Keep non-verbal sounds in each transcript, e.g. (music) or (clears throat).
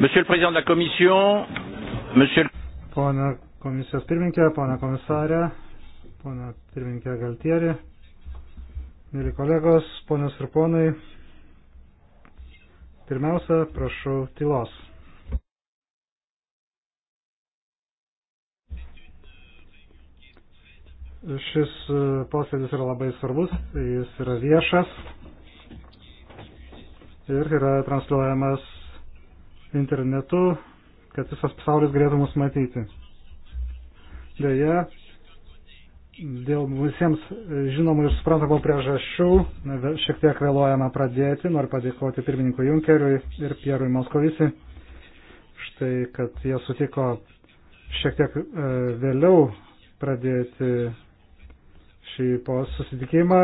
Monsieur le Président de la Commission, Monsieur le... Pone komisijos pirmininkė, pone komisarė, pone pirmininkė Galtieri, mėly kolegos, ponios ir ponai, pirmiausia, prašau tylos. Šis posėdis yra labai svarbus, jis yra viešas ir yra transliuojamas internetu, kad visas pasaulis galėtų mus matyti. Deja, dėl visiems žinomų ir suprantamų priežasčių šiek tiek vėluojama pradėti. Noriu padėkoti pirmininkui Junkeriui ir Pierui Moskovici. Štai, kad jie sutiko šiek tiek e, vėliau pradėti šį susitikimą.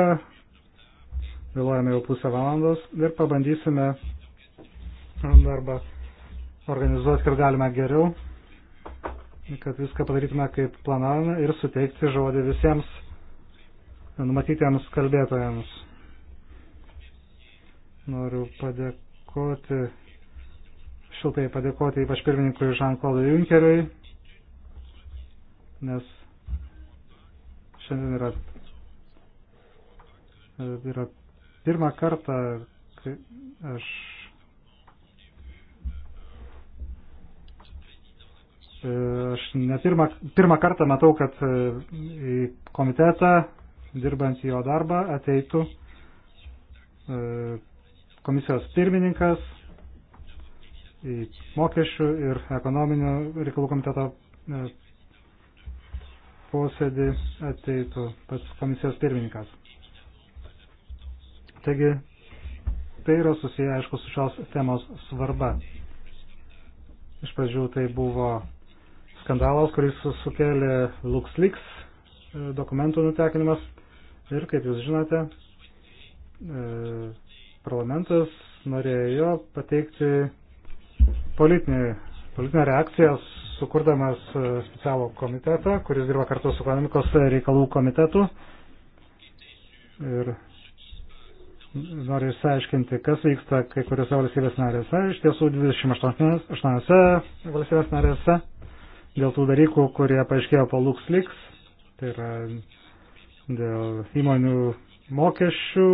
Vėluojame jau pusę valandos ir pabandysime darbą organizuoti, kad galime geriau, kad viską padarytume kaip planavome ir suteikti žodį visiems numatytiems kalbėtojams. Noriu padėkoti, šiltai padėkoti ypač pirmininkui Žanklaudui Junkeriui, nes šiandien yra, yra pirmą kartą, kai aš E, aš ne pirmą, pirmą kartą matau, kad e, į komitetą, dirbant jo darbą, ateitų e, komisijos pirmininkas į mokesčių ir ekonominių reikalų komiteto posėdį ateitų pats komisijos pirmininkas. Taigi, tai yra susiję, aišku, su šios temos svarba. Iš pradžių tai buvo skandalas, kuris sukėlė LuxLeaks e, dokumentų nutekinimas. Ir kaip jūs žinote, e, parlamentas norėjo pateikti politinį, politinę reakciją, sukurdamas e, specialų komitetą, kuris dirba kartu su ekonomikos reikalų komitetu. Ir noriu išsiaiškinti, kas vyksta kai kuriuose valstybės narėse, iš tiesų 28 valstybės narėse dėl tų dalykų, kurie paaiškėjo po LuxLeaks, tai yra dėl įmonių mokesčių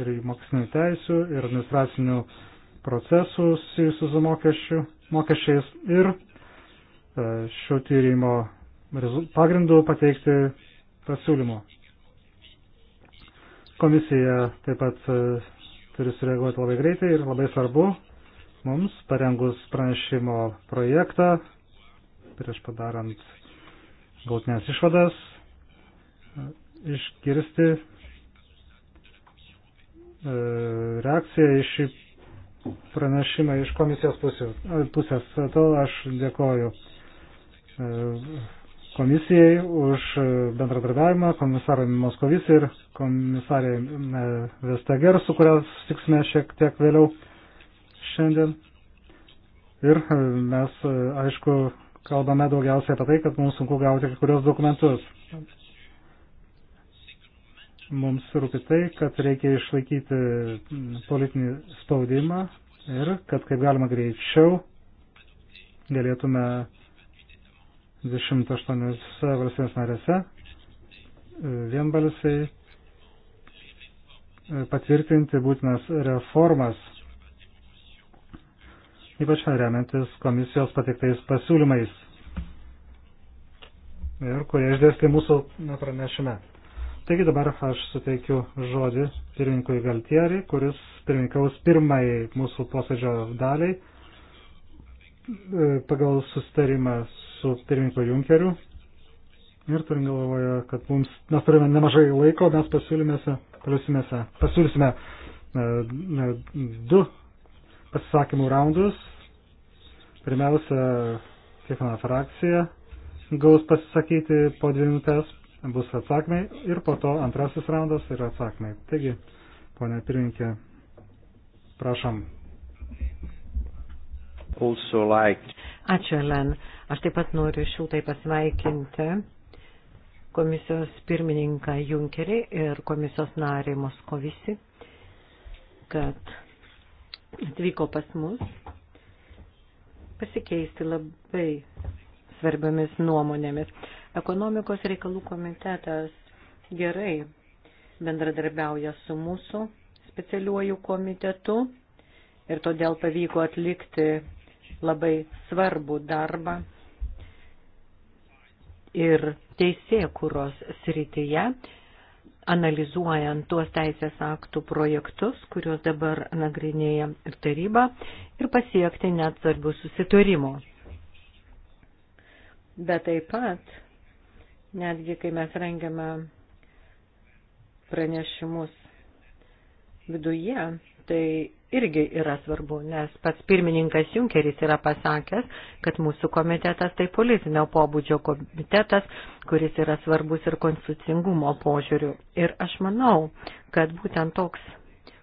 ir mokesnių teisių ir administracinių procesų susijusių su mokesčiu, mokesčiais ir e, šio tyrimo pagrindų pateikti pasiūlymų. Komisija taip pat e, turi sureaguoti labai greitai ir labai svarbu mums parengus pranešimo projektą prieš padarant galtinės išvadas, išgirsti e, reakciją iš pranešimą iš komisijos e, pusės. To aš dėkoju e, komisijai už bendradarbiavimą, komisarui Moskovis ir komisarė Vestager, su kuria susitiksime šiek tiek vėliau šiandien. Ir mes, aišku, kalbame daugiausiai apie tai, kad mums sunku gauti kai kurios dokumentus. Mums rūpi tai, kad reikia išlaikyti politinį spaudimą ir kad kaip galima greičiau galėtume 28 valstybės narėse e, vienbalsiai e, patvirtinti būtinas reformas ypač remiantis komisijos patiktais pasiūlymais ir kurie išdėstė mūsų pranešime. Taigi dabar aš suteikiu žodį pirmininkui Galtieri, kuris pirmininkaus pirmai mūsų posėdžio daliai e, pagal sustarimą su pirmininku Junkeriu. Ir turim galvoje, kad mums, mes turime nemažai laiko, mes pasiūlymėse, pasiūlysime, pasiūlysime e, e, du pasisakymų raundus. Pirmiausia, kiekviena frakcija gaus pasisakyti po dvi minutės, bus atsakymai ir po to antrasis raundas ir atsakymai. Taigi, ponė pirminkė, prašom. Also like. Ačiū, Elen. Aš taip pat noriu šiltai pasveikinti komisijos pirmininką Junkerį ir komisijos narį Moskovisi, kad atvyko pas mus pasikeisti labai svarbiamis nuomonėmis. Ekonomikos reikalų komitetas gerai bendradarbiauja su mūsų specialiuoju komitetu ir todėl pavyko atlikti labai svarbų darbą ir teisėkuros srityje analizuojant tuos teisės aktų projektus, kuriuos dabar nagrinėja ir taryba, ir pasiekti net svarbių susitarimo. Bet taip pat, netgi kai mes rengiame pranešimus viduje, tai irgi yra svarbu, nes pats pirmininkas Junkeris yra pasakęs, kad mūsų komitetas tai politinio pobūdžio komitetas, kuris yra svarbus ir konstitucingumo požiūriu. Ir aš manau, kad būtent toks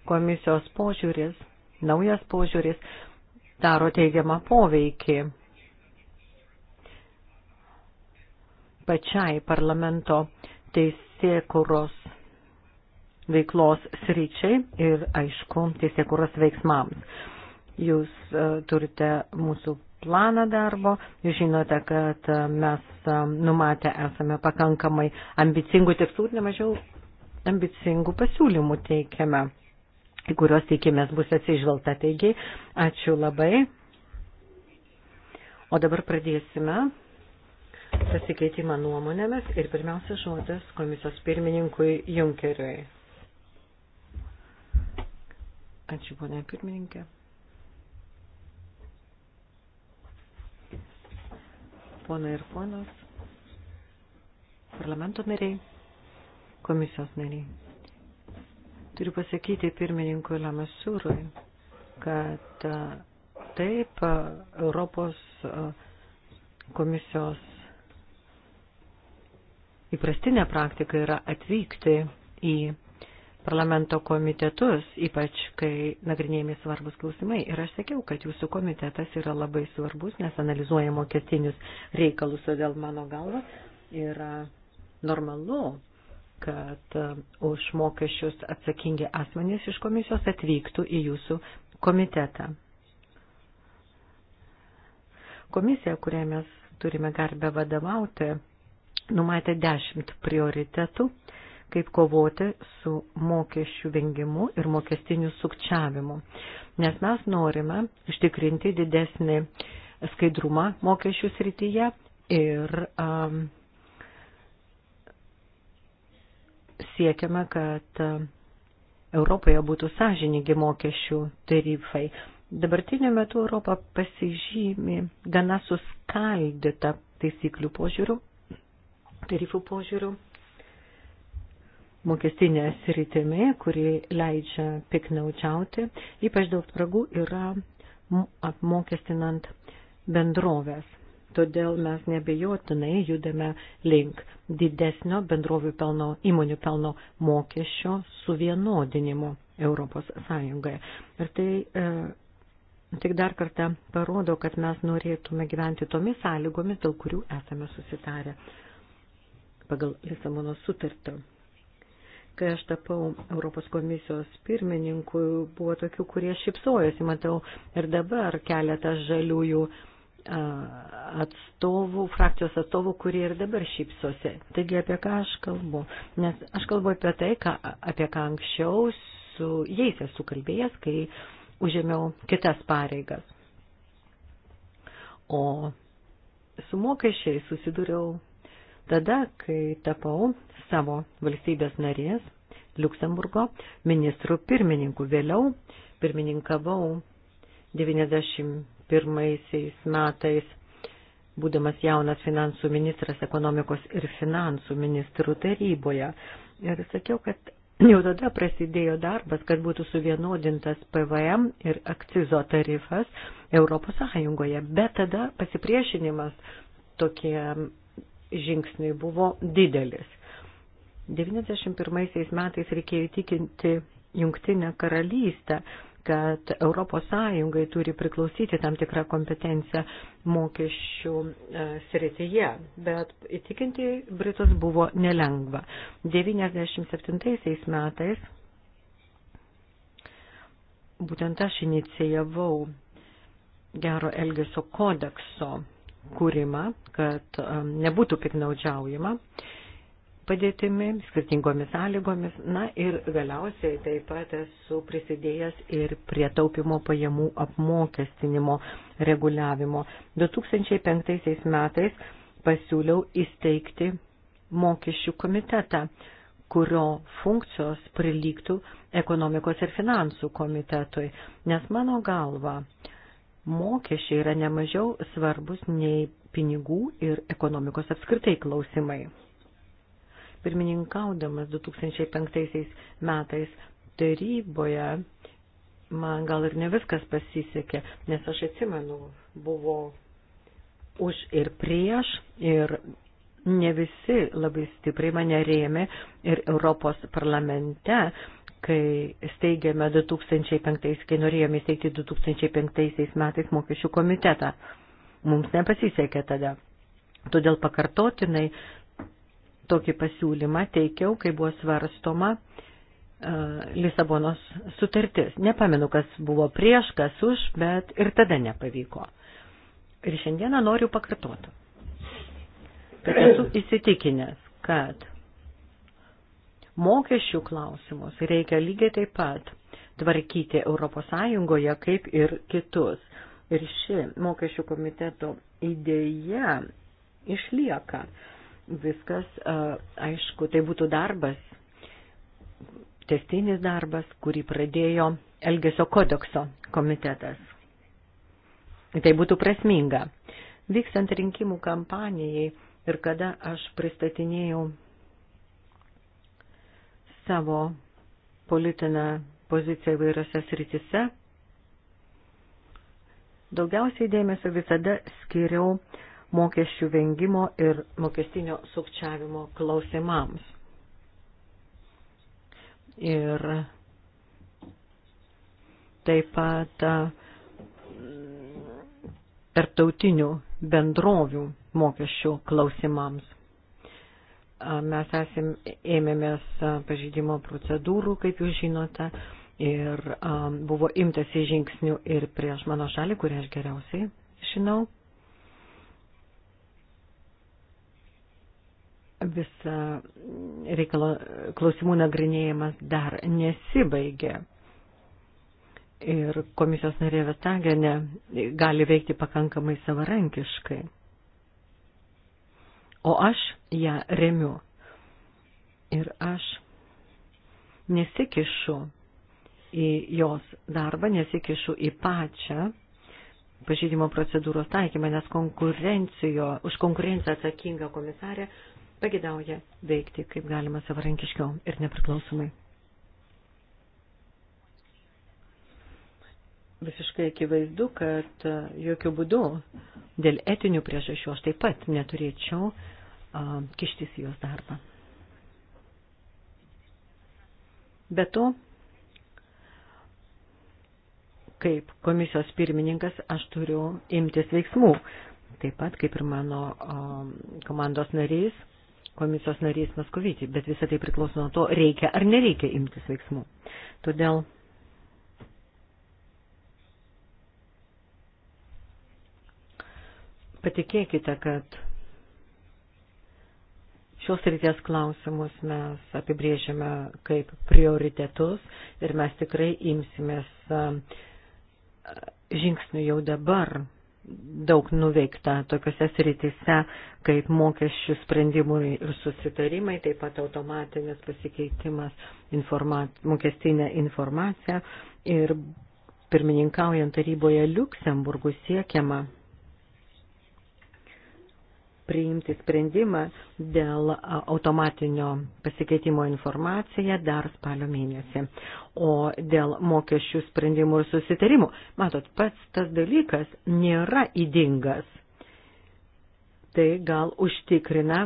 komisijos požiūris, naujas požiūris, daro teigiamą poveikį pačiai parlamento teisėkuros veiklos sričiai ir, aišku, teisėkuros veiksmams. Jūs e, turite mūsų planą darbo, jūs žinote, kad e, mes e, numatę esame pakankamai ambicingų tikslų ir nemažiau ambicingų pasiūlymų teikiame, į kuriuos teikėmės bus atsižvelgta. Taigi, ačiū labai. O dabar pradėsime pasikeitimą nuomonėmis ir pirmiausia žodis komisijos pirmininkui Junkeriui. Ačiū, ponia pirmininkė. Pona ir ponos, parlamento nariai, komisijos nariai. Turiu pasakyti pirmininkui Lamasūrui, kad taip Europos komisijos įprastinė praktika yra atvykti į parlamento komitetus, ypač kai nagrinėjami svarbus klausimai. Ir aš sakiau, kad jūsų komitetas yra labai svarbus, nes analizuoja mokestinius reikalus, todėl mano galva yra normalu, kad e, už mokesčius atsakingi asmenys iš komisijos atvyktų į jūsų komitetą. Komisija, kuriai mes turime garbę vadovauti, numatė dešimt prioritetų kaip kovoti su mokesčių vengimu ir mokestiniu sukčiavimu. Nes mes norime ištikrinti didesnį skaidrumą mokesčių srityje ir um, siekiame, kad um, Europoje būtų sąžiningi mokesčių tarifai. Dabartiniu metu Europa pasižymi gana suskaldyta taisyklių požiūrių, tarifų požiūrių mokestinė sritimi, kuri leidžia piknaučiauti. Ypač daug spragų yra apmokestinant bendrovės. Todėl mes nebejotinai judame link didesnio bendrovių pelno, įmonių pelno mokesčio suvienodinimo Europos Sąjungoje. Ir tai e, tik dar kartą parodo, kad mes norėtume gyventi tomis sąlygomis, dėl kurių esame susitarę pagal Lisabono sutartą kai aš tapau Europos komisijos pirmininku, buvo tokių, kurie šipsojosi, matau, ir dabar keletas žaliųjų atstovų, frakcijos atstovų, kurie ir dabar šypsosi. Taigi apie ką aš kalbu? Nes aš kalbu apie tai, ką, apie ką anksčiau su jais esu kalbėjęs, kai užėmiau kitas pareigas. O su mokesčiai susidūriau tada, kai tapau savo valstybės narės Luksemburgo ministrų pirmininkų. Vėliau pirmininkavau 91 metais, būdamas jaunas finansų ministras ekonomikos ir finansų ministrų taryboje. Ir sakiau, kad jau tada prasidėjo darbas, kad būtų suvienodintas PVM ir akcizo tarifas Europos Sąjungoje. Bet tada pasipriešinimas tokie žingsniai buvo didelis. 91 metais reikėjo įtikinti jungtinę karalystę, kad Europos Sąjungai turi priklausyti tam tikrą kompetenciją mokesčių e, srityje, bet įtikinti Britus buvo nelengva. 97 metais būtent aš inicijavau gero elgesio kodekso kūrimą, kad e, nebūtų piknaudžiaujama padėtimi, skirtingomis sąlygomis. Na ir galiausiai taip pat esu prisidėjęs ir prie taupimo pajamų apmokestinimo reguliavimo. 2005 metais pasiūliau įsteigti mokesčių komitetą kurio funkcijos prilygtų ekonomikos ir finansų komitetui, nes mano galva mokesčiai yra nemažiau svarbus nei pinigų ir ekonomikos apskritai klausimai pirmininkaudamas 2005 metais taryboje, man gal ir ne viskas pasisekė, nes aš atsimenu, buvo už ir prieš ir ne visi labai stipriai mane rėmė ir Europos parlamente, kai steigėme 2005, kai norėjome steigti 2005 metais mokesčių komitetą. Mums nepasisekė tada. Todėl pakartotinai tokį pasiūlymą teikiau, kai buvo svarstoma e, Lisabonos sutartis. Nepamenu, kas buvo prieš, kas už, bet ir tada nepavyko. Ir šiandieną noriu pakartoti, kad esu įsitikinęs, kad mokesčių klausimus reikia lygiai taip pat tvarkyti ES kaip ir kitus. Ir ši mokesčių komiteto idėja išlieka viskas, aišku, tai būtų darbas, testinis darbas, kurį pradėjo Elgesio kodekso komitetas. Tai būtų prasminga. Vykstant rinkimų kampanijai ir kada aš pristatinėjau savo politinę poziciją įvairiose sritise, daugiausiai dėmesio visada skiriau uh, mokesčių vengimo ir mokestinio sukčiavimo klausimams. Ir taip pat tarptautinių bendrovių mokesčių klausimams. Mes esim, ėmėmės pažydimo procedūrų, kaip jūs žinote, ir um, buvo imtasi žingsnių ir prieš mano šalį, kurią aš geriausiai žinau. visa reikalo klausimų nagrinėjimas dar nesibaigė. Ir komisijos narė Vestagenė gali veikti pakankamai savarankiškai. O aš ją remiu. Ir aš nesikišu į jos darbą, nesikišu į pačią pažydimo procedūros taikymą, nes konkurencijo, už konkurenciją atsakinga komisarė pagidauja veikti kaip galima savarankiškiau ir nepriklausomai. Visiškai akivaizdu, kad jokių būdų dėl etinių priežasčių aš taip pat neturėčiau a, kištis į jos darbą. Be to, kaip komisijos pirmininkas, aš turiu imtis veiksmų, taip pat kaip ir mano a, komandos narys komisijos narys Maskovyti, bet visą tai priklauso nuo to, reikia ar nereikia imtis veiksmų. Todėl patikėkite, kad šios ryties klausimus mes apibrėžiame kaip prioritetus ir mes tikrai imsimės žingsnių jau dabar daug nuveikta tokiuose sritise, kaip mokesčių sprendimui ir susitarimai, taip pat automatinis pasikeitimas informat, mokestinė informacija ir pirmininkaujant taryboje Luksemburgų siekiama priimti sprendimą dėl automatinio pasikeitimo informaciją dar spalio mėnesį. O dėl mokesčių sprendimų ir susitarimų, matot, pats tas dalykas nėra įdingas. Tai gal užtikrina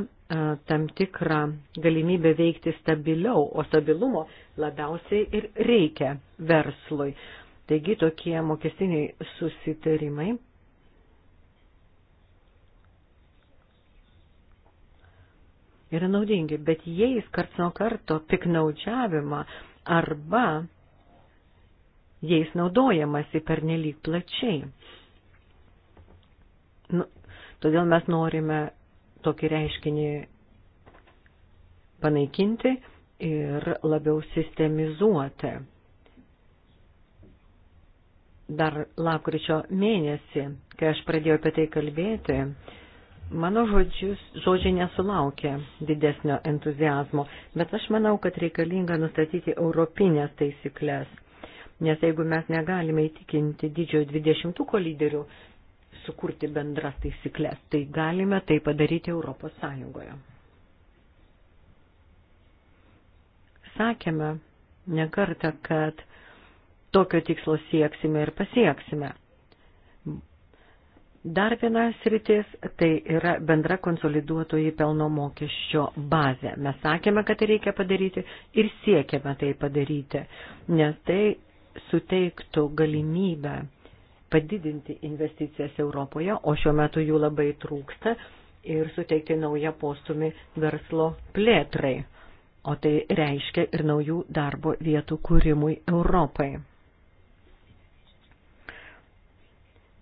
tam tikrą galimybę veikti stabiliau, o stabilumo labiausiai ir reikia verslui. Taigi tokie mokestiniai susitarimai yra naudingi, bet jais karts nuo karto piknaudžiavimą arba jais naudojamasi per nelik plačiai. Nu, todėl mes norime tokį reiškinį panaikinti ir labiau sistemizuoti. Dar lapkričio mėnesį, kai aš pradėjau apie tai kalbėti, Mano žodžius, žodžiai nesulaukė didesnio entuzijazmo, bet aš manau, kad reikalinga nustatyti europinės taisyklės. Nes jeigu mes negalime įtikinti didžiojo dvidešimtuko lyderių sukurti bendras taisyklės, tai galime tai padaryti Europos Sąjungoje. Sakėme nekartą, kad tokio tikslo sieksime ir pasieksime. Dar viena sritis tai yra bendra konsoliduotojų pelno mokesčio bazė. Mes sakėme, kad tai reikia padaryti ir siekėme tai padaryti, nes tai suteiktų galimybę padidinti investicijas Europoje, o šiuo metu jų labai trūksta ir suteikti naują postumį verslo plėtrai, o tai reiškia ir naujų darbo vietų kūrimui Europai.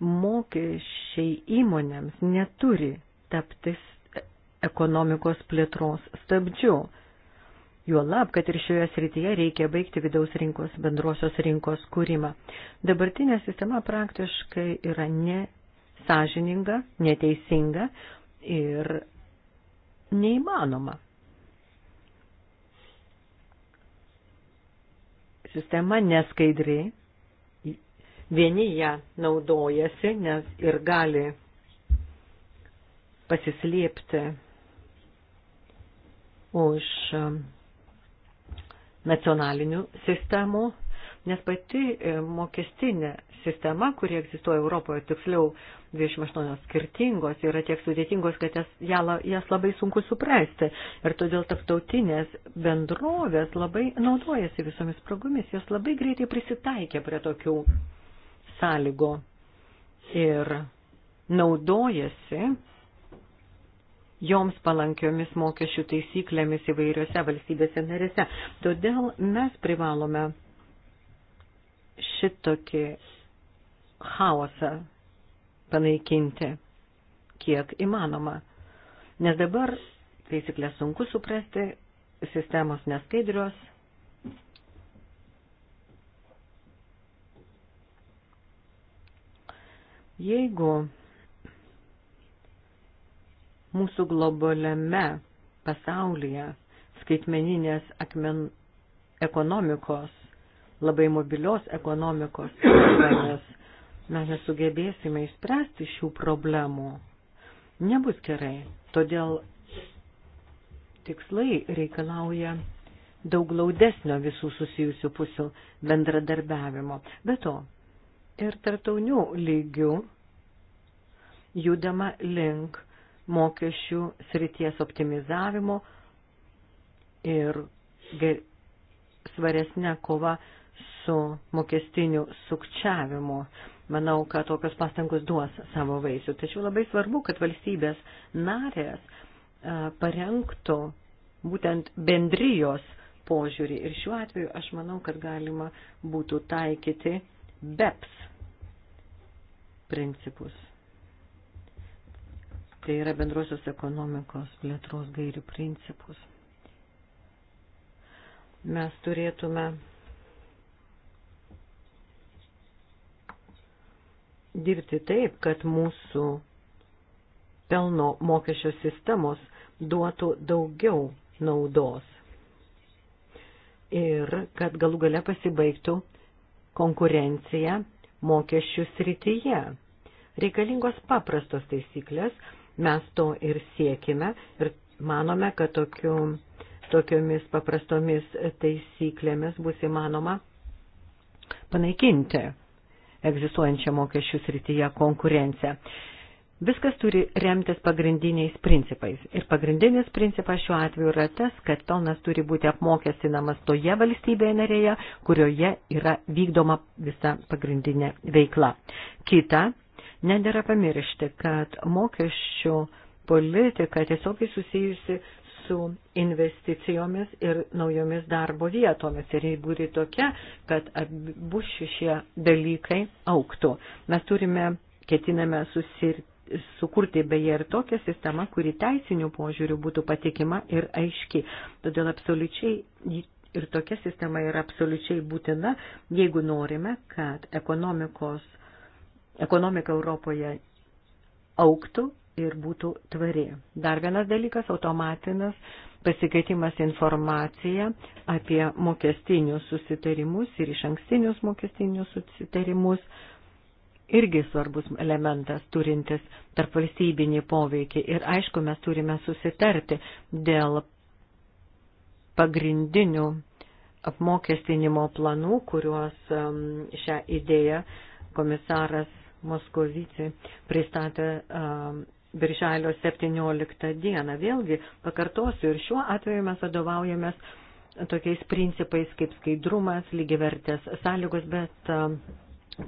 mokesčiai įmonėms neturi taptis ekonomikos plėtros stabdžių. Juolab, kad ir šioje srityje reikia baigti vidaus rinkos, bendrosios rinkos kūrimą. Dabartinė sistema praktiškai yra nesažininga, neteisinga ir neįmanoma. Sistema neskaidri, Vieni ją naudojasi, nes ir gali pasislėpti už um, nacionalinių sistemų, nes pati um, mokestinė sistema, kuri egzistuoja Europoje, tiksliau 28 skirtingos, yra tiek sudėtingos, kad jas, jas labai sunku suprasti. Ir todėl tarptautinės bendrovės labai naudojasi visomis spragomis, jos labai greitai prisitaikė prie tokių sąlygo ir naudojasi joms palankiomis mokesčių taisyklėmis įvairiose valstybėse narėse. Todėl mes privalome šitokį chaosą panaikinti, kiek įmanoma. Nes dabar taisyklės sunku suprasti, sistemos neskaidrios, Jeigu mūsų globaliame pasaulyje skaitmeninės akmen ekonomikos, labai mobilios ekonomikos problemas, mes nesugebėsime išspręsti šių problemų. Nebus gerai, todėl tikslai reikalauja daug glaudesnio visų susijusių pusių bendradarbiavimo. Be to, ir tartaunių lygių judama link mokesčių srities optimizavimo ir svaresnė kova su mokestiniu sukčiavimu. Manau, kad tokios pastangos duos savo vaisių. Tačiau labai svarbu, kad valstybės narės parengtų būtent bendrijos požiūrį. Ir šiuo atveju aš manau, kad galima būtų taikyti BEPS principus. Tai yra bendrosios ekonomikos plėtros gairių principus. Mes turėtume dirbti taip, kad mūsų pelno mokesčio sistemos duotų daugiau naudos ir kad galų gale pasibaigtų konkurencija mokesčių srityje. Reikalingos paprastos taisyklės, mes to ir siekime ir manome, kad tokiu, tokiomis paprastomis taisyklėmis bus įmanoma panaikinti egzistuojančią mokesčių srityje konkurenciją. Viskas turi remtis pagrindiniais principais. Ir pagrindinis principas šiuo atveju yra tas, kad pelnas turi būti apmokestinamas toje valstybėje narėje, kurioje yra vykdoma visa pagrindinė veikla. Kita, nedėra pamiršti, kad mokesčių politika tiesiogiai susijusi su investicijomis ir naujomis darbo vietomis. Ir jei būri tai tokia, kad abu šie dalykai auktų. Mes turime ketiname susirti sukurti beje ir tokią sistemą, kuri teisinių požiūrių būtų patikima ir aiški. Todėl absoliučiai ir tokia sistema yra absoliučiai būtina, jeigu norime, kad ekonomikos, ekonomika Europoje auktų ir būtų tvari. Dar vienas dalykas - automatinas pasikeitimas informacija apie mokestinius susitarimus ir iš ankstinius mokestinius susitarimus irgi svarbus elementas turintis tarp valstybinį poveikį. Ir aišku, mes turime susitarti dėl pagrindinių apmokestinimo planų, kuriuos um, šią idėją komisaras Moskovici pristatė um, Birželio 17 dieną. Vėlgi, pakartosiu, ir šiuo atveju mes vadovaujamės tokiais principais kaip skaidrumas, lygivertės sąlygos, bet um,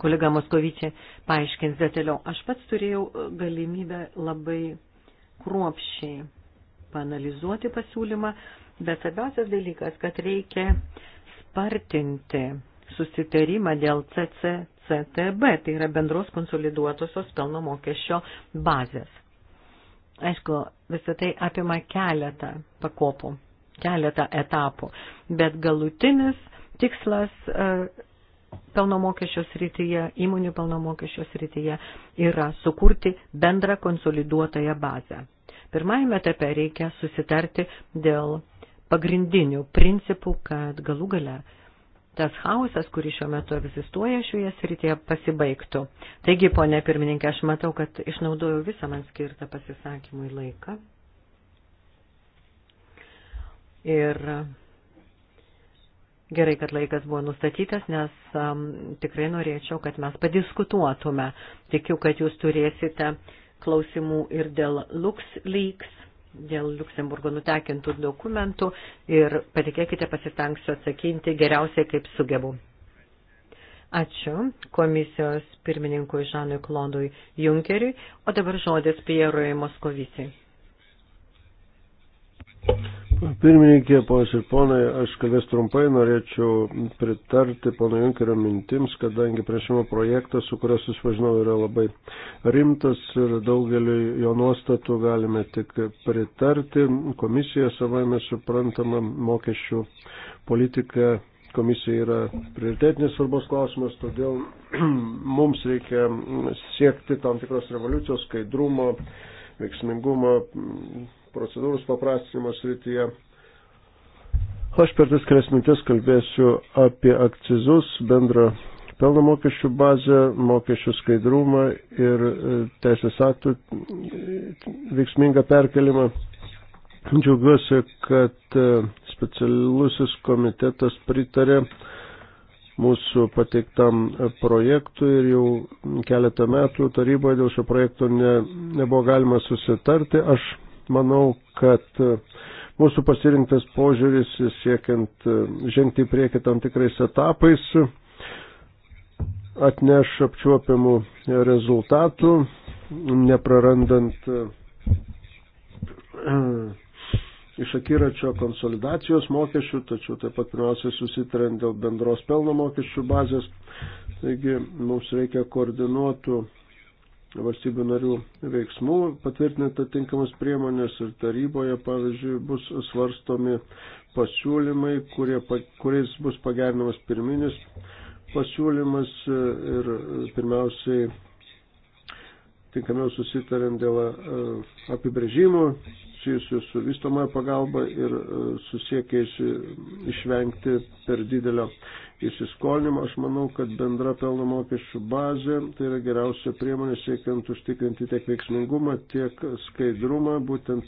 kolega Moskovičiai paaiškins detaliau. Aš pats turėjau galimybę labai kruopščiai panalizuoti pasiūlymą, bet svarbiausias dalykas, kad reikia spartinti susitarimą dėl CCCTB, tai yra bendros konsoliduotosios pelno mokesčio bazės. Aišku, visą tai apima keletą pakopų, keletą etapų, bet galutinis tikslas e, pelno mokesčio srityje, įmonių pelno mokesčio srityje yra sukurti bendrą konsoliduotąją bazę. Pirmajame etape reikia susitarti dėl pagrindinių principų, kad galų gale tas hausas, kuris šiuo metu egzistuoja šioje srityje, pasibaigtų. Taigi, ponė pirmininkė, aš matau, kad išnaudojau visą man skirtą pasisakymui laiką. Ir Gerai, kad laikas buvo nustatytas, nes um, tikrai norėčiau, kad mes padiskutuotume. Tikiu, kad jūs turėsite klausimų ir dėl LuxLeaks, dėl Luxemburgo nutekintų dokumentų ir patikėkite, pasistengsiu atsakinti geriausiai, kaip sugebu. Ačiū komisijos pirmininkui Žanui Klodui Junkeriui, o dabar žodis Pierui Moskovicijai. Pirmininkė, ponas ir ponai, aš kalbės trumpai, norėčiau pritarti pono Junkerio mintims, kadangi priešimo projektas, su kuriuo susipažinau, yra labai rimtas ir daugeliu jo nuostatų galime tik pritarti. Komisija savai mes suprantama mokesčių politika. Komisija yra prioritetinis svarbos klausimas, todėl (clears throat) mums reikia siekti tam tikros revoliucijos, skaidrumo, veiksmingumo, procedūros paprastinimo srityje. Aš per tas kelias mintis kalbėsiu apie akcizus, bendrą pelno mokesčių bazę, mokesčių skaidrumą ir e, teisės aktų e, veiksmingą perkelimą. Džiaugiuosi, kad e, specialusis komitetas pritarė mūsų pateiktam projektui ir jau keletą metų taryboje dėl šio projekto ne, nebuvo galima susitarti. Aš Manau, kad e, mūsų pasirinktas požiūris siekiant e, žengti į priekį tam tikrais etapais atneš apčiuopiamų rezultatų, neprarandant e, (clears throat) iš akiračio konsolidacijos mokesčių, tačiau taip pat pirmiausiai susitrend dėl bendros pelno mokesčių bazės. Taigi mums reikia koordinuotų valstybių narių veiksmų, patvirtinant atinkamas priemonės ir taryboje, pavyzdžiui, bus svarstomi pasiūlymai, kurie, kuriais bus pagerinamas pirminis pasiūlymas ir e, pirmiausiai tinkamiau susitarėm dėl e, apibrėžimų susijusių su vystomoje pagalba ir e, susiekia e, išvengti per didelio įsiskolinimo. Aš manau, kad bendra pelno mokesčių bazė tai yra geriausia priemonė siekiant užtikrinti tiek veiksmingumą, tiek skaidrumą. Būtent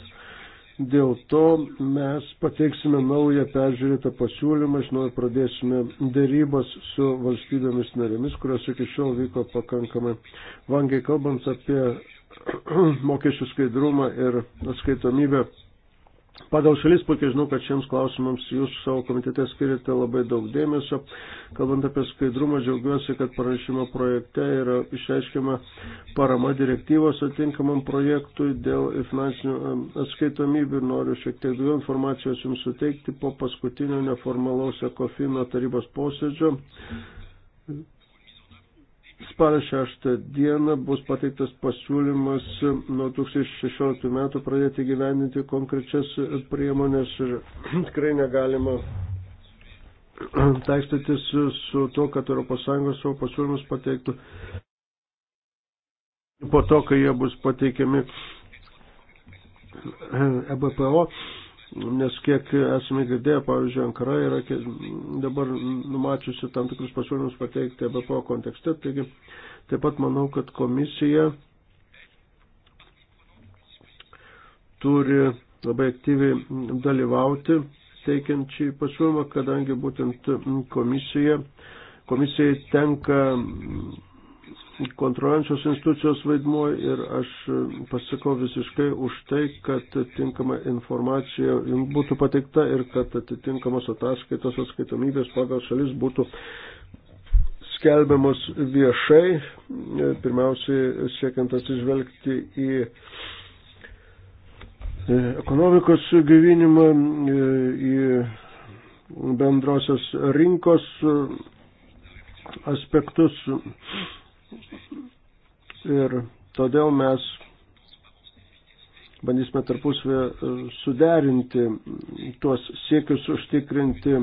dėl to mes pateiksime naują peržiūrėtą pasiūlymą, iš naujo pradėsime dėrybas su valstybėmis narėmis, kurios iki šiol vyko pakankamai vangiai kalbant apie (clears throat) mokesčių skaidrumą ir atskaitomybę. Pagal šalis puikiai žinau, kad šiems klausimams jūs savo komitete skiriate labai daug dėmesio. Kalbant apie skaidrumą, džiaugiuosi, kad pranešimo projekte yra išreiškiama parama direktyvos atinkamam projektui dėl finansinių atskaitomybių. Noriu šiek tiek daugiau informacijos jums suteikti po paskutinio neformalaus ekofino tarybos posėdžio Spalio 6 dieną bus pateiktas pasiūlymas nuo 2016 metų pradėti gyveninti konkrečias priemonės ir tikrai negalima taikstytis su to, kad ES savo pasiūlymus pateiktų po to, kai jie bus pateikiami EBPO. Nes kiek esame girdėję, pavyzdžiui, Ankara yra dabar numačiusi tam tikrus pasiūlymus pateikti BPO kontekste. Taigi, taip pat manau, kad komisija turi labai aktyviai dalyvauti teikiant šį pasiūlymą, kadangi būtent komisija, komisijai tenka kontroliuojančios institucijos vaidmuo ir aš pasakau visiškai už tai, kad tinkama informacija jums būtų pateikta ir kad atitinkamos ataskaitos atskaitomybės pagal šalis būtų skelbiamos viešai, pirmiausiai siekiant atsižvelgti į ekonomikos gyvinimą, į bendrosios rinkos aspektus. Ir todėl mes bandysime tarpusvė e, suderinti tuos siekius užtikrinti e,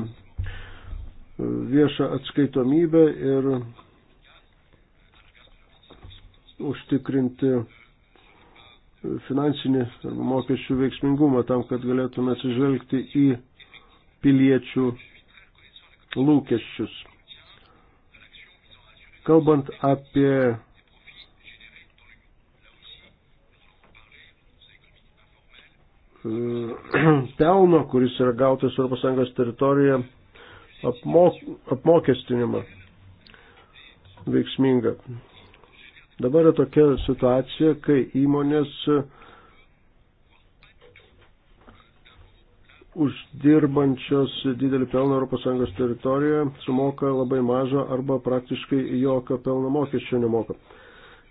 viešą atskaitomybę ir užtikrinti finansinį arba mokesčių veiksmingumą tam, kad galėtume atsižvelgti į piliečių lūkesčius. Kalbant apie (clears throat) pelno, kuris yra gautas ES teritorijoje, apmok, apmokestinimą veiksmingą. Dabar yra tokia situacija, kai įmonės uh, uždirbančios didelį pelną ES teritorijoje sumoka labai mažą arba praktiškai jokio pelno mokesčio nemoka.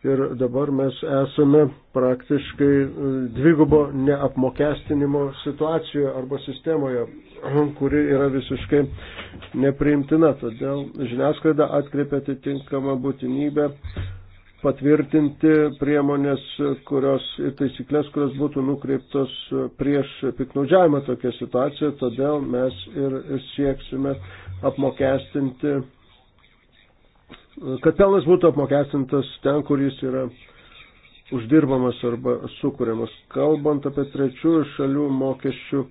Ir dabar mes esame praktiškai e, dvigubo neapmokestinimo situacijoje arba sistemoje, (clears throat) kuri yra visiškai nepriimtina. Todėl žiniasklaida atkreipia atitinkamą būtinybę patvirtinti priemonės, kurios ir taisyklės, kurios būtų nukreiptos prieš piknaudžiavimą tokią situaciją, todėl mes ir sieksime apmokestinti, kad pelnas būtų apmokestintas ten, kur jis yra uždirbamas arba sukūriamas. Kalbant apie trečiųjų šalių mokesčių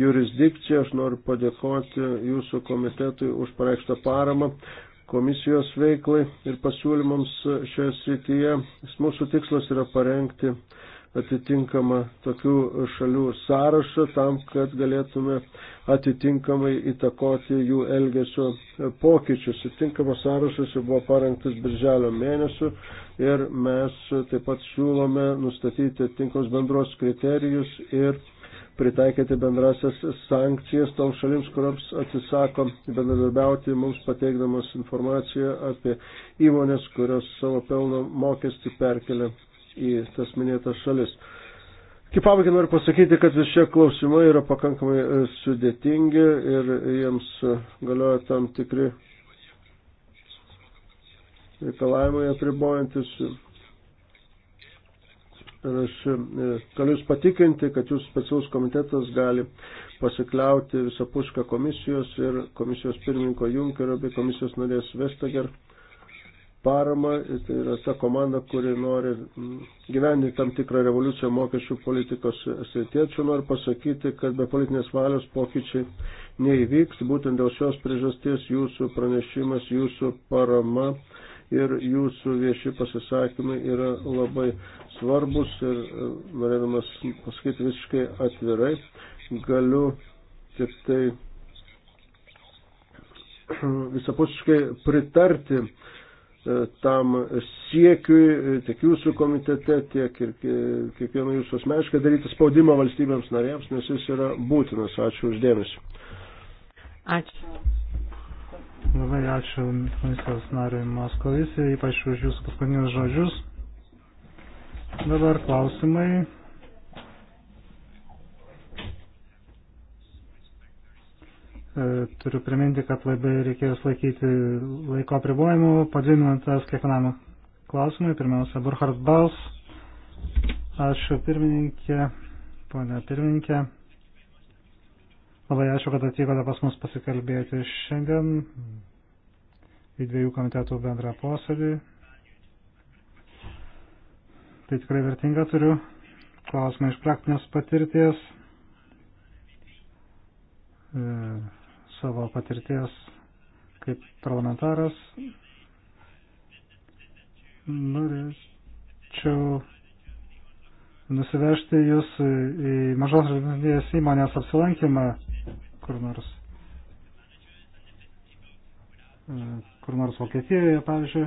jurisdikciją, aš noriu padėkoti jūsų komitetui už pareikštą paramą komisijos veiklai ir pasiūlymams šioje srityje. Mūsų tikslas yra parengti atitinkamą tokių šalių sąrašą tam, kad galėtume atitinkamai įtakoti jų elgesio pokyčius. Atitinkamas sąrašas jau buvo parengtas birželio mėnesiu ir mes taip pat siūlome nustatyti atitinkamus bendros kriterijus ir pritaikyti bendrasias sankcijas toms šalims, kuriams atsisako bendradarbiauti mums pateikdamas informaciją apie įmonės, kurios savo pelno mokestį perkelia į tas minėtas šalis. Kaip pabaigai noriu pasakyti, kad visi šie klausimai yra pakankamai e, sudėtingi ir jiems e, galioja tam tikri reikalavimai apribojantis Ir aš e, galiu jūs patikinti, kad jūs specialus komitetas gali pasikliauti visapušką komisijos ir komisijos pirmininko Junkerio bei komisijos narės Vestager parama. Tai yra ta komanda, kuri nori gyventi tam tikrą revoliuciją mokesčių politikos sritiečių. Noriu pasakyti, kad be politinės valios pokyčiai neįvyks. Būtent dėl šios priežasties jūsų pranešimas, jūsų parama ir jūsų vieši pasisakymai yra labai svarbus ir e, norėdamas pasakyti visiškai atvirai, galiu tik tai (clears throat) visapusiškai pritarti e, tam siekiui e, tiek jūsų komitete, tiek ir kiekvieno jūsų asmeniškai daryti spaudimą valstybėms narėms, nes jis yra būtinas. Ačiū uždėmesi. Ačiū. Labai ačiū komisijos nariui Moskovisui, ypač už jūsų paskutinius žodžius. Dabar klausimai. E, turiu priminti, kad labai reikės laikyti laiko apribojimų, po dvi minutės kiekvienam klausimui. Pirmiausia, Burhard Bals. Ačiū pirmininkė, ponia pirmininkė. Labai ačiū, kad atvykote pas mus pasikalbėti šiandien į dviejų komitetų bendrą posėdį. Tai tikrai vertinga turiu klausimą iš praktinės patirties, e, savo patirties kaip parlamentaras. Norėčiau nusivežti jūs į mažos žaidinės įmonės apsilankymą kur nors, e, kur nors Vokietijoje, pavyzdžiui,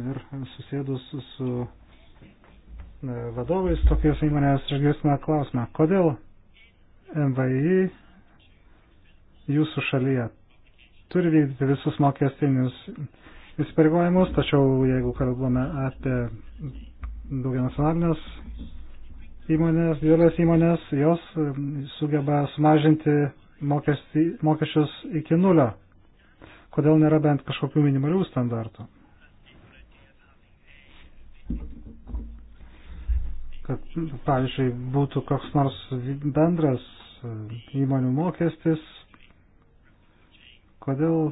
ir susėdus su e, vadovais tokios įmonės išgirsime klausimą, kodėl MVI jūsų šalyje turi vykdyti visus mokestinius įsipareigojimus, tačiau jeigu kalbame apie daugianacionalinės įmonės, didelės įmonės, jos sugeba sumažinti mokestį, mokesčius iki nulio. Kodėl nėra bent kažkokių minimalių standartų? Kad, pavyzdžiui, būtų koks nors bendras įmonių mokestis, kodėl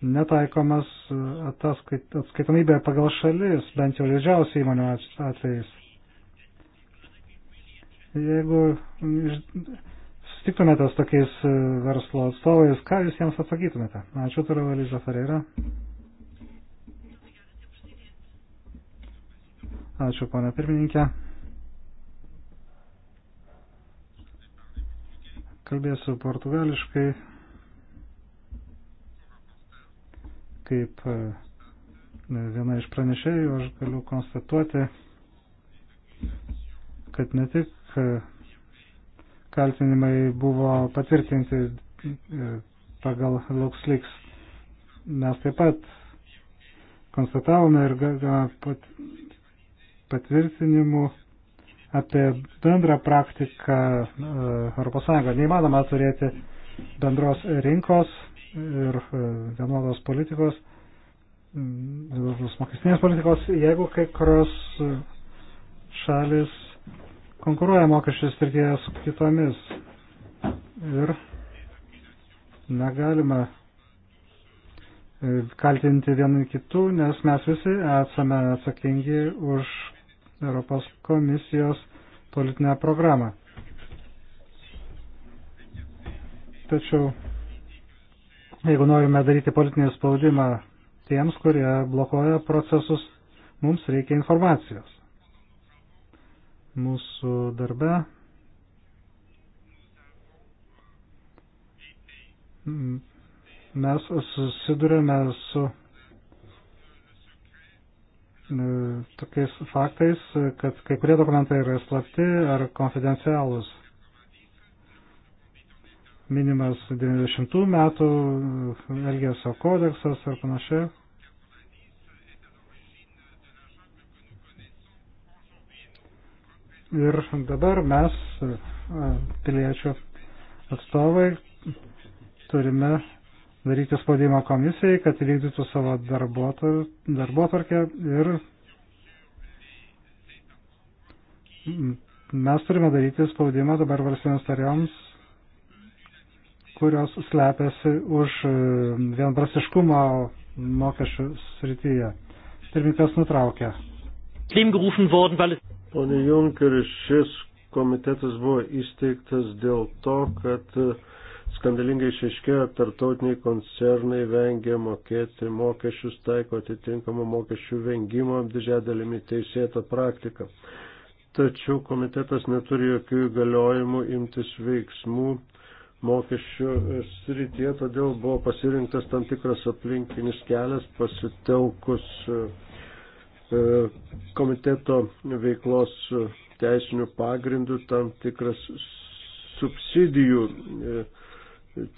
netaikomas e, ataskait, atskaitomybė pagal šalis, bent jau didžiausių įmonių atvejais. Jeigu sutiktumėte su tokiais e, verslo atstovais, ką jūs jiems atsakytumėte? Ačiū, turiu Eliza Ferreira. Ačiū, ponia pirmininkė. Kalbėsiu portugališkai kaip e, viena iš pranešėjų aš galiu konstatuoti, kad ne tik kaltinimai buvo patvirtinti e, pagal LuxLeaks. Mes taip pat konstatavome ir pat, patvirtinimų apie bendrą praktiką ES. Neįmanoma turėti bendros rinkos ir e, vienodos politikos, vienodos mokestinės politikos, jeigu kai kurios šalis konkuruoja mokesčius srityje su kitomis. Ir negalima e, kaltinti vieni kitų, nes mes visi esame atsakingi už Europos komisijos politinę programą. Tačiau, jeigu norime daryti politinį spaudimą tiems, kurie blokuoja procesus, mums reikia informacijos mūsų darbe. Mes susidurėme su e, tokiais faktais, kad kai kurie dokumentai yra slapti ar konfidencialūs. Minimas 90 metų e, Elgėsio kodeksas ar panašiai. Ir dabar mes, e, piliečių atstovai, turime daryti spaudimą komisijai, kad įvykdytų savo darbotvarkę ir mes turime daryti spaudimą dabar valstybėms tarėms, kurios slepiasi už e, vienprasiškumo mokesčių srityje. Pirmininkas nutraukė. Leben gerufen worden, weil es Pone Junkeris, šis komitetas buvo įsteigtas dėl to, kad skandalingai išaiškėjo, tartautiniai koncernai vengia mokėti mokesčius, taiko atitinkamą mokesčių vengimo didžiąją dalimi teisėtą praktiką. Tačiau komitetas neturi jokių įgaliojimų imtis veiksmų mokesčių srityje, todėl buvo pasirinktas tam tikras aplinkinis kelias pasitelkus E, komiteto veiklos teisinių pagrindų tam tikras subsidijų e,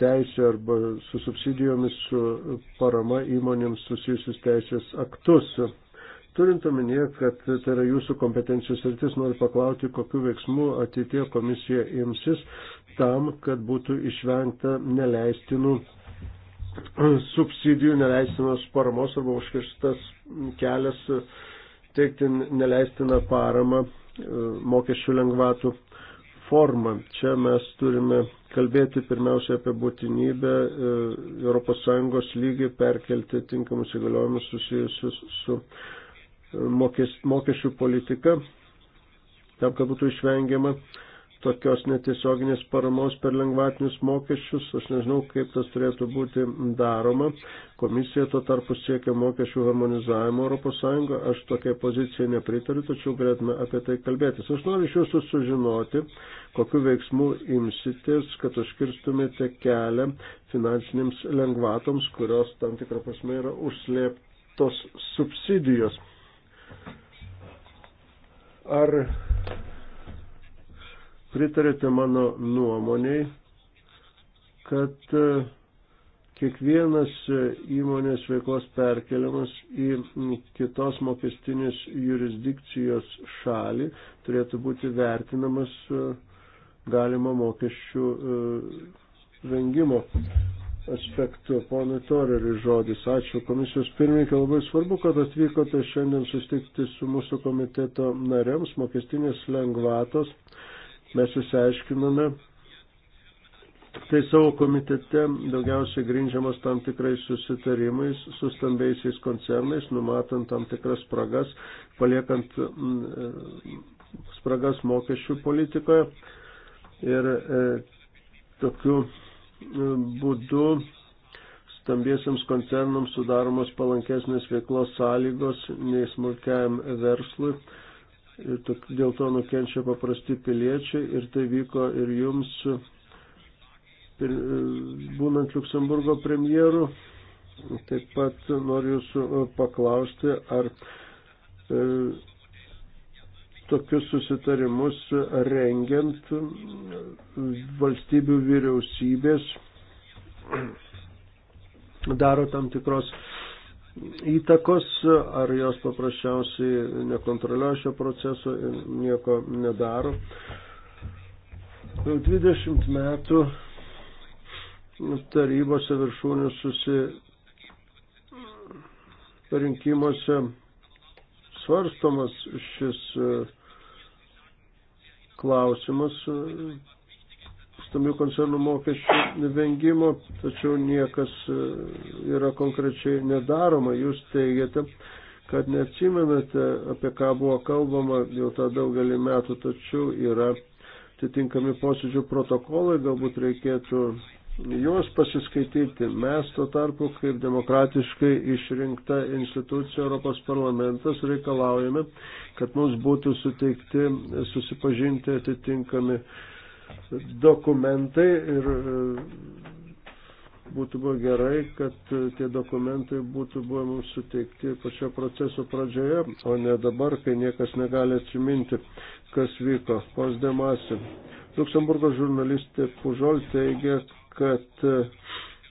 teisė arba su subsidijomis, su parama įmonėms susijusius teisės aktus. Turint omenyje, kad tai yra jūsų kompetencijos rytis, noriu paklausti, kokiu veiksmu ateitie komisija imsis tam, kad būtų išvengta neleistinų subsidijų, neleistinos paramos arba užkirstas kelias teikti neleistiną paramą e, mokesčių lengvatų formą. Čia mes turime kalbėti pirmiausia apie būtinybę e, ES lygį perkelti tinkamus įgaliojimus susijusius su e, mokes, mokesčių politika, tam, kad būtų išvengiama uh, tokios netiesioginės paramos per lengvatinius mokesčius. Aš nežinau, kaip tas turėtų būti daroma. Komisija tuo tarpu siekia mokesčių harmonizavimo ES. Aš tokiai pozicijai nepritariu, tačiau galėtume apie tai kalbėtis. Aš noriu iš jūsų sužinoti, kokiu veiksmu imsitės, kad užkirstumėte kelią finansinėms lengvatoms, kurios tam tikrą prasme yra užslėptos subsidijos. Ar pritarėte mano nuomoniai, kad e, kiekvienas e, įmonės veiklos perkeliamas į kitos mokestinės jurisdikcijos šalį turėtų būti vertinamas e, galima mokesčių vengimo aspektu. Ponai Toreriui žodis. Ačiū komisijos pirmininkai. Labai svarbu, kad atvykote šiandien susitikti su mūsų komiteto nariams. Mokestinės lengvatos mes įsiaiškinome, tai savo komitete daugiausiai grindžiamas tam tikrais susitarimais su stambiaisiais koncernais, numatant tam tikras spragas, paliekant mm, e, spragas mokesčių politikoje. Ir e, tokiu e, būdu stambiesiams koncernams sudaromos palankesnės veiklos sąlygos nei smulkiajam verslui. E, ir dėl to nukenčia paprasti piliečiai ir tai vyko ir jums, būnant Luksemburgo premjeru. Taip pat noriu jūsų e, paklausti, ar e, tokius susitarimus rengiant valstybių vyriausybės daro tam tikros įtakos, ar jos paprasčiausiai nekontroliuoja šio proceso ir nieko nedaro. Jau 20 metų tarybose viršūnių susirinkimuose svarstomas šis e, klausimas stambių koncernų mokesčių vengimo, tačiau niekas e, yra konkrečiai nedaroma. Jūs teigiate, kad neatsimenate, apie ką buvo kalbama jau tą daugelį metų, tačiau yra atitinkami posėdžių protokolai, galbūt reikėtų juos pasiskaityti. Mes tuo tarpu, kaip demokratiškai išrinkta institucija Europos parlamentas, reikalaujame, kad mums būtų suteikti susipažinti atitinkami dokumentai ir e, būtų buvo gerai, kad e, tie dokumentai būtų buvo mums suteikti pačio proceso pradžioje, o ne dabar, kai niekas negali atsiminti, kas vyko. Pos Demasi. Luksemburgo žurnalistė Pužol teigia, kad e,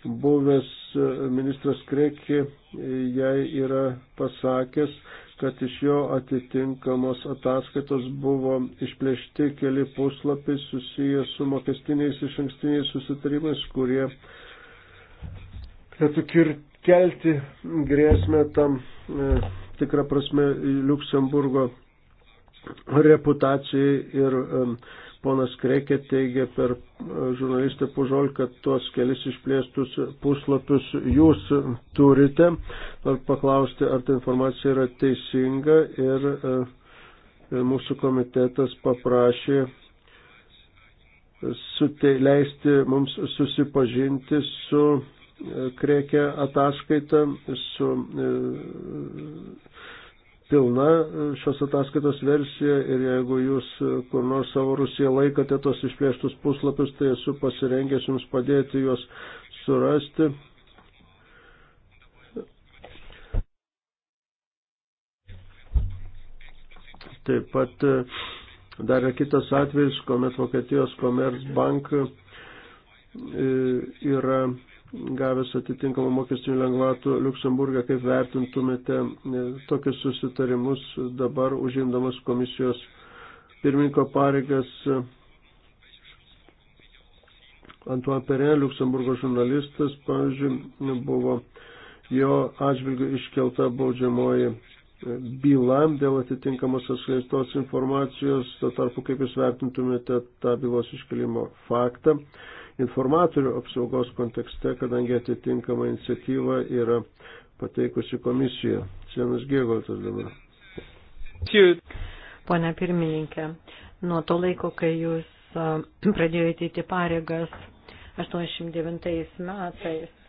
buvęs ministras Kreki jai yra pasakęs, kad iš jo atitinkamos ataskaitos buvo išplėšti keli puslapiai susiję su mokestiniais iš ankstiniais susitarimais, kurie turėtų kelti grėsmę tam e, tikrą prasme Luksemburgo reputacijai ir e, Ponas Krekė teigia per e, žurnalistę Pužol, kad tuos kelis išplėstus puslapius jūs turite. Noriu paklausti, ar ta informacija yra teisinga ir e, e, mūsų komitetas paprašė sutei, leisti mums susipažinti su Krekė ataskaita, su pilna e, šios ataskaitos versija ir jeigu jūs e, kur nors savo Rusiją laikote tos išplėštus puslapius, tai esu pasirengęs jums padėti juos surasti. Taip pat e, dar yra kitas atvejis, kuomet Vokietijos Commerzbank yra gavęs atitinkamą mokestinių lengvatų Luksemburgą, kaip vertintumėte e, tokius susitarimus dabar užimdamas komisijos pirmininko pareigas Antoine Perrin, Luksemburgo žurnalistas, pavyzdžiui, buvo jo atžvilgių iškelta baudžiamoji byla dėl atitinkamos atskleistos informacijos, to tarpu kaip jūs vertintumėte tą bylos iškelimo faktą informatorių apsaugos kontekste, kadangi atitinkama iniciatyva yra pateikusi komisija. Sienas Gėgoltas dabar. Pone pirmininkė, nuo to laiko, kai jūs (clears throat) pradėjote įti pareigas 89 metais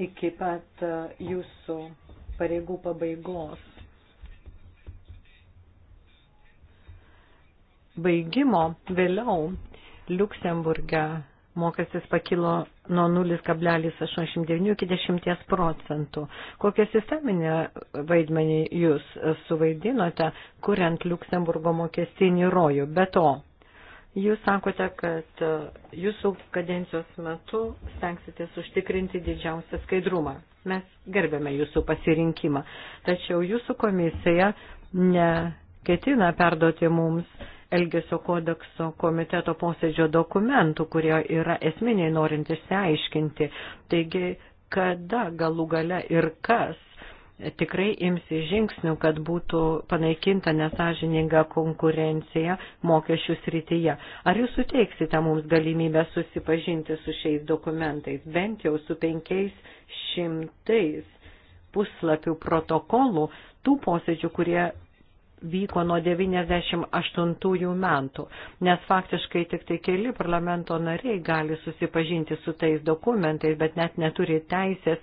iki pat jūsų pareigų pabaigos, baigimo vėliau Luksemburge mokestis pakilo nuo 0,89 iki 10 procentų. Kokią sisteminę vaidmenį jūs suvaidinote, kuriant Luksemburgo mokestinį rojų? Be to, jūs sakote, kad jūsų kadencijos metu stengsitės užtikrinti didžiausią skaidrumą. Mes gerbėme jūsų pasirinkimą, tačiau jūsų komisija neketina perduoti mums Elgesio kodekso komiteto posėdžio dokumentų, kurie yra esminiai norint išsiaiškinti. Taigi, kada galų gale ir kas tikrai imsi žingsnių, kad būtų panaikinta nesažininga konkurencija mokesčių srityje. Ar jūs suteiksite mums galimybę susipažinti su šiais dokumentais, bent jau su penkiais šimtais puslapių protokolų tų posėdžių, kurie vyko nuo 98 metų, nes faktiškai tik tai keli parlamento nariai gali susipažinti su tais dokumentais, bet net neturi teisės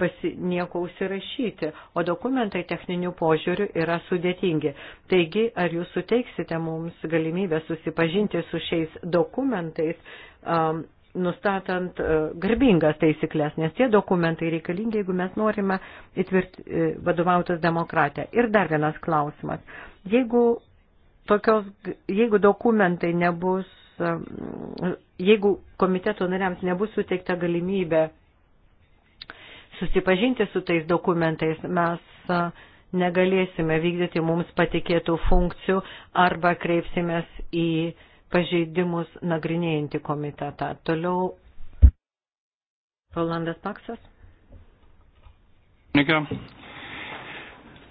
pasi, nieko užsirašyti, o dokumentai techninių požiūrių yra sudėtingi. Taigi, ar jūs suteiksite mums galimybę susipažinti su šiais dokumentais um, nustatant e, garbingas taisyklės, nes tie dokumentai reikalingi, jeigu mes norime įtvirt, e, vadovautis demokratiją. Ir dar vienas klausimas. Jeigu, tokios, jeigu dokumentai nebus, e, jeigu komiteto nariams nebus suteikta galimybė susipažinti su tais dokumentais, mes negalėsime vykdyti mums patikėtų funkcijų arba kreipsimės į pažeidimus nagrinėjantį komitetą. Toliau Rolandas Paksas.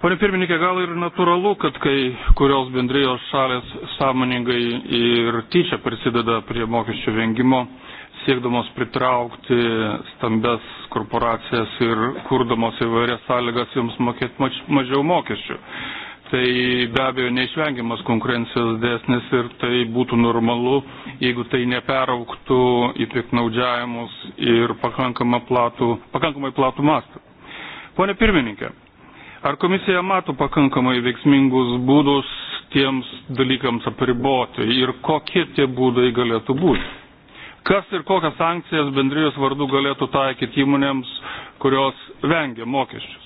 Pane pirmininkė, gal ir natūralu, kad kai kurios bendrijos šalės sąmoningai ir tyčia prisideda prie mokesčių vengimo, siekdamos pritraukti stambes korporacijas ir kurdamos įvairias sąlygas joms mokėti mažiau mokesčių tai be abejo neišvengiamas konkurencijos dėsnis ir tai būtų normalu, jeigu tai neperauktų į piknaudžiavimus ir pakankamai platų, pakankamai platų mastą. Pone pirmininkė, ar komisija mato pakankamai veiksmingus būdus tiems dalykams apriboti ir kokie tie būdai galėtų būti? Kas ir kokias sankcijas bendrijos vardu galėtų taikyti įmonėms, kurios vengia mokesčius?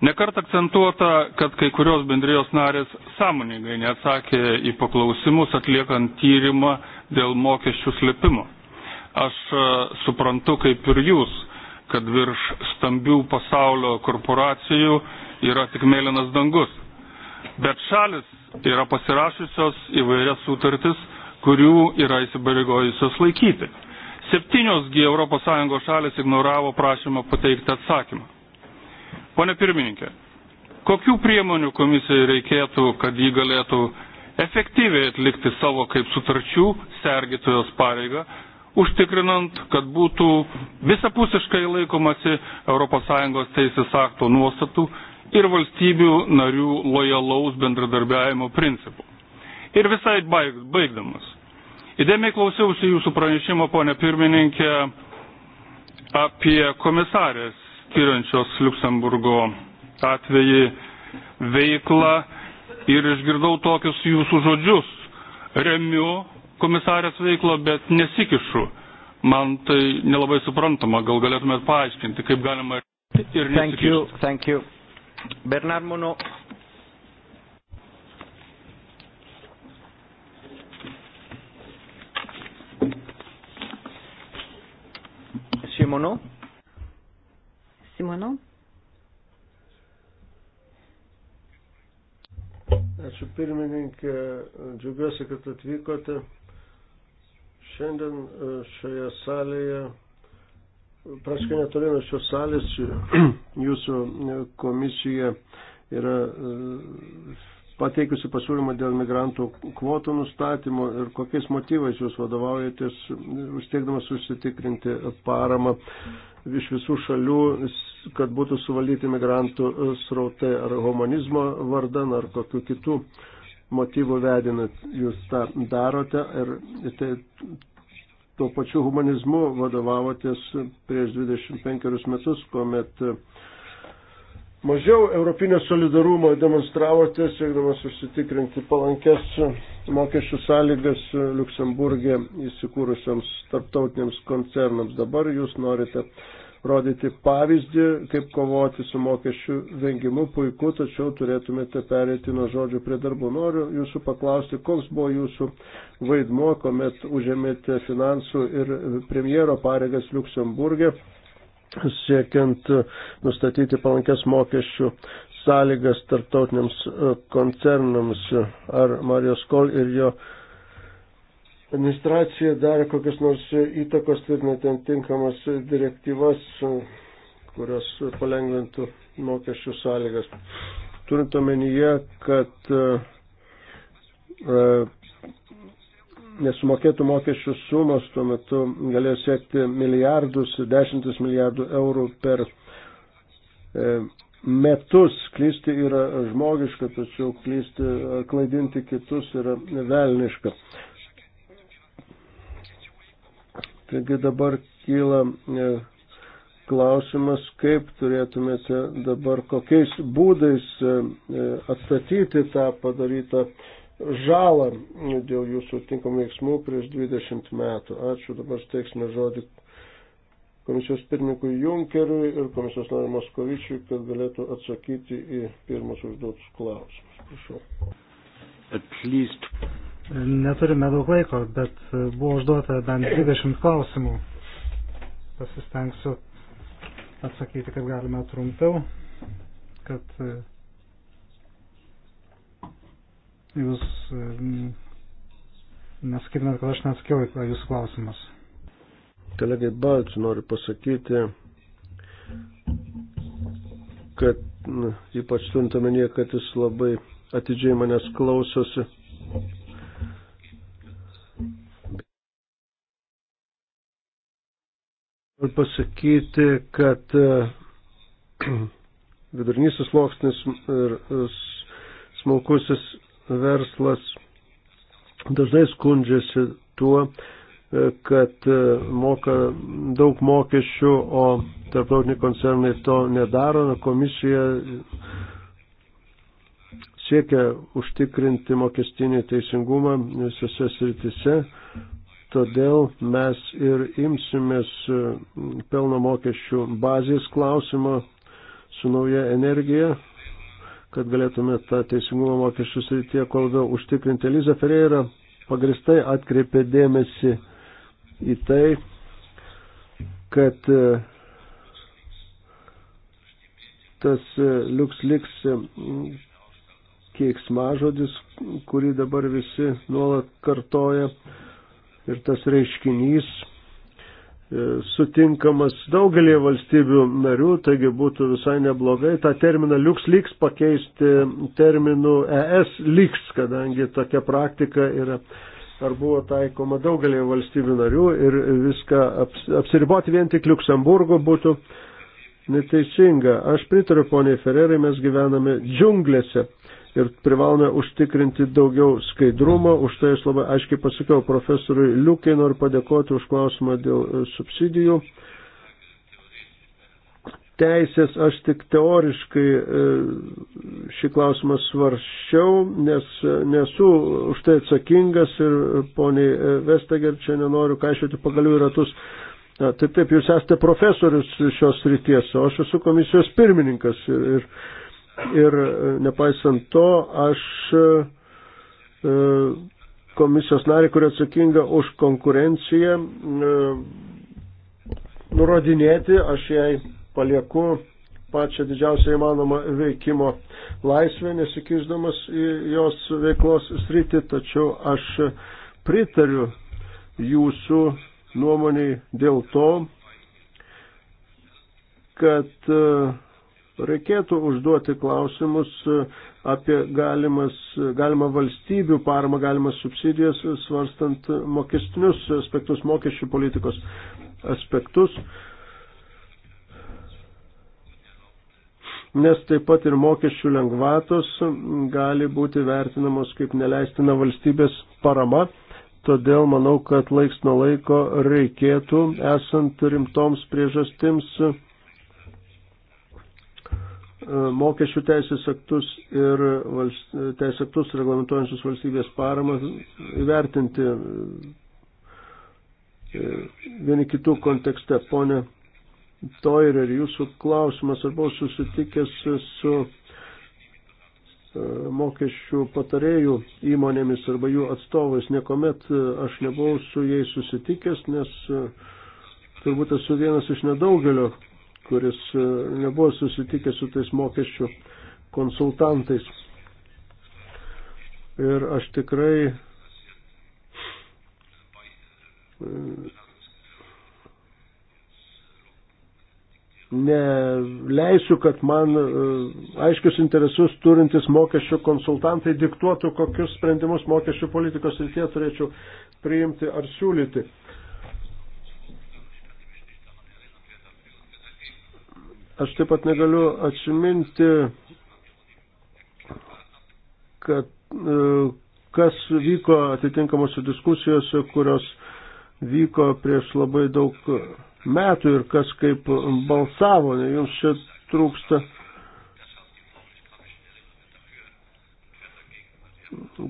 Nekart akcentuota, kad kai kurios bendrijos narės sąmoningai neatsakė į paklausimus atliekant tyrimą dėl mokesčių slėpimo. Aš e, suprantu, kaip ir jūs, kad virš stambių pasaulio korporacijų yra tik mėlynas dangus. Bet šalis yra pasirašusios įvairias sutartis, kurių yra įsibarygojusios laikyti. Septynios G ES šalis ignoravo prašymą pateikti atsakymą. Pone pirmininkė, kokių priemonių komisijai reikėtų, kad jį galėtų efektyviai atlikti savo kaip sutarčių sergėtojos pareigą, užtikrinant, kad būtų visapusiškai laikomasi ES teisės akto nuostatų ir valstybių narių lojalaus bendradarbiavimo principų. Ir visai baigdamas. Įdėmiai klausiausi jūsų pranešimo, ponė pirmininkė, apie komisarės tyrančios Luksemburgo atvejį veiklą ir išgirdau tokius jūsų žodžius. Remiu komisarės veiklą, bet nesikišu. Man tai nelabai suprantama, gal galėtumėt paaiškinti, kaip galima ir nesikišti. Thank you, thank you. Bernard Mono. Monsieur Monod. Simono. Ačiū pirmininkė, džiaugiuosi, kad atvykote. Šiandien e, šioje salėje, praškai netoli nuo šios salės, (clears throat) jūsų e, komisija yra e, pateikusi pasiūlymą dėl migrantų kvotų nustatymo ir kokiais motyvais jūs vadovaujatės, užtiekdamas susitikrinti paramą iš visų šalių, kad būtų suvaldyti migrantų srautai ar humanizmo vardan ar kokiu kitų motyvų vedinat jūs tą darote ir tai tuo pačiu humanizmu vadovavotės prieš 25 metus, kuomet mažiau europinio solidarumo demonstravote, siekdamas užsitikrinti palankes mokesčių sąlygas Luksemburgė įsikūrusiams tarptautiniams koncernams. Dabar jūs norite rodyti pavyzdį, kaip kovoti su mokesčių vengimu puiku, tačiau turėtumėte perėti nuo žodžių prie darbų. Noriu jūsų paklausti, koks buvo jūsų vaidmuo, kuomet užėmėte finansų ir premjero pareigas Luksemburgė siekiant uh, nustatyti palankės mokesčių sąlygas tarptautiniams uh, koncernams. Ar Marijos Kol ir jo administracija darė kokias nors įtakos tvirtinant ten tinkamas direktyvas, uh, kurios palengvintų mokesčių sąlygas. Turint omenyje, kad nesumokėtų mokesčių sumos tuo metu galėjo siekti milijardus, dešimtis milijardų eurų per e, metus. Klysti yra žmogiška, tačiau klysti, e, klaidinti kitus yra velniška. Taigi dabar kyla e, klausimas, kaip turėtumėte dabar kokiais būdais atstatyti tą padarytą žalą dėl jūsų tinkamų veiksmų prieš 20 metų. Ačiū, dabar steiksime žodį komisijos pirmininkui Junkeriui ir komisijos nariu Moskovičiui, kad galėtų atsakyti į pirmus užduotus klausimus. Prašau. Atlyst. Neturime daug laiko, bet buvo užduota bent 20 klausimų. Pasistengsiu atsakyti, kad galime trumpiau, kad jūs e, nesakytumėt, kad aš neatsakiau į jūsų klausimus. Kolegai Balč noriu pasakyti, kad na, ypač turintuomenėje, kad jis labai atidžiai manęs klausosi. Noriu pasakyti, kad e, (clears throat) vidurinysis sluoksnis ir smulkusis verslas dažnai skundžiasi tuo, e, kad e, moka daug mokesčių, o tarptautiniai koncernai to nedaro. Komisija siekia užtikrinti mokestinį teisingumą visose sritise, todėl mes ir imsimės e, pelno mokesčių bazės klausimo su nauja energija, kad galėtume tą teisingumo mokesčių srityje kuo labiau užtikrinti. Eliza Ferreira pagristai atkreipė dėmesį į tai, kad e, tas e, liuksliks e, keiksmažodis, kurį dabar visi nuolat kartoja, ir tas reiškinys E, sutinkamas daugelį valstybių narių, taigi būtų visai neblogai tą terminą LuxLeaks pakeisti terminu ES Leaks, kadangi tokia praktika yra ar buvo taikoma daugelį valstybių narių ir viską aps, apsiriboti vien tik Luxemburgo būtų neteisinga. Aš pritariu poniai Ferrerai, mes gyvename džiunglėse ir privalome užtikrinti daugiau skaidrumo. Už tai aš labai aiškiai pasakiau profesoriui Liukai, noriu padėkoti už klausimą dėl e, subsidijų. Teisės aš tik teoriškai e, šį klausimą svarščiau, nes e, nesu už tai atsakingas ir poniai Vestager čia nenoriu kaišyti pagalių į ratus. Na, taip, taip, jūs esate profesorius šios ryties, o aš esu komisijos pirmininkas. Ir, ir, Ir e, nepaisant to, aš e, e, komisijos narį, kuri atsakinga už konkurenciją, nurodinėti, aš jai palieku pačią didžiausią įmanomą veikimo laisvę, nesikiždamas į jos veiklos sritį, tačiau aš pritariu jūsų nuomoniai dėl to, kad uh, Reikėtų užduoti klausimus e, apie galimas, galimą valstybių paramą, galimas subsidijas, svarstant mokestinius aspektus, mokesčių politikos aspektus. nes taip pat ir mokesčių lengvatos gali būti vertinamos kaip neleistina valstybės parama. Todėl manau, kad laiks nuo laiko reikėtų, esant rimtoms priežastims, E, mokesčių teisės aktus ir valst, teisės aktus reglamentuojančius valstybės paramą įvertinti e, vieni kitų kontekste. Pone Toirer, jūsų klausimas, ar buvau susitikęs su e, mokesčių patarėjų įmonėmis arba jų atstovais. Niekuomet aš nebuvau su jais susitikęs, nes turbūt esu vienas iš nedaugelio kuris e, nebuvo susitikęs su tais mokesčių konsultantais. Ir aš tikrai e, neleisiu, kad man e, aiškius interesus turintis mokesčių konsultantai diktuotų, kokius sprendimus mokesčių politikos rytie turėčiau priimti ar siūlyti. Aš taip pat negaliu atsiminti, kad e, kas vyko atitinkamose diskusijose, kurios vyko prieš labai daug metų ir kas kaip balsavo, jums čia trūksta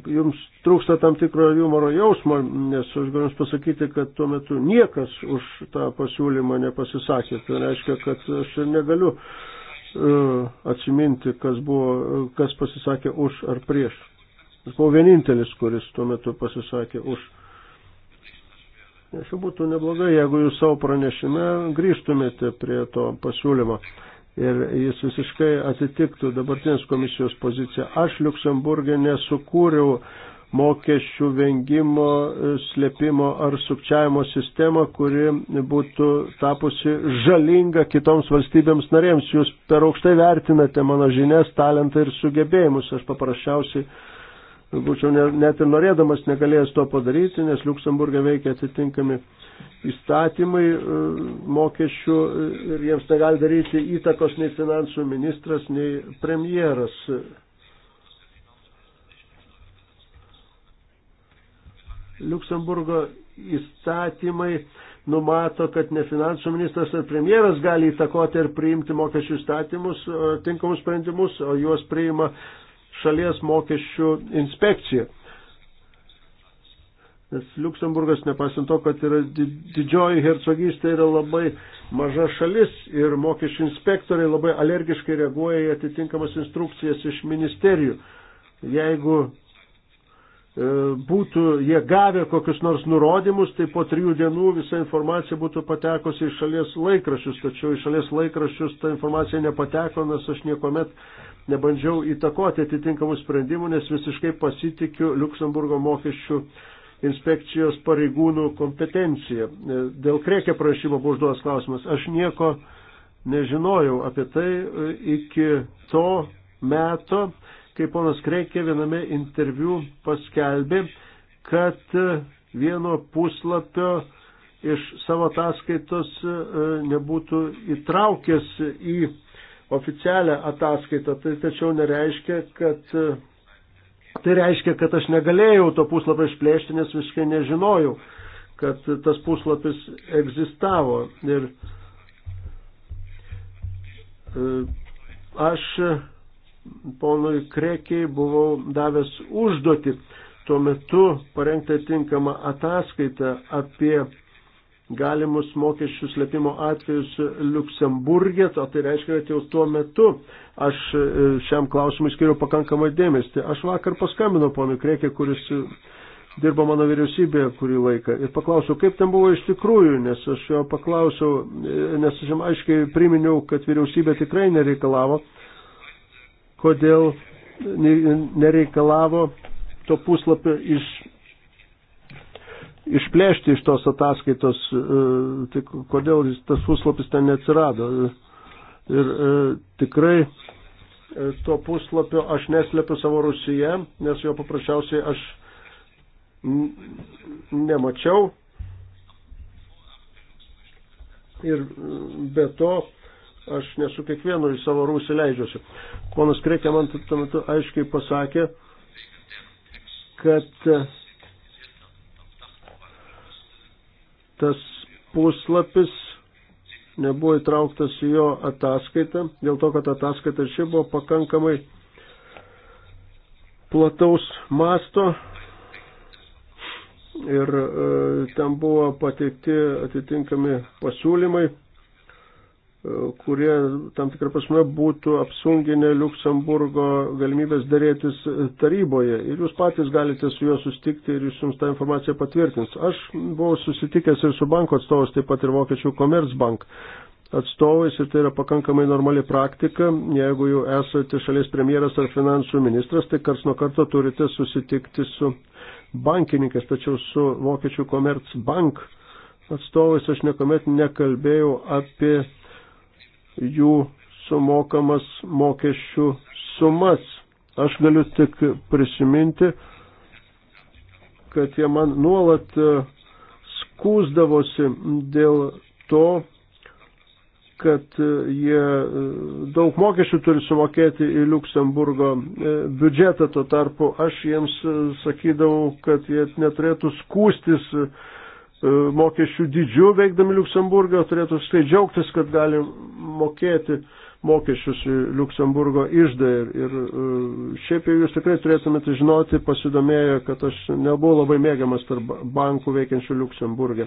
jums trūksta tam tikro humoro jausmo, nes aš galiu jums pasakyti, kad tuo metu niekas už tą pasiūlymą nepasisakė. Tai reiškia, kad aš negaliu uh, atsiminti, kas, buvo, kas pasisakė už ar prieš. Aš buvau vienintelis, kuris tuo metu pasisakė už. Nes jau būtų neblogai, jeigu jūs savo pranešime grįžtumėte prie to pasiūlymo ir jis visiškai atitiktų dabartinės komisijos poziciją. Aš Luksemburgė nesukūriau mokesčių vengimo, slėpimo ar sukčiavimo sistemą, kuri būtų tapusi žalinga kitoms valstybėms narėms. Jūs per aukštai vertinate mano žinias, talentą ir sugebėjimus. Aš paprasčiausiai būčiau ne, net ir norėdamas negalėjęs to padaryti, nes Luksemburgė veikia atitinkami įstatymai e, mokesčių e, ir jiems negali daryti įtakos nei finansų ministras, nei premjeras. Luksemburgo įstatymai numato, kad ne finansų ministras ar premjeras gali įtakoti ir priimti mokesčių įstatymus, e, tinkamus sprendimus, o juos priima uh, šalies mokesčių inspekcija. Nes Luksemburgas, nepaisant to, kad yra didžioji hercogystė, yra labai maža šalis ir mokesčių inspektoriai labai alergiškai reaguoja į atitinkamas instrukcijas iš ministerijų. Jeigu e, būtų jie gavę kokius nors nurodymus, tai po trijų dienų visa informacija būtų patekusi į šalies laikraščius, tačiau į šalies laikraščius ta informacija nepateko, nes aš niekuomet nebandžiau įtakoti atitinkamų sprendimų, nes visiškai pasitikiu Luksemburgo mokesčių inspekcijos pareigūnų kompetencija. Dėl krekė prašymo buvo užduotas klausimas. Aš nieko nežinojau apie tai e, iki to meto, kai ponas Kreikė viename interviu paskelbė, kad e, vieno puslapio iš savo ataskaitos e, nebūtų įtraukęs į oficialią ataskaitą, tai tačiau nereiškia, kad tai reiškia, kad aš negalėjau to puslapio išplėšti, nes visiškai nežinojau, kad tas puslapis egzistavo. Ir e, aš ponui Krekiai buvau davęs užduoti tuo metu parengti tinkamą ataskaitą apie galimus mokesčių slėpimo atvejus Luksemburgė, o tai reiškia, kad jau tuo metu aš e, šiam klausimui skiriu pakankamą dėmesį. Aš vakar paskambinau ponui Krekė, kuris e, dirbo mano vyriausybėje kurį laiką ir paklausiau, kaip ten buvo iš tikrųjų, nes aš jo paklausiau, e, nes aš jam aiškiai priminiau, kad vyriausybė tikrai nereikalavo, kodėl nereikalavo to puslapio iš išplėšti iš tos ataskaitos, e, tai kodėl tas puslapis ten neatsirado. Ir e, tikrai e, to puslapio aš neslepiu savo Rusije, nes jo paprasčiausiai aš nemačiau. Ir be to aš nesu kiekvienu į savo rūsį leidžiuosi. Ponas Kreikė man tuo metu aiškiai pasakė, kad tas puslapis nebuvo įtrauktas į jo ataskaitą, dėl to, kad ataskaita ir šiaip buvo pakankamai plataus masto ir e, ten buvo pateikti atitinkami pasiūlymai kurie tam tikrą prasme būtų apsunginę Luksemburgo galimybės dėrėtis taryboje. Ir jūs patys galite su juo sustikti ir jis jums tą informaciją patvirtins. Aš buvau susitikęs ir su banko atstovas, taip pat ir Vokiečių Commerzbank atstovais ir tai yra pakankamai normali praktika. Jeigu jau esate šalies premjeras ar finansų ministras, tai kars nuo karto turite susitikti su bankininkais, tačiau su Vokiečių Commerzbank atstovais aš niekuomet nekalbėjau apie jų sumokamas mokesčių sumas. Aš galiu tik prisiminti, kad jie man nuolat e, skūsdavosi dėl to, kad e, jie e, daug mokesčių turi sumokėti į Luksemburgo biudžetą, tuo tarpu aš jiems sakydavau, kad jie neturėtų skūstis E, mokesčių dydžiu veikdami Luksemburgą, turėtų štai džiaugtis, kad gali mokėti mokesčius į Luksemburgo išdą. Ir, ir e, šiaip jau jūs tikrai turėtumėte žinoti, pasidomėję, kad aš nebuvau labai mėgiamas tarp bankų veikiančių Luksemburgė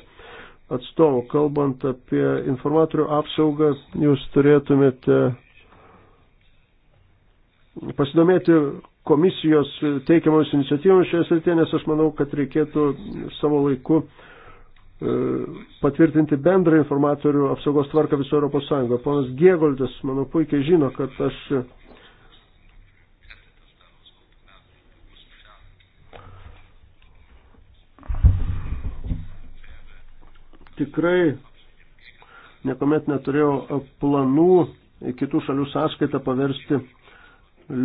atstovų. Kalbant apie informatorių apsaugą, jūs turėtumėte pasidomėti komisijos teikiamomis iniciatyvomis šioje srityje, nes aš manau, kad reikėtų savo laiku uh, patvirtinti bendrą informatorių apsaugos tvarką viso Europos Sąjungoje. Ponas Giegoldas, manau, puikiai žino, kad aš tikrai niekuomet neturėjau planų kitų šalių sąskaitą paversti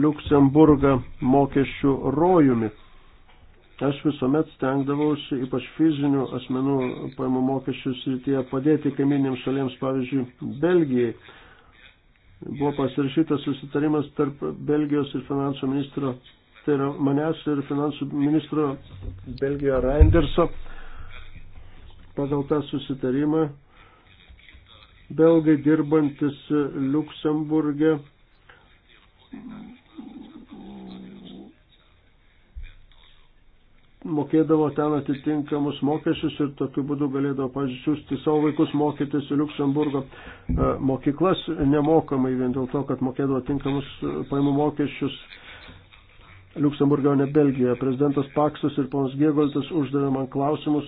Luksemburgą mokesčių rojumi. Aš visuomet stengdavausi, ypač fizinių asmenų paimų mokesčių srityje, padėti kaiminėms šalėms, pavyzdžiui, Belgijai. Buvo pasirašytas susitarimas tarp Belgijos ir finansų ministro, tai yra manęs ir finansų ministro Belgijoje Reinderso. Pagal tą susitarimą belgai dirbantis Luksemburgė mokėdavo ten atitinkamus mokesčius ir tokiu būdu galėdavo, pavyzdžiui, siūsti savo vaikus mokytis į Luksemburgo e, mokyklas nemokamai vien dėl to, kad mokėdavo tinkamus paimų mokesčius Luksemburgo, o ne Belgijoje. Prezidentas Paksas ir ponas Gėgoltas uždavė man klausimus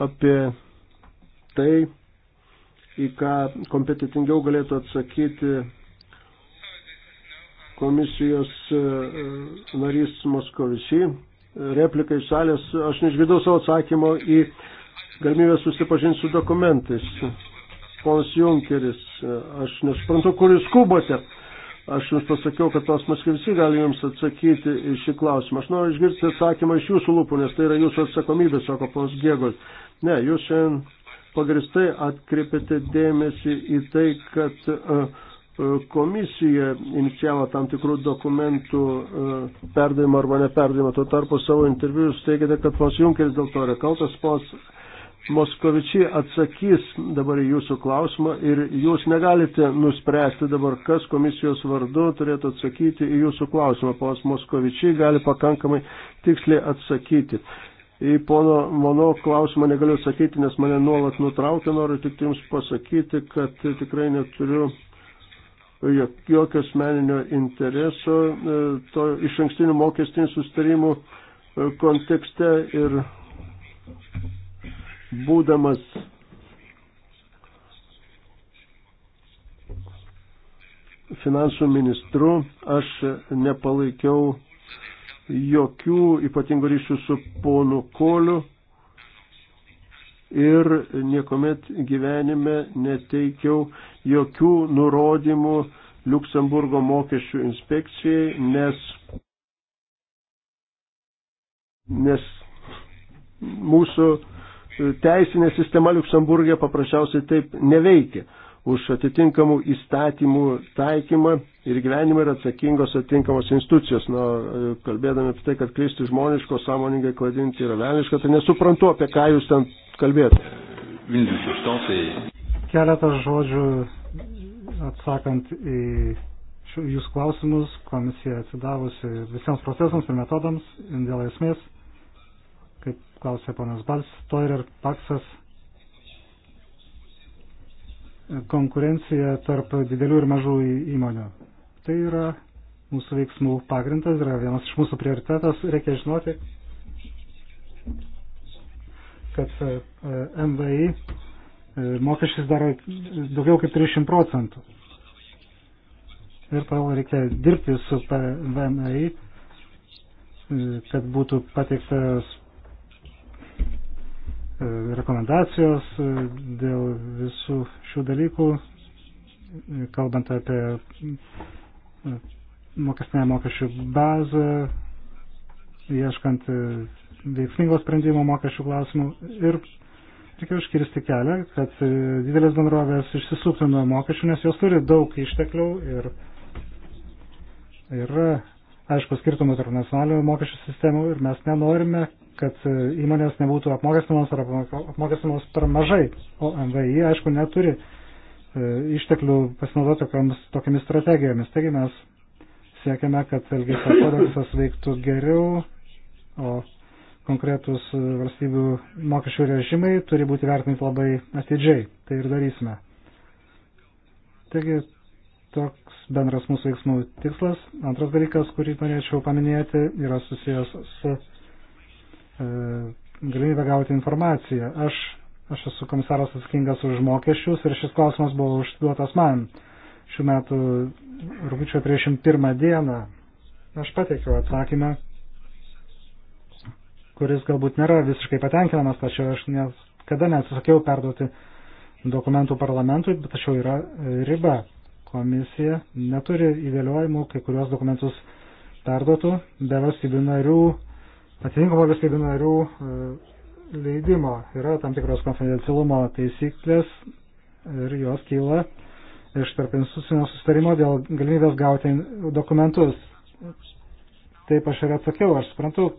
apie tai, į ką kompetitingiau galėtų atsakyti komisijos e, narys Moskovisi, repliką iš salės, aš neišgirdau savo atsakymo į galimybę susipažinti su dokumentais. Ponas Junkeris, aš nesuprantu, kur jūs skubate. Aš jums pasakiau, kad klausimas, kai visi gali jums atsakyti į šį klausimą. Aš noriu išgirsti atsakymą iš jūsų lūpų, nes tai yra jūsų atsakomybė, sako ponas Gėgol. Ne, jūs šiandien pagristai atkreipėte dėmesį į tai, kad uh, komisija inicijavo tam tikrų dokumentų e, perdavimą arba neperdavimą. Tuo tarpu savo interviu jūs teigiate, kad pons Junkeris dėl to yra kaltas, pons Moskovičiai atsakys dabar į jūsų klausimą ir jūs negalite nuspręsti dabar, kas komisijos vardu turėtų atsakyti į jūsų klausimą. Pons Moskovičiai gali pakankamai tiksliai atsakyti. Į pono mano klausimą negaliu atsakyti, nes mane nuolat nutraukia, noriu tik jums pasakyti, kad tikrai neturiu jokio asmeninio intereso e, to iš ankstinių mokestinių sustarimų e, kontekste ir būdamas finansų ministru aš nepalaikiau jokių ypatingų ryšių su ponu Koliu ir niekuomet gyvenime neteikiau jokių nurodymų Luksemburgo mokesčių inspekcijai, nes, nes mūsų teisinė sistema Luksemburgė paprasčiausiai taip neveikia už atitinkamų įstatymų taikymą ir gyvenimą yra atsakingos atitinkamos institucijos. Na, kalbėdami apie tai, kad klysti žmoniško, sąmoningai klaidinti yra veliška, tai nesuprantu, apie ką jūs ten kalbėjote. Keletas žodžių atsakant į jūsų klausimus, komisija atsidavusi visiems procesams ir metodams, dėl esmės, kaip klausė ponas Bals, Toirer, Paksas konkurencija tarp didelių ir mažų įmonių. Tai yra mūsų veiksmų pagrindas, yra vienas iš mūsų prioritetas. Reikia žinoti, kad e, e, MVI e, mokesčius daro daugiau kaip 300 procentų. Ir tau reikia dirbti su PVMI, kad būtų pateiktas rekomendacijos e, dėl visų šių dalykų, kalbant apie e, mokestinę mokesčių bazę, ieškant e, veiksmingo sprendimo mokesčių klausimų ir reikia užkirsti kelią, kad didelės bendrovės išsisuktų nuo mokesčių, nes jos turi daug išteklių ir yra, aišku, skirtumų tarp nacionalinių mokesčių sistemų ir mes nenorime, kad e, įmonės nebūtų apmokestinamos ar apmokestinamos per mažai, o MVI, aišku, neturi e, išteklių pasinaudoti tokiamis, tokiamis strategijomis. Taigi mes siekiame, kad Elgesio kodeksas veiktų geriau, o konkretus e, valstybių mokesčių režimai turi būti vertinti labai atidžiai. Tai ir darysime. Taigi toks bendras mūsų veiksmų tikslas. Antras dalykas, kurį norėčiau paminėti, yra susijęs su. E, galimybę gauti informaciją. Aš, aš esu komisaras atsakingas už mokesčius ir šis klausimas buvo užduotas man šių metų rūpiučio 31 dieną. Aš pateikiau atsakymą, kuris galbūt nėra visiškai patenkinamas, tačiau aš niekada neatsisakiau perduoti dokumentų parlamentui, bet tačiau yra riba. Komisija neturi įgaliojimų kai kurios dokumentus perduotų be valstybių narių atitinkamo valstybių narių e, leidimo. Yra tam tikros konfidencialumo taisyklės ir jos kyla iš tarp institucinio sustarimo dėl galimybės gauti dokumentus. Taip aš ir atsakiau, aš suprantu,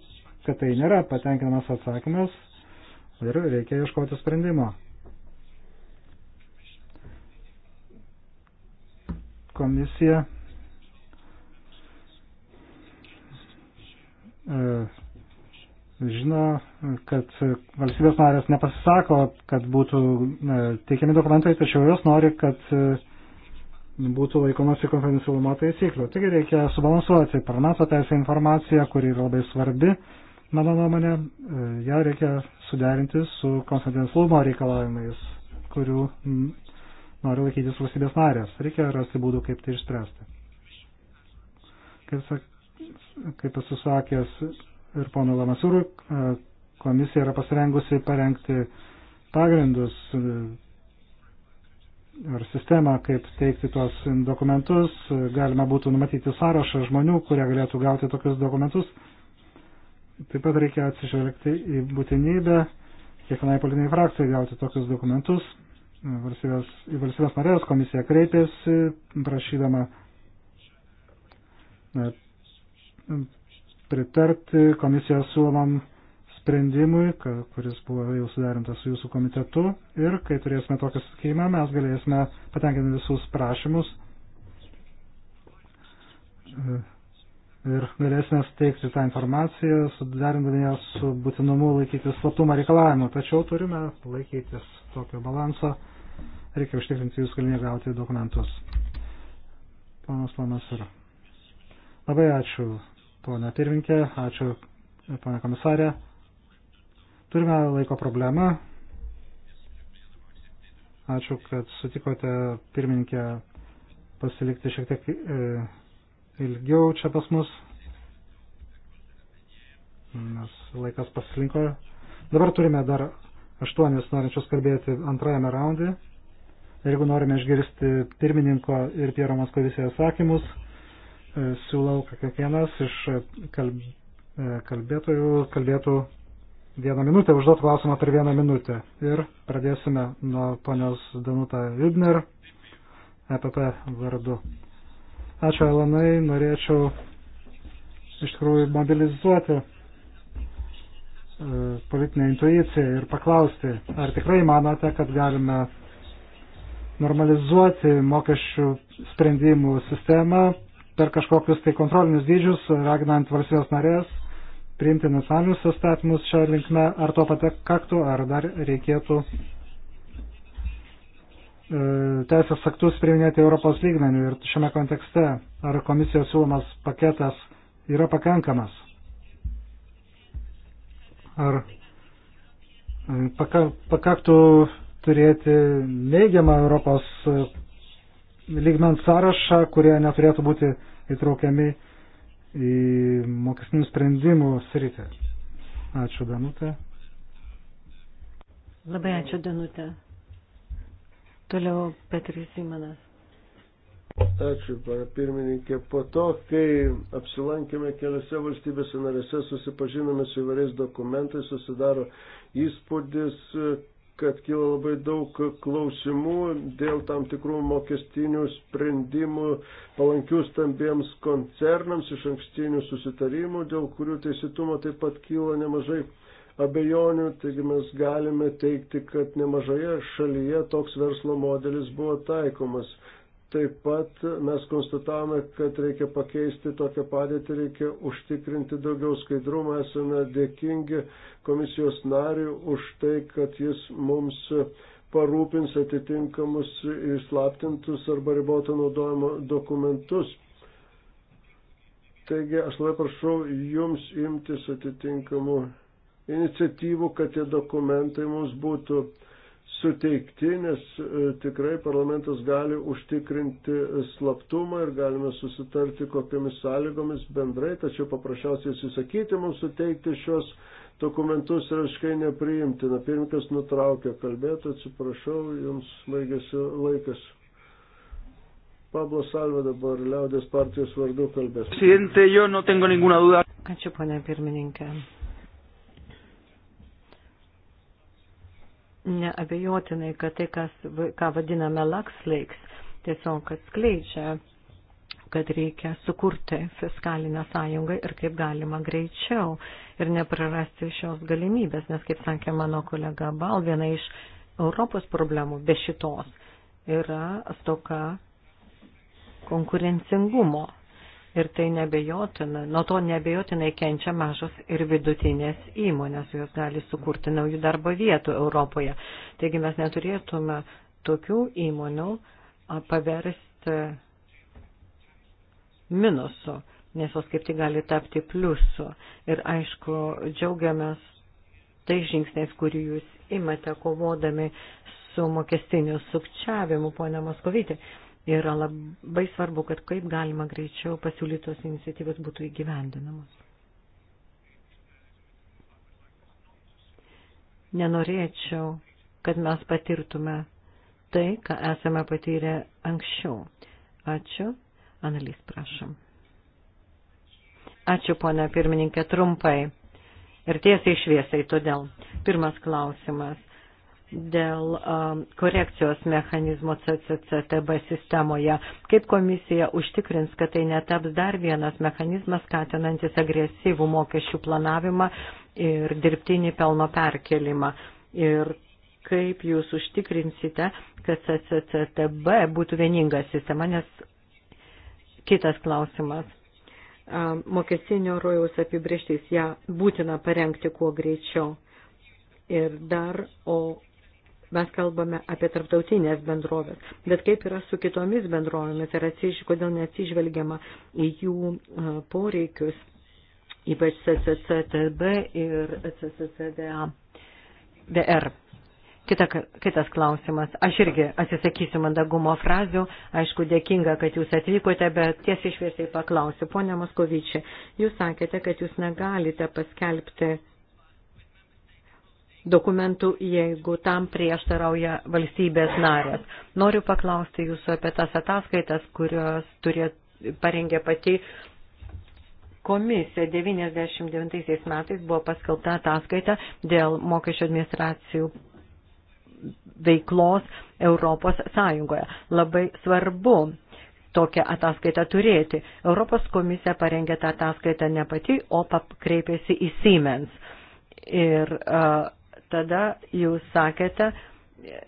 kad tai nėra patenkinamas atsakymas ir reikia ieškoti sprendimo. Komisija e, žino, kad valstybės narės nepasisako, kad būtų e, teikiami dokumentai, tačiau jos nori, kad e, būtų laikomasi konfidencialumo taisyklių. Taigi reikia subalansuoti parlamento teisę informaciją, kuri yra labai svarbi, mano nuomonė, e, ją reikia suderinti su konfidencialumo reikalavimais, kurių nori laikytis valstybės narės. Reikia rasti būdų, kaip tai išspręsti. Kaip, kaip esu sakęs, ir pono Lamasūrų komisija yra pasirengusi parengti pagrindus e, ar sistemą, kaip teikti tuos dokumentus. Galima būtų numatyti sąrašą žmonių, kurie galėtų gauti tokius dokumentus. Taip pat reikia atsižvelgti į būtinybę kiekvienai politiniai frakcijai gauti tokius dokumentus. Valstybės, į valstybės narės komisija kreipėsi, prašydama pritarti komisijos siūlomam sprendimui, kuris buvo jau sudarintas su jūsų komitetu ir kai turėsime tokį susitikimą, mes galėsime patenkinti visus prašymus ir galėsime steigti tą informaciją, sudarindami ją su būtinumu laikytis slaptumo reikalavimu. Tačiau turime laikytis tokio balanso, reikia užtikrinti jūs galimybę gauti dokumentus. Panas Lamas ir. Labai ačiū Pone pirminkė, ačiū, pone komisarė. Turime laiko problemą. Ačiū, kad sutikote pirmininkę pasilikti šiek tiek e, ilgiau čia pas mus, nes laikas pasilinko. Dabar turime dar aštuonis norinčius kalbėti antrajame raundė. Jeigu norime išgirsti pirmininko ir Piero Moskovisėje sakymus, E, siūlau, kad kiekvienas iš e, e, kalbėtojų kalbėtų vieną minutę, užduotų klausimą per vieną minutę. Ir pradėsime nuo ponios Danuta Vidner, EPP vardu. Ačiū, Elanai, norėčiau iš tikrųjų mobilizuoti politinę intuiciją ir paklausti, ar tikrai manote, kad galime normalizuoti mokesčių sprendimų sistemą, per kažkokius tai kontrolinius dydžius, raginant valstybės narės priimti nacionalinius įstatymus šią linkme, ar to patekaktų, ar dar reikėtų e, teisės aktus priminėti Europos lygmenių ir šiame kontekste, ar komisijos siūlomas paketas yra pakankamas. Ar e, paka, pakaktų turėti neigiamą Europos lygmens sąrašą, kurie neturėtų būti įtraukiami į mokesnių sprendimų sritį. Ačiū, Danutė. Labai ačiū, Danutė. Toliau Petris Simonas. Ačiū, pana pirmininkė. Po to, kai apsilankėme keliose valstybėse narėse, susipažinome su įvairiais dokumentais, susidaro įspūdis, kad kyla labai daug klausimų dėl tam tikrų mokestinių sprendimų palankių stambiems koncernams iš ankstinių susitarimų, dėl kurių teisėtumo taip pat kyla nemažai abejonių, taigi mes galime teikti, kad nemažoje šalyje toks verslo modelis buvo taikomas. Taip pat mes konstatavome, kad reikia pakeisti tokią padėtį, reikia užtikrinti daugiau skaidrumą. Esame dėkingi komisijos nariui už tai, kad jis mums parūpins atitinkamus įslaptintus arba riboto naudojimo dokumentus. Taigi aš labai prašau jums imtis atitinkamų iniciatyvų, kad tie dokumentai mums būtų uh, suteikti, nes e, tikrai parlamentas gali užtikrinti slaptumą ir galime susitarti kokiamis sąlygomis bendrai, tačiau paprasčiausiai susakyti mums suteikti šios dokumentus yra visiškai nepriimtina. Pirmininkas nutraukė kalbėti, atsiprašau, jums baigėsi laikas. Pablo Salve dabar liaudės partijos vardu kalbės. Ačiū, ponia pirmininkė. neabejotinai, kad tai, kas, ką vadiname lakslaiks, tiesiog atskleidžia, kad reikia sukurti fiskalinę sąjungą ir kaip galima greičiau ir neprarasti šios galimybės, nes, kaip sakė mano kolega Bal, viena iš Europos problemų be šitos yra stoka konkurencingumo ir tai nebejotina, nuo to nebejotinai kenčia mažos ir vidutinės įmonės, jos gali sukurti naujų darbo vietų Europoje. Taigi mes neturėtume tokių įmonių paversti minusu, nes jos kaip tik gali tapti pliusu. Ir aišku, džiaugiamės tai žingsniais, kurį jūs imate kovodami su mokestiniu sukčiavimu, ponia Moskovytė yra labai svarbu, kad kaip galima greičiau pasiūlytos iniciatyvos būtų įgyvendinamos. Nenorėčiau, kad mes patirtume tai, ką esame patyrę anksčiau. Ačiū. Analys, prašom. Ačiū, ponia pirmininkė, trumpai ir tiesiai šviesai todėl. Pirmas klausimas dėl um, korekcijos mechanizmo CCCTB sistemoje. Kaip komisija užtikrins, kad tai netaps dar vienas mechanizmas, skatinantis agresyvų mokesčių planavimą ir dirbtinį pelno perkelimą. Ir kaip jūs užtikrinsite, kad CCCTB būtų vieninga sistema, nes kitas klausimas. Um, mokestinio rojaus apibrieštys ją būtina parengti kuo greičiau. Ir dar, o mes kalbame apie tarptautinės bendrovės, bet kaip yra su kitomis bendrovėmis ir atsiž, kodėl neatsižvelgiama į jų e, poreikius, ypač CCCTB ir CCCDA. DR. Kita, kitas klausimas. Aš irgi atsisakysiu mandagumo frazių. Aišku, dėkinga, kad jūs atvykote, bet tiesiai šviesiai paklausiu. Pone Moskovičiai, jūs sakėte, kad jūs negalite paskelbti dokumentų, jeigu tam prieštarauja valstybės narės. Noriu paklausti jūsų apie tas ataskaitas, kurios turėt, parengė pati komisija. 99 metais buvo paskelbta ataskaita dėl mokesčio administracijų veiklos Europos Sąjungoje. Labai svarbu tokią ataskaitą turėti. Europos komisija parengė tą ataskaitą ne pati, o kreipėsi į Siemens. Ir uh, tada jūs sakėte,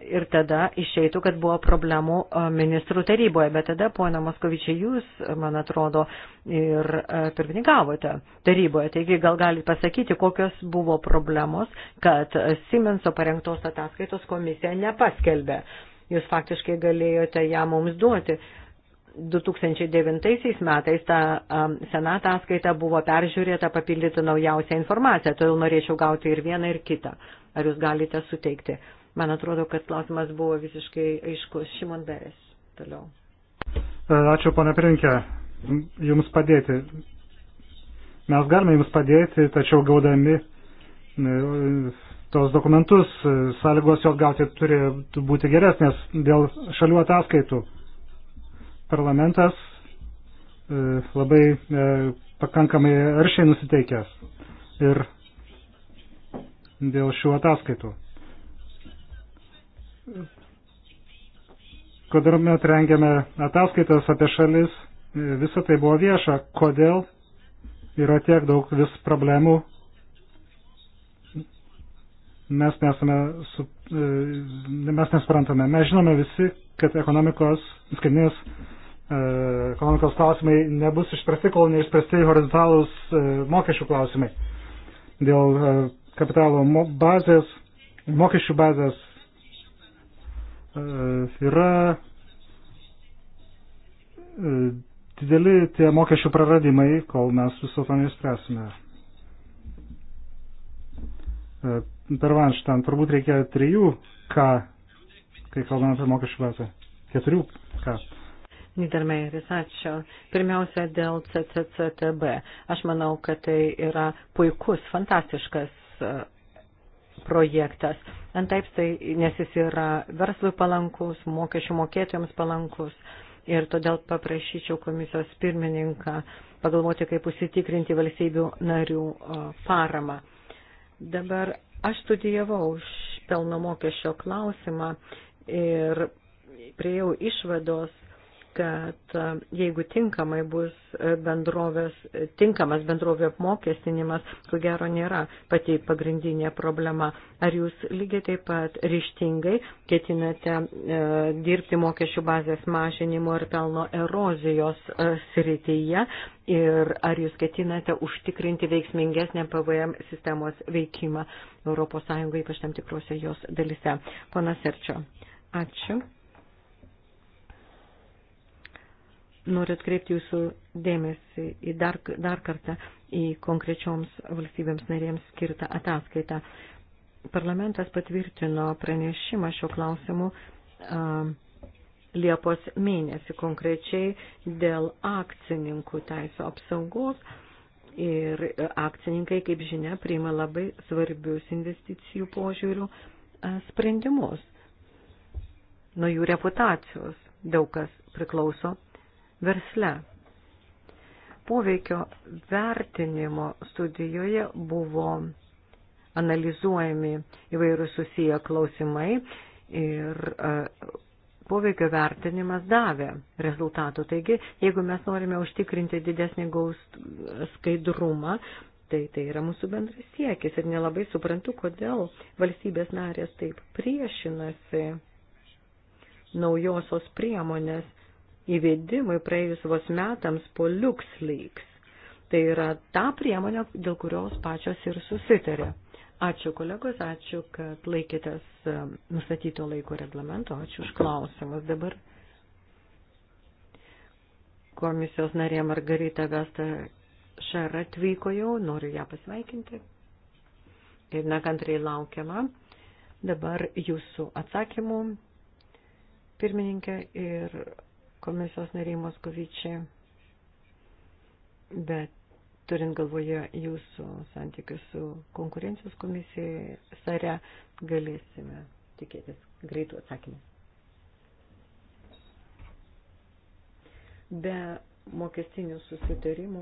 ir tada išeitų, kad buvo problemų e, ministrų taryboje. Bet tada, ponia Moskovičiai, jūs, e, man atrodo, ir e, pirmininkavote taryboje. Taigi gal galite pasakyti, kokios buvo problemos, kad Siemenso parengtos ataskaitos komisija nepaskelbė. Jūs faktiškai galėjote ją mums duoti. 2009 metais ta um, sena ataskaita buvo peržiūrėta, papildyta naujausia informacija, todėl norėčiau gauti ir vieną, ir kitą. Uh, ar jūs galite suteikti. Man atrodo, kad klausimas buvo visiškai aiškus. Šimon Beres, toliau. E, ačiū, pana Pirinkė, jums padėti. Mes galime jums padėti, tačiau gaudami e, tos dokumentus, e, sąlygos jos gauti turi būti geresnės dėl šalių ataskaitų. Parlamentas labai pakankamai aršiai nusiteikęs. Ir dėl šių ataskaitų. Kodėl mes rengiame ataskaitas apie šalis, visą tai buvo vieša. Kodėl yra tiek daug vis problemų? Mes, nesame, su, e, mes nesprantame. Mes žinome visi, kad ekonomikos, skaitinės e, ekonomikos klausimai nebus išspręsti, kol neišspręsti horizontalūs e, mokesčių klausimai dėl kapitalo bazės, mokesčių bazės e, yra e, dideli tie mokesčių praradimai, kol mes viso to neįspręsime. E, per vanštą turbūt reikia trijų K, kai kalbame apie mokesčių bazę. Keturių K. Nidermejeris, ačiū. Pirmiausia, dėl CCCTB. Aš manau, kad tai yra puikus, fantastiškas projektas. Antaip tai, nes jis yra verslui palankus, mokesčių mokėtojams palankus ir todėl paprašyčiau komisijos pirmininką pagalvoti, kaip užsitikrinti valstybių narių paramą. Dabar aš studijavau už pelno mokesčio klausimą ir priejau išvados, kad e, jeigu tinkamai bus e, bendrovės, e, tinkamas bendrovė apmokestinimas, ko gero nėra pati pagrindinė problema. Ar jūs lygiai taip pat ryštingai ketinate e, dirbti mokesčių bazės mažinimo ir pelno erozijos e, srityje ir ar jūs ketinate užtikrinti veiksmingesnę PVM sistemos veikimą ES, ypač tam tikrose jos dalise? Pana Serčio. Ačiū. noriu atkreipti jūsų dėmesį į dar, dar kartą į konkrečioms valstybėms narėms skirtą ataskaitą. Parlamentas patvirtino pranešimą šio klausimu uh, Liepos mėnesį konkrečiai dėl akcininkų teisų apsaugos ir akcininkai, kaip žinia, priima labai svarbius investicijų požiūrių sprendimus. Nuo jų reputacijos daug kas priklauso versle. Poveikio vertinimo studijoje buvo analizuojami įvairūs susiję klausimai ir e, poveikio vertinimas davė rezultatų. Taigi, jeigu mes norime užtikrinti didesnį gaus skaidrumą, tai tai yra mūsų bendras siekis ir nelabai suprantu, kodėl valstybės narės taip priešinasi naujosios priemonės įvedimui praėjus vos metams po LuxLeaks. Tai yra ta priemonė, dėl kurios pačios ir susitarė. Ačiū kolegos, ačiū, kad laikytės e, nustatyto laiko reglamento, ačiū už klausimus. Dabar komisijos narė Margarita Vesta Šara atvyko jau, noriu ją pasveikinti. Ir nekantriai laukiama dabar jūsų atsakymų, pirmininkė, ir komisijos nariai Moskovičiai, bet turint galvoje jūsų santykius su konkurencijos komisija, sare, galėsime tikėtis greitų atsakymų. Be mokestinių susitarimų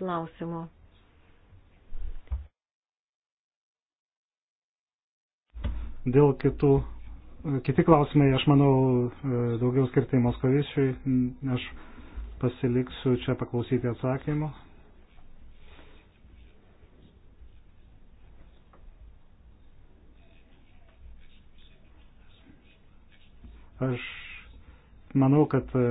klausimo. Dėl kitų Kiti klausimai, aš manau, e, daugiau skirtai Moskovičiui. Aš pasiliksiu čia paklausyti atsakymų. Aš manau, kad e,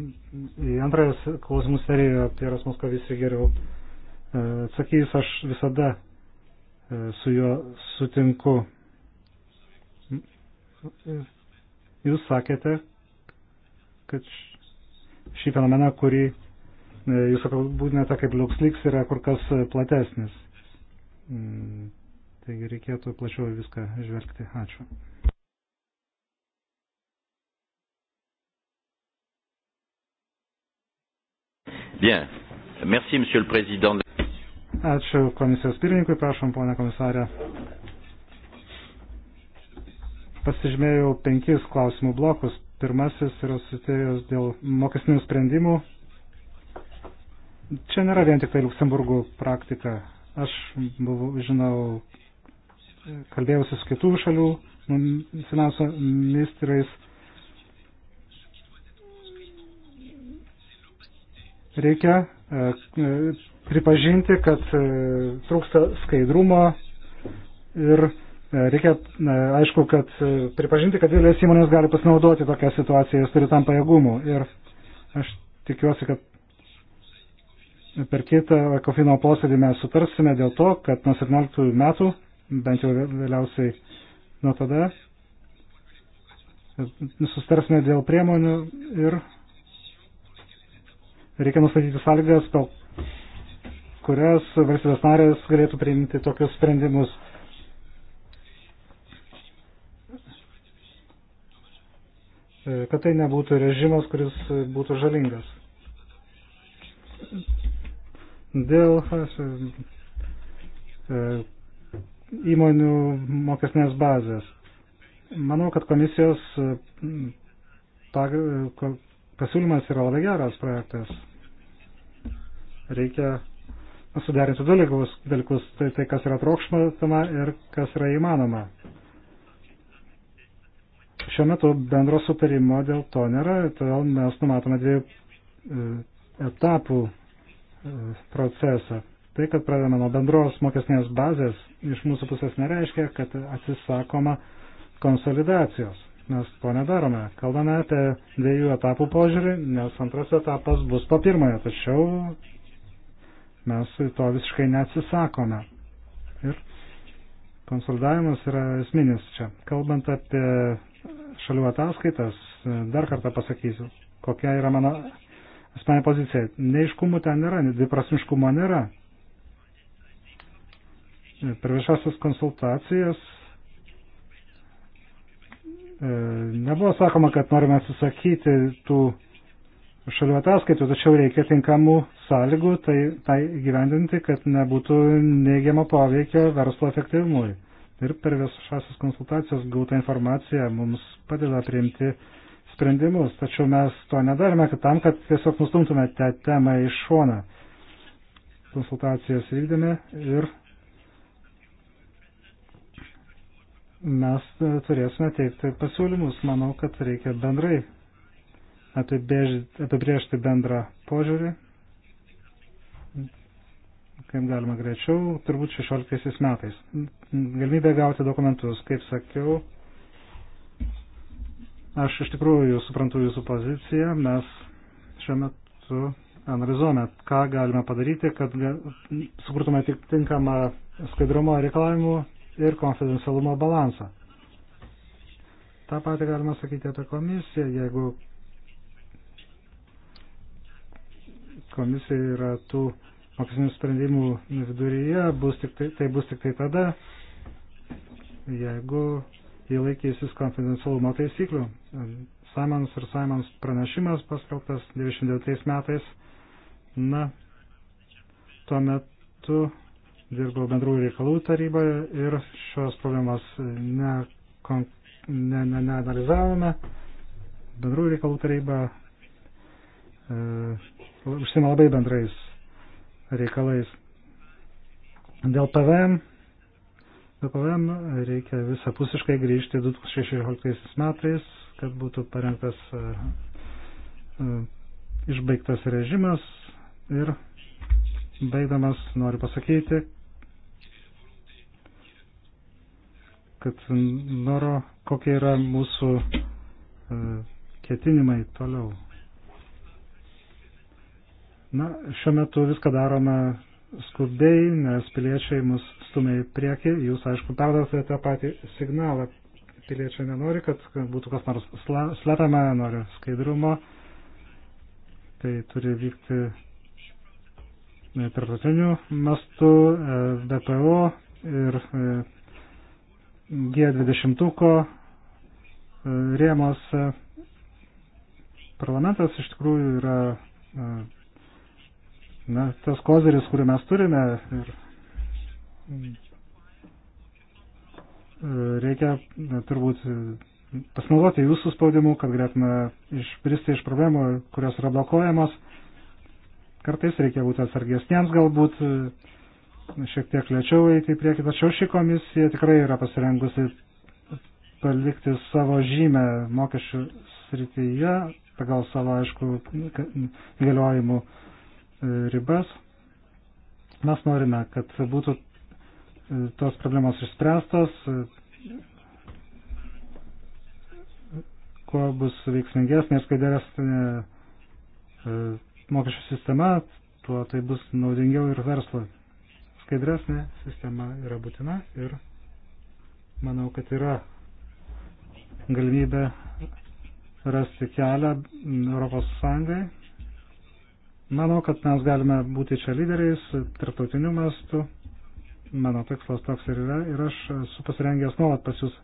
į antrąją klausimų seriją Pieras Moskovičius geriau e, atsakys. Aš visada su juo sutinku jūs sakėte, kad šį fenomeną, kurį e, jūs apibūdinate kaip liuksliks, yra kur kas platesnis. Mm, taigi reikėtų plačiau viską žvelgti. Ačiū. Bien. Merci, Monsieur le Président. Ačiū komisijos pirmininkui, prašom, ponia komisarė pasižymėjau penkis klausimų blokus. Pirmasis yra susitėjęs dėl mokesnių sprendimų. Čia nėra vien tik tai Luksemburgų praktika. Aš buvau, žinau, kalbėjausi su kitų šalių nu, finansų ministrais. Reikia e, e, pripažinti, kad e, trūksta skaidrumo ir E, reikia, e, aišku, kad e, pripažinti, kad didelės įmonės gali pasinaudoti tokią situaciją, jos turi tam pajėgumų. Ir aš tikiuosi, kad per kitą kofino posėdį mes sutarsime dėl to, kad nuo 17 metų, bent jau vėliausiai nuo tada, sustarsime dėl priemonių ir reikia nustatyti sąlygas, kurias valstybės narės galėtų priimti tokius sprendimus E, kad tai nebūtų režimas, kuris būtų žalingas. Dėl e, e, įmonių mokesnės bazės. Manau, kad komisijos pasiūlymas yra labai geras projektas. Reikia suderinti dalykus, dalykus tai, tai kas yra trokšmatama ir kas yra įmanoma. Šiuo metu bendro sutarimo dėl to nėra, todėl mes numatome dviejų e, etapų e, procesą. Tai, kad pradedame nuo bendros mokesnės bazės, iš mūsų pusės nereiškia, kad atsisakoma konsolidacijos. Mes to nedarome. Kalbame apie dviejų etapų požiūrį, nes antras etapas bus po pirmojo, tačiau mes to visiškai neatsisakome. Ir konsolidavimas yra esminis čia. Kalbant apie šalių ataskaitas, dar kartą pasakysiu, kokia yra mano asmenė pozicija. Neiškumų ten nėra, dviprasmiškumo nėra. Per viešasias konsultacijas e, nebuvo sakoma, kad norime atsisakyti tų šalių ataskaitų, tačiau reikia tinkamų sąlygų tai, tai gyvendinti, kad nebūtų neigiamo poveikio verslo efektyvumui ir per viešasias konsultacijas gauta informacija mums padeda priimti sprendimus, tačiau mes to nedarome kad tam, kad tiesiog nustumtume tą temą į šoną. Konsultacijas vykdėme ir mes turėsime teikti pasiūlymus. Manau, kad reikia bendrai apibrėžti bendrą požiūrį kaip galima greičiau, turbūt 16 metais. Galimybė gauti dokumentus, kaip sakiau, aš iš tikrųjų suprantu jūsų poziciją, mes šiuo metu analizuojame, ką galime padaryti, kad sukurtume tik tinkamą skaidrumo reikalavimų ir konfidencialumo balansą. Ta pati galima sakyti apie komisiją, jeigu komisija yra tų uh, mokslinių sprendimų viduryje, bus tik tai, tai bus tik tai tada, jeigu jie laikysis konfidencialumo taisyklių. Simons ir Simons pranešimas paskelbtas 99 metais. Na, tuo metu dirbau bendrų reikalų taryboje ir šios problemos neanalizavome. Ne, ne, ne bendrų reikalų taryba e, užsima labai bendrais reikalais. Dėl PVM, dėl PVM reikia visapusiškai grįžti 2016 metais, kad būtų parengtas e, e, išbaigtas režimas ir baigdamas noriu pasakyti, kad noro, kokie yra mūsų e, ketinimai toliau. Na, šiuo metu viską darome skubiai, nes piliečiai mus stumia į priekį. Jūs, aišku, perdavėte tą patį signalą. Piliečiai nenori, kad būtų kas nors slepiama, nori skaidrumo. Tai turi vykti tarptautiniu mastu, e, BPO ir e, G20 e, rėmos parlamentas iš tikrųjų yra na, tas kozeris, kurį mes turime, ir e, reikia na, turbūt pasinaudoti jūsų spaudimu, kad galėtume išpristi iš problemų, kurios yra blokuojamos. Kartais reikia būti atsargesniems galbūt, e, šiek tiek lėčiau eiti į priekį, tačiau ši komisija tikrai yra pasirengusi palikti savo žymę mokesčių srityje pagal savo, aišku, galiojimų ribas. Mes norime, kad būtų e, tos problemos išspręstos, e, kuo bus veiksmingesnė ir skaidresnė e, mokesčių sistema, tuo tai bus naudingiau ir verslui. Skaidresnė sistema yra būtina ir manau, kad yra galimybė rasti kelią Europos Sąjungai Manau, kad mes galime būti čia lyderiais tarptautiniu mastu. Mano tikslas toks ir yra. Ir aš esu pasirengęs nuolat pas jūs e,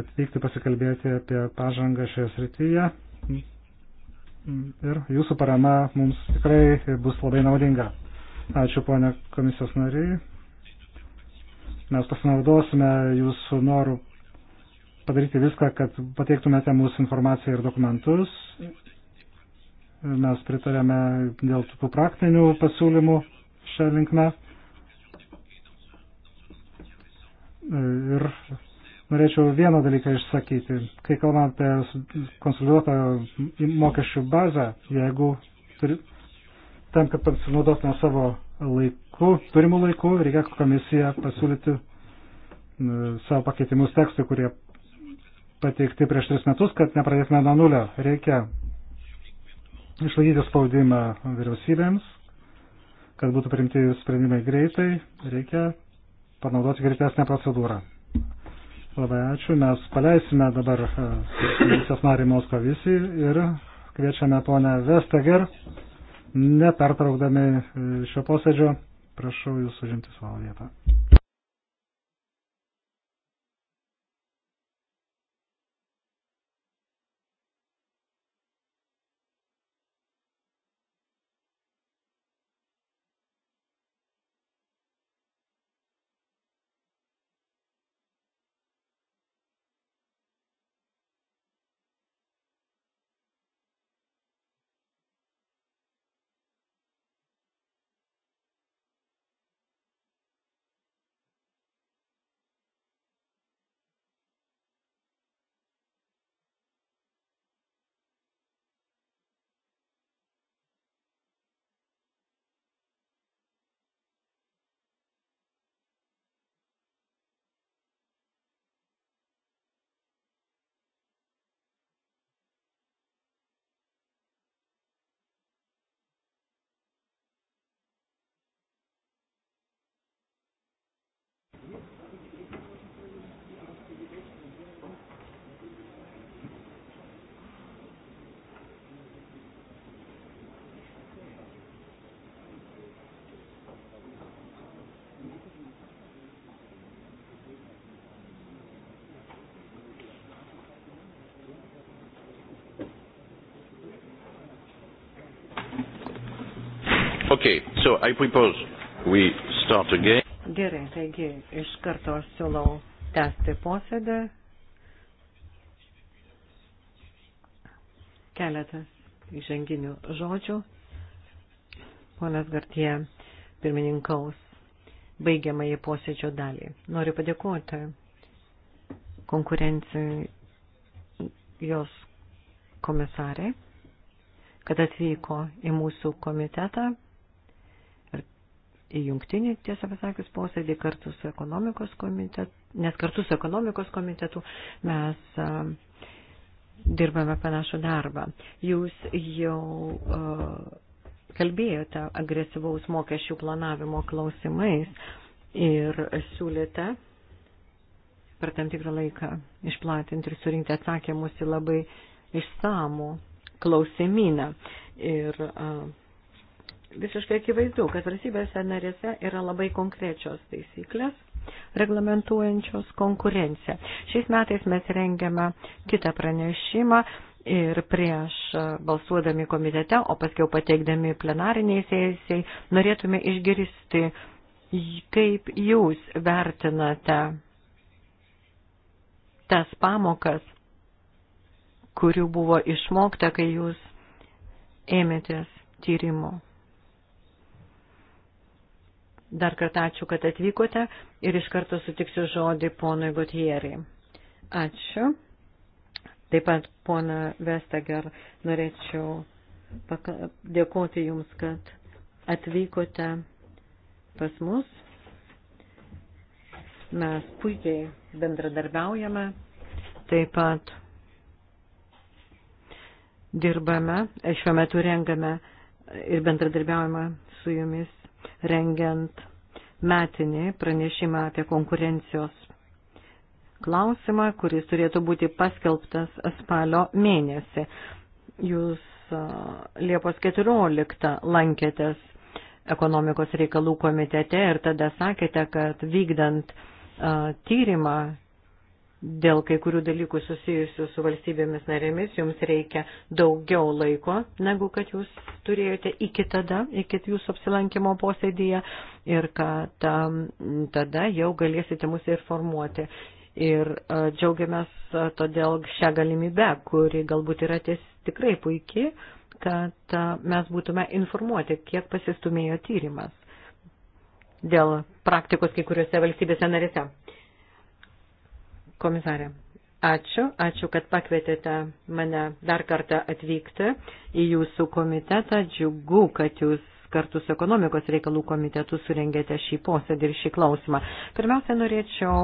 atvykti pasikalbėti apie pažangą šioje srityje. Ir jūsų parama mums tikrai bus labai naudinga. Ačiū, ponė komisijos nariai. Mes pasinaudosime jūsų norų padaryti viską, kad pateiktumėte mūsų informaciją ir dokumentus. Mes pritarėme dėl tų praktinių pasiūlymų šią linkmę. Ir norėčiau vieną dalyką išsakyti. Kai kalbame apie konsoliduotą mokesčių bazę, jeigu turi, tam, kad pasinaudotume savo laiku, turimų laiku, reikia komisiją pasiūlyti e, savo pakeitimus tekstui, kurie pateikti prieš tris metus, kad nepradėtume nuo nulio. Reikia išlaikyti spaudimą vyriausybėms, kad būtų priimti sprendimai greitai, reikia panaudoti greitesnę procedūrą. Labai ačiū, mes paleisime dabar e, komisijos narį Moskovisį ir kviečiame ponę Vestager, nepertraukdami e, šio posėdžio, prašau jūsų žimti savo vietą. Okay, so I propose we start again. Gerai, taigi iš karto aš siūlau tęsti posėdį. Keletas įžanginių žodžių. Ponas Gartie pirmininkaus baigiamąjį posėdžio dalį. Noriu padėkoti konkurencijos komisarė, kad atvyko į mūsų komitetą į jungtinį, tiesą pasakius, posėdį kartu su ekonomikos komitetu, nes kartu su ekonomikos komitetu mes dirbame panašų darbą. Jūs jau kalbėjote agresyvaus mokesčių planavimo klausimais ir siūlėte per tam tikrą laiką išplatinti ir surinkti atsakymus į labai išsamų klausimyną. Ir uh, visiškai akivaizdu, kad valstybėse narėse yra labai konkrečios taisyklės reglamentuojančios konkurenciją. Šiais metais mes rengiame kitą pranešimą ir prieš balsuodami komitete, o paskiau pateikdami plenariniai sesijai, norėtume išgirsti, kaip jūs vertinate tas pamokas, kurių buvo išmokta, kai jūs ėmėtės tyrimo. Dar kartą ačiū, kad atvykote ir iš karto sutiksiu žodį ponui Gutierį. Ačiū. Taip pat, pona Vestager, norėčiau dėkoti Jums, kad atvykote pas mus. Mes puikiai bendradarbiaujame, taip pat dirbame, šiuo metu rengame ir bendradarbiaujame su Jumis rengiant metinį pranešimą apie konkurencijos klausimą, kuris turėtų būti paskelbtas spalio mėnesį. Jūs Liepos 14 lankėtės ekonomikos reikalų komitete ir tada sakėte, kad vykdant tyrimą dėl kai kurių dalykų susijusių su valstybėmis narėmis, jums reikia daugiau laiko, negu kad jūs turėjote iki tada, iki jūsų apsilankimo posėdėje ir kad um, tada jau galėsite mus informuoti. Ir uh, džiaugiamės uh, todėl šią galimybę, kuri galbūt yra ties tikrai puikiai, kad uh, mes būtume informuoti, kiek pasistumėjo tyrimas dėl praktikos kai kuriuose valstybėse narėse. Komisarė, ačiū, ačiū, kad pakvietėte mane dar kartą atvykti į jūsų komitetą. Džiugu, kad jūs kartu su ekonomikos reikalų komitetu surengėte šį posėdį ir šį klausimą. Pirmiausia, norėčiau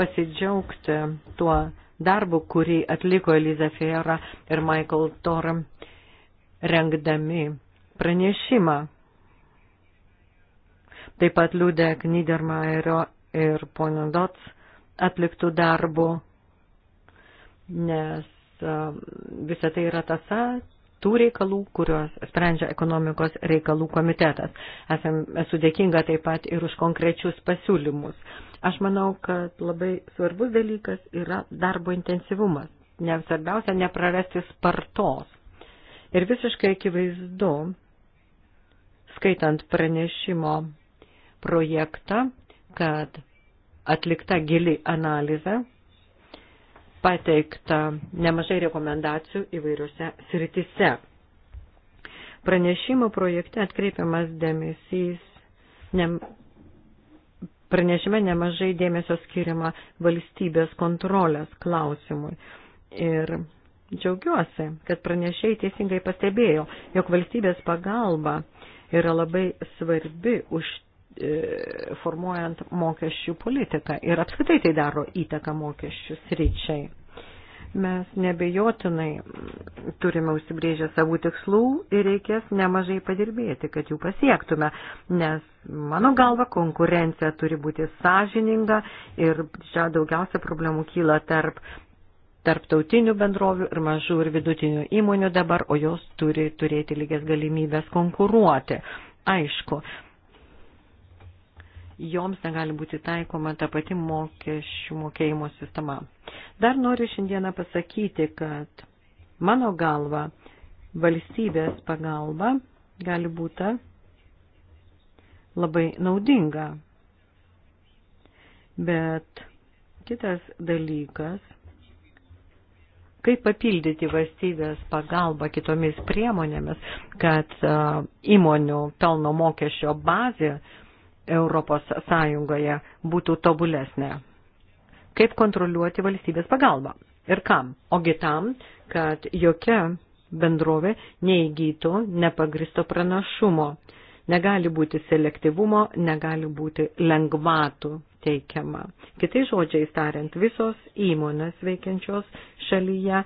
pasidžiaugti tuo darbu, kurį atliko Eliza Fiera ir Michael Toram rengdami pranešimą. Taip pat liūdė Knydermairo ir pono Dots atliktų darbų, nes visa tai yra tasa tų reikalų, kuriuos sprendžia ekonomikos reikalų komitetas. Esam, esu dėkinga taip pat ir už konkrečius pasiūlymus. Aš manau, kad labai svarbus dalykas yra darbo intensyvumas. Ne svarbiausia neprarasti spartos. Ir visiškai akivaizdu, skaitant pranešimo projektą, kad atlikta gili analizė, pateikta nemažai rekomendacijų įvairiuose sritise. Pranešimo projekte atkreipiamas dėmesys, ne, pranešime nemažai dėmesio skiriama valstybės kontrolės klausimui. Ir džiaugiuosi, kad pranešiai teisingai pastebėjo, jog valstybės pagalba yra labai svarbi užtikrinti E, formuojant mokesčių politiką ir apskritai tai daro įtaką mokesčių sričiai. Mes nebejotinai turime užsibrėžę savų tikslų ir reikės nemažai padirbėti, kad jų pasiektume, nes mano galva konkurencija turi būti sąžininga ir čia daugiausia problemų kyla tarp tarptautinių bendrovių ir mažų ir vidutinių įmonių dabar, o jos turi turėti lygias galimybės konkuruoti. Aišku, joms negali būti taikoma ta pati mokesčių mokėjimo sistema. Dar noriu šiandieną pasakyti, kad mano galva valstybės pagalba gali būti labai naudinga. Bet kitas dalykas, kaip papildyti valstybės pagalbą kitomis priemonėmis, kad įmonių pelno mokesčio bazė Europos Sąjungoje būtų tobulesnė. Kaip kontroliuoti valstybės pagalbą? Ir kam? Ogi tam, kad jokia bendrovė neįgytų nepagristo pranašumo. Negali būti selektyvumo, negali būti lengvatų teikiama. Kitai žodžiai tariant, visos įmonės veikiančios šalyje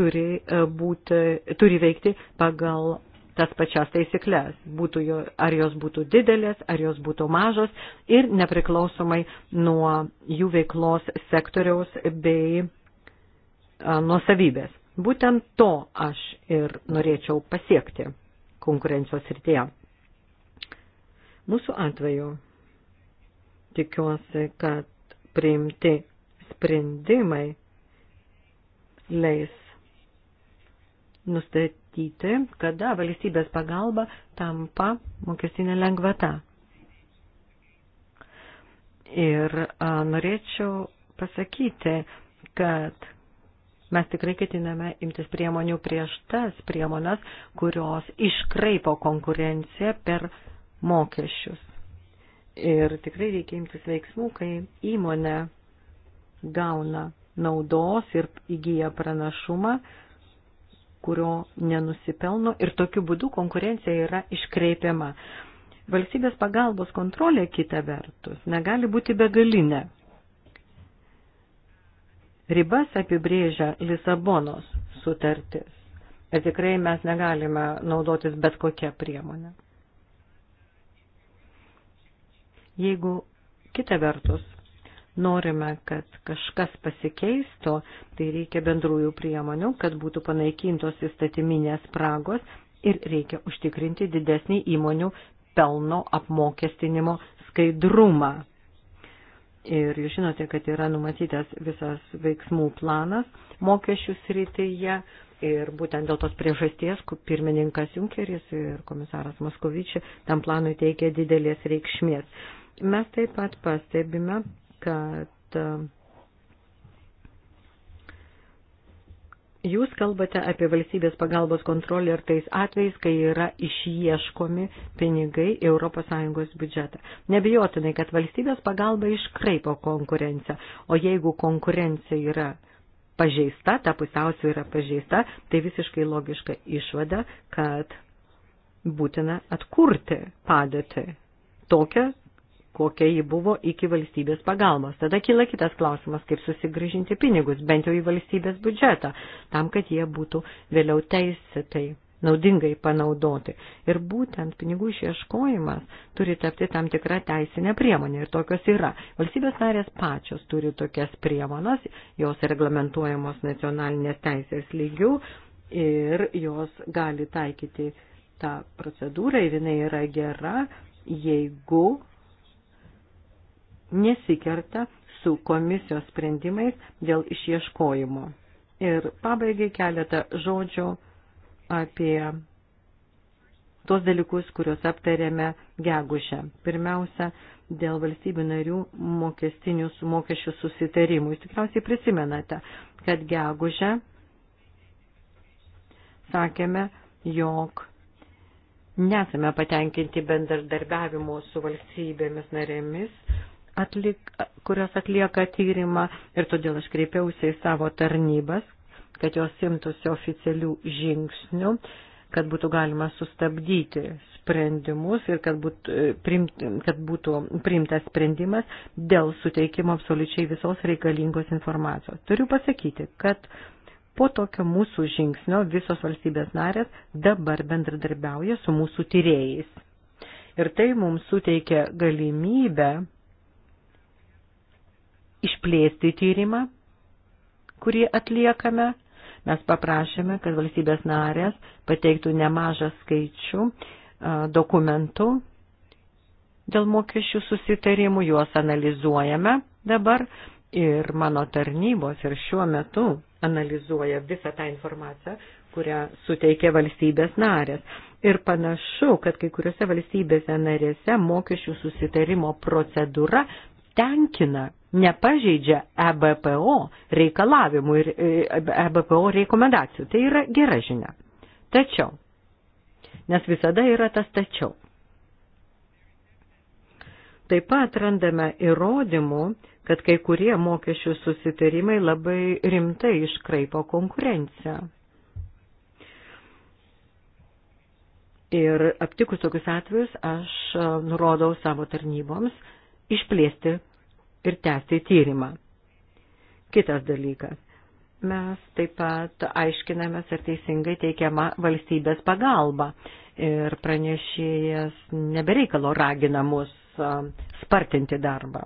turi, e, būti, turi veikti pagal tas pačias taisyklės, būtų jo, ar jos būtų didelės, ar jos būtų mažos ir nepriklausomai nuo jų veiklos sektoriaus bei a, nuosavybės. Būtent to aš ir norėčiau pasiekti konkurencijos rytėje. Mūsų atveju tikiuosi, kad priimti sprendimai leis nustatyti numatyti, kada valstybės pagalba tampa mokestinė lengvata. Ir a, norėčiau pasakyti, kad mes tikrai ketiname imtis priemonių prieš tas priemonas, kurios iškraipo konkurenciją per mokesčius. Ir tikrai reikia imtis veiksmų, kai įmonė gauna naudos ir įgyja pranašumą kurio nenusipelno ir tokiu būdu konkurencija yra iškreipiama. Valstybės pagalbos kontrolė kita vertus negali būti begalinė. Ribas apibrėžia Lisabonos sutartis. Ir tikrai mes negalime naudotis bet kokią priemonę. Jeigu kita vertus norime, kad kažkas pasikeistų, tai reikia bendrųjų priemonių, kad būtų panaikintos įstatyminės spragos ir reikia užtikrinti didesnį įmonių pelno apmokestinimo skaidrumą. Ir jūs žinote, kad yra numatytas visas veiksmų planas mokesčių srityje. Ir būtent dėl tos priežasties, pirmininkas Junkeris ir komisaras Moskovičiai tam planui teikia didelės reikšmės. Mes taip pat pastebime, kad e, jūs kalbate apie valstybės pagalbos kontrolę ir tais atvejais, kai yra išieškomi pinigai ES biudžetą. Nebijotinai, kad valstybės pagalba iškraipo konkurenciją, o jeigu konkurencija yra pažeista, ta pusiausvė yra pažeista, tai visiškai logiška išvada, kad būtina atkurti padėtį tokią, kokia ji buvo iki valstybės pagalbos. Tada kyla kitas klausimas, kaip susigražinti pinigus, bent jau į valstybės biudžetą, tam, kad jie būtų vėliau teisėtai naudingai panaudoti. Ir būtent pinigų išieškojimas turi tapti tam tikrą teisinę priemonę ir tokios yra. Valstybės narės pačios turi tokias priemonas, jos reglamentuojamos nacionalinės teisės lygių ir jos gali taikyti tą procedūrą ir jinai yra gera, jeigu nesikerta su komisijos sprendimais dėl išieškojimo. Ir pabaigai keletą žodžių apie tos dalykus, kuriuos aptarėme gegužę. Pirmiausia, dėl valstybių narių mokestinių mokesčių susitarimų. Jūs tikriausiai prisimenate, kad gegužę sakėme, jog nesame patenkinti bendradarbiavimo su valstybėmis narėmis atlik, kurios atlieka tyrimą ir todėl aš kreipiausi į savo tarnybas, kad jos simtųsi oficialių žingsnių, kad būtų galima sustabdyti sprendimus ir kad būtų, e, primt, kad būtų priimtas sprendimas dėl suteikimo absoliučiai visos reikalingos informacijos. Turiu pasakyti, kad po tokio mūsų žingsnio visos valstybės narės dabar bendradarbiauja su mūsų tyrėjais. Ir tai mums suteikia galimybę išplėsti tyrimą, kurį atliekame. Mes paprašėme, kad valstybės narės pateiktų nemažą skaičių dokumentų dėl mokesčių susitarimų, juos analizuojame dabar ir mano tarnybos ir šiuo metu analizuoja visą tą informaciją, kurią suteikia valstybės narės. Ir panašu, kad kai kuriuose valstybėse narėse mokesčių susitarimo procedūra tenkina nepažeidžia EBPO reikalavimų ir EBPO e rekomendacijų. Tai yra gera žinia. Tačiau, nes visada yra tas tačiau. Taip pat randame įrodymų, kad kai kurie mokesčių susitarimai labai rimtai iškraipo konkurenciją. Ir aptikus tokius atvejus aš e, nurodau savo tarnyboms išplėsti ir tęsti tyrimą. Kitas dalykas. Mes taip pat aiškinamės, ar teisingai teikiama valstybės pagalba. Ir pranešėjas nebereikalo ragina mus spartinti darbą.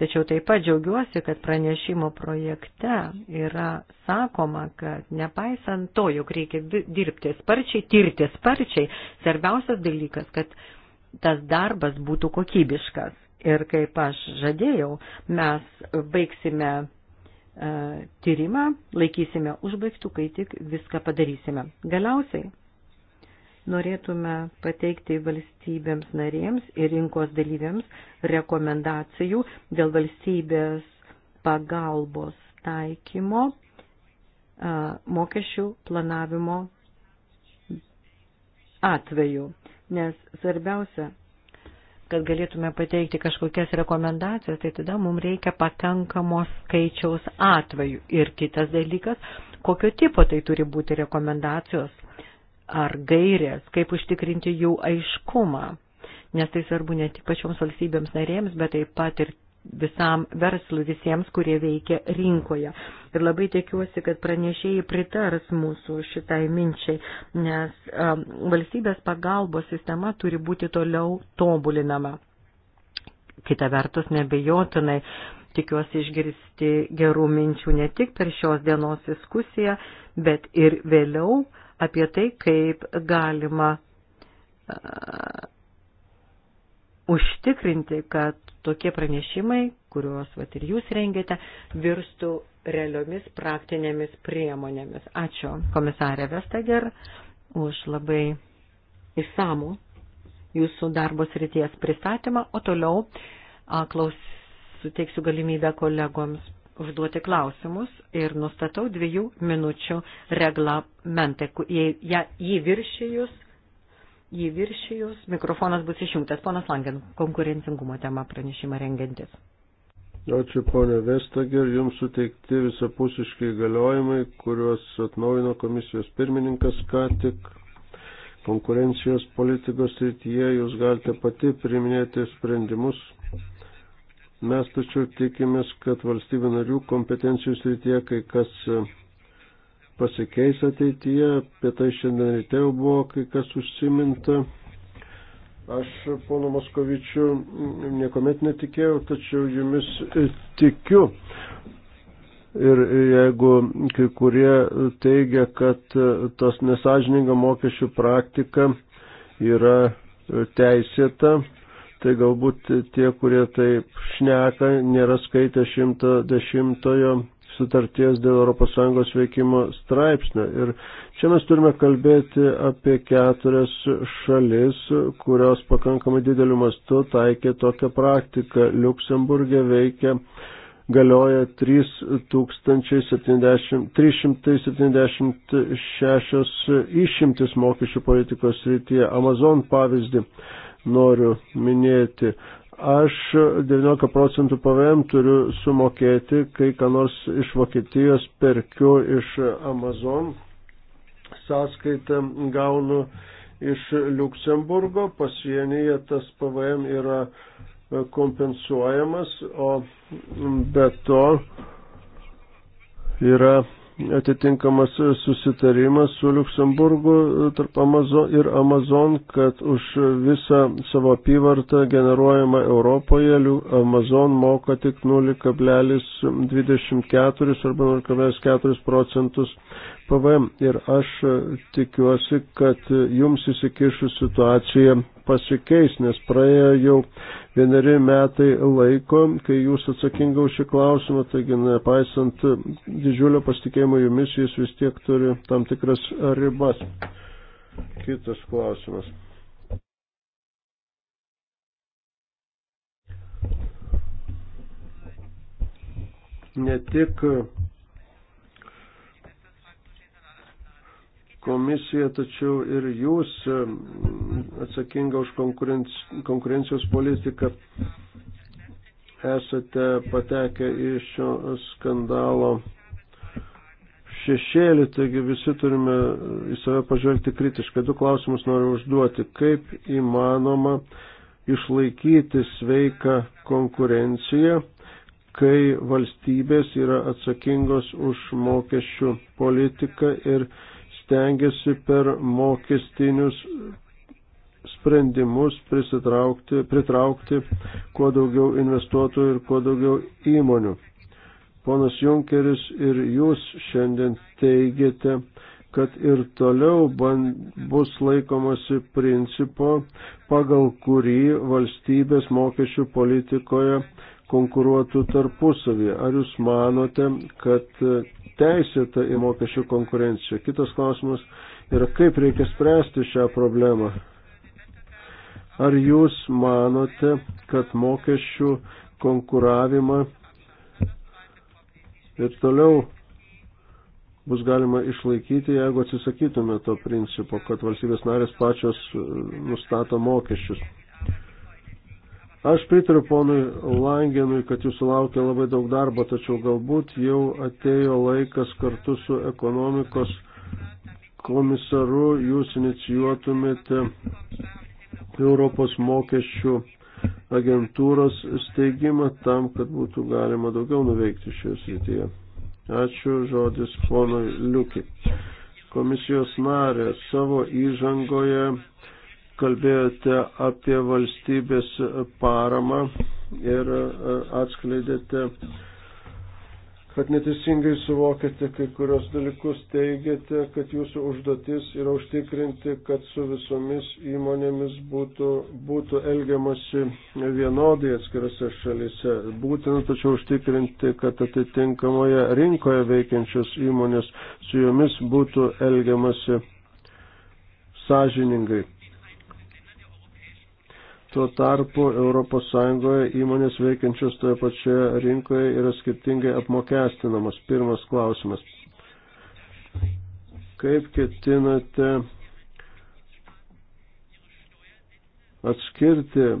Tačiau taip pat džiaugiuosi, kad pranešimo projekte yra sakoma, kad nepaisant to, jog reikia dirbti sparčiai, tirti sparčiai, svarbiausias dalykas, kad tas darbas būtų kokybiškas. Ir kaip aš žadėjau, mes baigsime e, tyrimą, laikysime užbaigtų, kai tik viską padarysime. Galiausiai norėtume pateikti valstybėms narėms ir rinkos dalyviams rekomendacijų dėl valstybės pagalbos taikymo e, mokesčių planavimo atveju, nes svarbiausia kad galėtume pateikti kažkokias rekomendacijas, tai tada mums reikia pakankamos skaičiaus atvejų. Ir kitas dalykas, kokio tipo tai turi būti rekomendacijos ar gairės, kaip užtikrinti jų aiškumą. Nes tai svarbu ne tik pačioms valstybėms narėms, bet taip pat ir visam verslui, visiems, kurie veikia rinkoje. Ir labai tikiuosi, kad pranešėjai pritars mūsų šitai minčiai, nes um, valstybės pagalbos sistema turi būti toliau tobulinama. Kita vertus, nebejotinai, tikiuosi išgirsti gerų minčių ne tik per šios dienos diskusiją, bet ir vėliau apie tai, kaip galima uh, užtikrinti, kad tokie pranešimai, kuriuos vat, ir jūs rengiate, virstų realiomis praktinėmis priemonėmis. Ačiū komisarė Vestager už labai įsamų jūsų darbo srities pristatymą, o toliau klaus, suteiksiu galimybę kolegoms užduoti klausimus ir nustatau dviejų minučių reglamentą. Jei ja, jį viršijus, jį viršijus, mikrofonas bus išjungtas. Ponas Langen, konkurencingumo tema pranešimą rengiantis. Ačiū ponė Vestager, jums suteikti visapusiškai galiojimai, kuriuos atnaujino komisijos pirmininkas ką tik. Konkurencijos politikos rytyje jūs galite pati priminėti sprendimus. Mes tačiau tikimės, kad valstybių narių kompetencijų srityje kai kas pasikeis ateityje, apie tai šiandien ryte jau buvo kai kas užsiminta. Aš, pono Moskovičiu, niekuomet netikėjau, tačiau jumis tikiu. Ir jeigu kai kurie teigia, kad tas nesažininga mokesčių praktika yra teisėta, tai galbūt tie, kurie taip šneka, nėra skaitę 110 sutarties dėl ES veikimo straipsnio. Ir čia mes turime kalbėti apie keturias šalis, kurios pakankamai dideliu mastu taikė tokią praktiką. Luksemburgė veikia galioja 376 išimtis mokesčių politikos srityje. Amazon pavyzdį noriu minėti. Aš 19 procentų PVM turiu sumokėti, kai ką nors iš Vokietijos perkiu iš Amazon sąskaitą gaunu iš Luksemburgo, pasienyje tas PVM yra kompensuojamas, o be to yra atitinkamas susitarimas su Luksemburgu tarp Amazon ir Amazon, kad už visą savo apyvartą generuojamą Europoje Amazon moka tik 0,24 arba 0,4 procentus PVM. Ir aš tikiuosi, kad jums įsikišus situacija pasikeis, nes praėjo jau vieneri metai laiko, kai jūs atsakinga už šį klausimą, taigi nepaisant didžiulio pasitikėjimo jumis, jis vis tiek turi tam tikras ribas. Kitas klausimas. Ne tik komisija, tačiau ir jūs atsakinga už konkurencijos politiką esate patekę į šio skandalo šešėlį, taigi visi turime į save pažvelgti kritiškai. Du klausimus noriu užduoti. Kaip įmanoma išlaikyti sveiką konkurenciją, kai valstybės yra atsakingos už mokesčių politiką ir stengiasi per mokestinius sprendimus prisitraukti, pritraukti kuo daugiau investuotojų ir kuo daugiau įmonių. Ponas Junkeris ir jūs šiandien teigiate, kad ir toliau bus laikomasi principo, pagal kurį valstybės mokesčių politikoje konkuruotų tarpusavyje. Ar jūs manote, kad teisėta į mokesčių konkurenciją? Kitas klausimas yra, kaip reikia spręsti šią problemą. Ar jūs manote, kad mokesčių konkuravimą ir toliau bus galima išlaikyti, jeigu atsisakytume to principo, kad valstybės narės pačios e, nustato mokesčius. Aš pritariu ponui Langenui, kad jūsų laukia labai daug darbo, tačiau galbūt jau atėjo laikas kartu su ekonomikos komisaru jūs inicijuotumėte Europos mokesčių agentūros steigimą tam, kad būtų galima daugiau nuveikti šioje srityje. Ačiū žodis ponui Liukiai komisijos narė savo įžangoje kalbėjote apie valstybės paramą ir e, atskleidėte, kad neteisingai suvokėte kai kurios dalykus, teigiate, kad jūsų užduotis yra užtikrinti, kad su visomis įmonėmis būtų, būtų elgiamasi vienodai atskirose šalise. Būtina tačiau užtikrinti, kad atitinkamoje rinkoje veikiančios įmonės su jomis būtų elgiamasi sąžiningai. Tuo tarpu ES įmonės veikiančios toje pačioje rinkoje yra skirtingai apmokestinamos. Pirmas klausimas. Kaip ketinate atskirti e,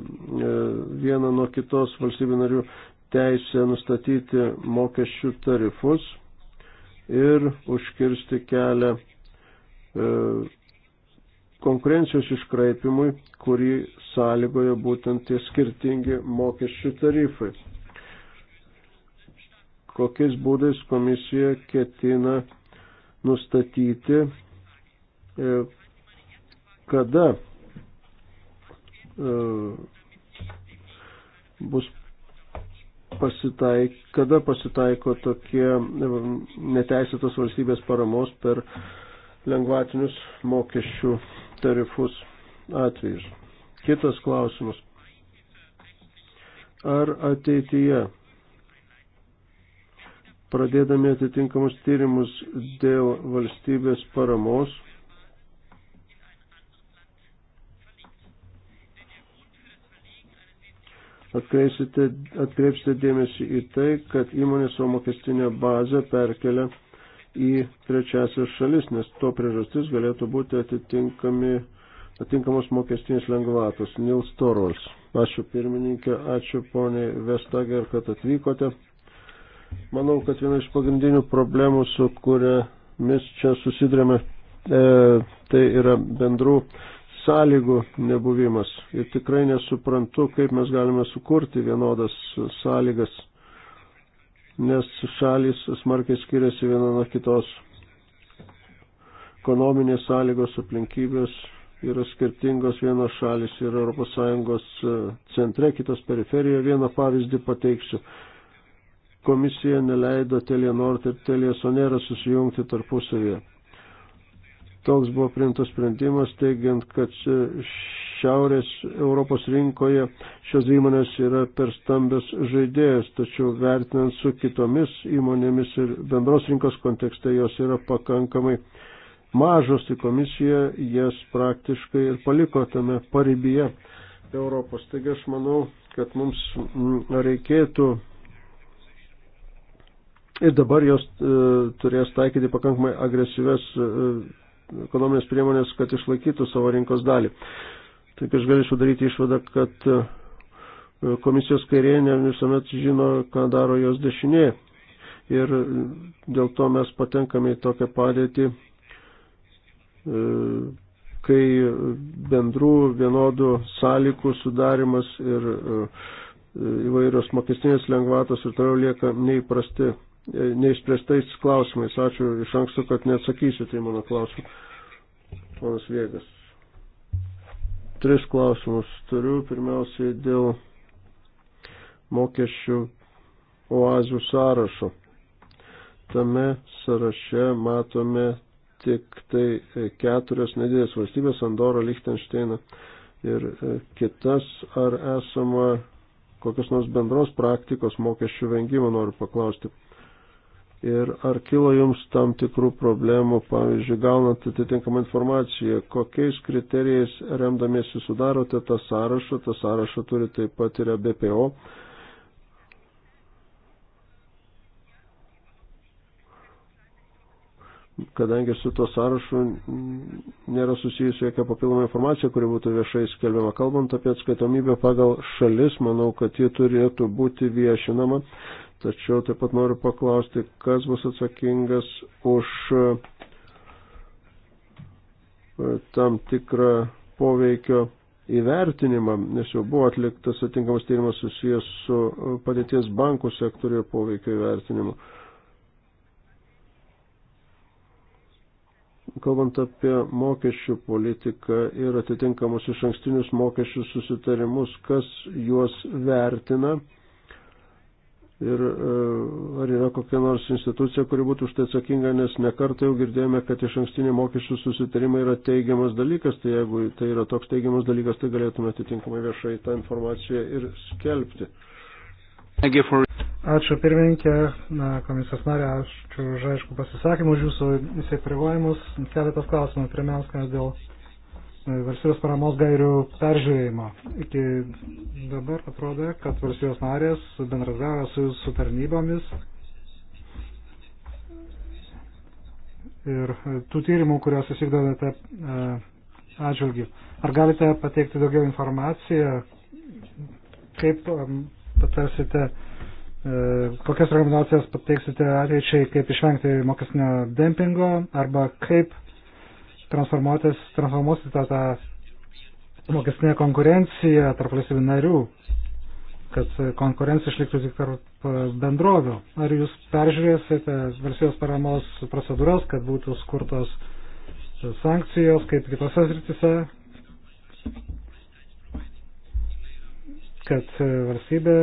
vieną nuo kitos valstybių narių teisę nustatyti mokesčių tarifus ir užkirsti kelią e, konkurencijos iškraipimui, kurį sąlygoja būtent tie skirtingi mokesčių tarifai. Kokiais būdais komisija ketina nustatyti, e, kada e, bus pasitaik, kada pasitaiko tokie e, neteisėtos valstybės paramos per lengvatinius mokesčių tarifus atvejus. Kitas klausimas. Ar ateityje, pradėdami atitinkamus tyrimus dėl valstybės paramos, atkreipsite dėmesį į tai, kad įmonė savo mokestinę bazę perkelia į trečiasias šalis, nes to priežastis galėtų būti atitinkami, atitinkamos mokestinės lengvatos. Nils Torvals. Ačiū pirmininkė, ačiū poniai Vestager, kad atvykote. Manau, kad viena iš pagrindinių problemų, su kuria mes čia susidurėme, e, tai yra bendrų sąlygų nebuvimas. Ir tikrai nesuprantu, kaip mes galime sukurti vienodas sąlygas nes šalis smarkiai skiriasi viena nuo kitos. Ekonominės sąlygos aplinkybės yra skirtingos, vienos šalis yra ES e, centre, kitos periferijoje. Vieną pavyzdį pateiksiu. Komisija neleido Telenor ir Telesonerą susijungti tarpusavyje. Toks buvo priimtas sprendimas, teigiant, kad Šiaurės Europos rinkoje šios įmonės yra per stambios žaidėjas, tačiau vertinant su kitomis įmonėmis ir bendros rinkos kontekste jos yra pakankamai mažos, tai komisija jas praktiškai ir paliko tame paribyje Europos. Taigi aš manau, kad mums reikėtų ir dabar jos e, turės taikyti pakankamai agresyves e, ekonominės priemonės, kad išlaikytų savo rinkos dalį. Taip aš galėčiau daryti išvadą, kad e, komisijos kairė ne visuomet žino, ką daro jos dešinė. Ir dėl to mes patenkame į tokią padėtį, e, kai bendrų vienodų sąlygų sudarimas ir e, įvairios mokestinės lengvatos ir toliau lieka neįprasti E, neišspręstais klausimais. Ačiū iš anksto, kad neatsakysite į mano klausimą. Ponas Vėgas. Tris klausimus turiu. Pirmiausiai dėl mokesčių oazių sąrašo. Tame sąraše matome tik tai keturias nedėlės valstybės - Andorą, Lichtensteiną ir e, kitas. Ar esama kokios nors bendros praktikos mokesčių vengimo, noriu paklausti ir ar kilo jums tam tikrų problemų, pavyzdžiui, gaunant atitinkamą informaciją, kokiais kriterijais remdamiesi sudarote tą sąrašą, tą sąrašą turi taip pat ir e BPO. Kadangi su tuo sąrašu nėra susijusi jokia papildoma informacija, kuri būtų viešai skelbiama. Kalbant apie atskaitomybę pagal šalis, manau, kad ji turėtų būti viešinama Tačiau taip pat noriu paklausti, kas bus atsakingas už e, tam tikrą poveikio įvertinimą, nes jau buvo atliktas atinkamas tyrimas susijęs su e, padėties bankų sektoriuje poveikio įvertinimu. Kalbant apie mokesčių politiką ir atitinkamus iš ankstinius mokesčių susitarimus, kas juos vertina, ir e, ar yra kokia nors institucija, kuri būtų už tai atsakinga, nes nekartą jau girdėjome, kad iš ankstiniai mokesčių susitarimai yra teigiamas dalykas, tai jeigu tai yra toks teigiamas dalykas, tai galėtume atitinkamai viešai tą informaciją ir skelbti. Ačiū pirmininkė, komisijos narė, ačiū už aišku pasisakymą, už jūsų įsipareigojimus. Keletas klausimų, pirmiausia, dėl valstybės paramos gairių peržiūrėjimo. Iki dabar atrodo, kad valstybės narės bendradavo su, su tarnybomis ir tų tyrimų, kuriuos jūs vykdote e, atžvilgių. Ar galite pateikti daugiau informaciją, kaip patarsite, e, kokias rekomendacijas pateiksite ateičiai, kaip išvengti mokesnio dempingo arba kaip transformuotis, transformuosis tą, tą mokestinę konkurenciją tarp valstybių narių, kad konkurencija išliktų tik tarp bendrovių. Ar jūs peržiūrėsite valstybės paramos procedūras, kad būtų skurtos sankcijos, kaip kitose sritise, kad valstybė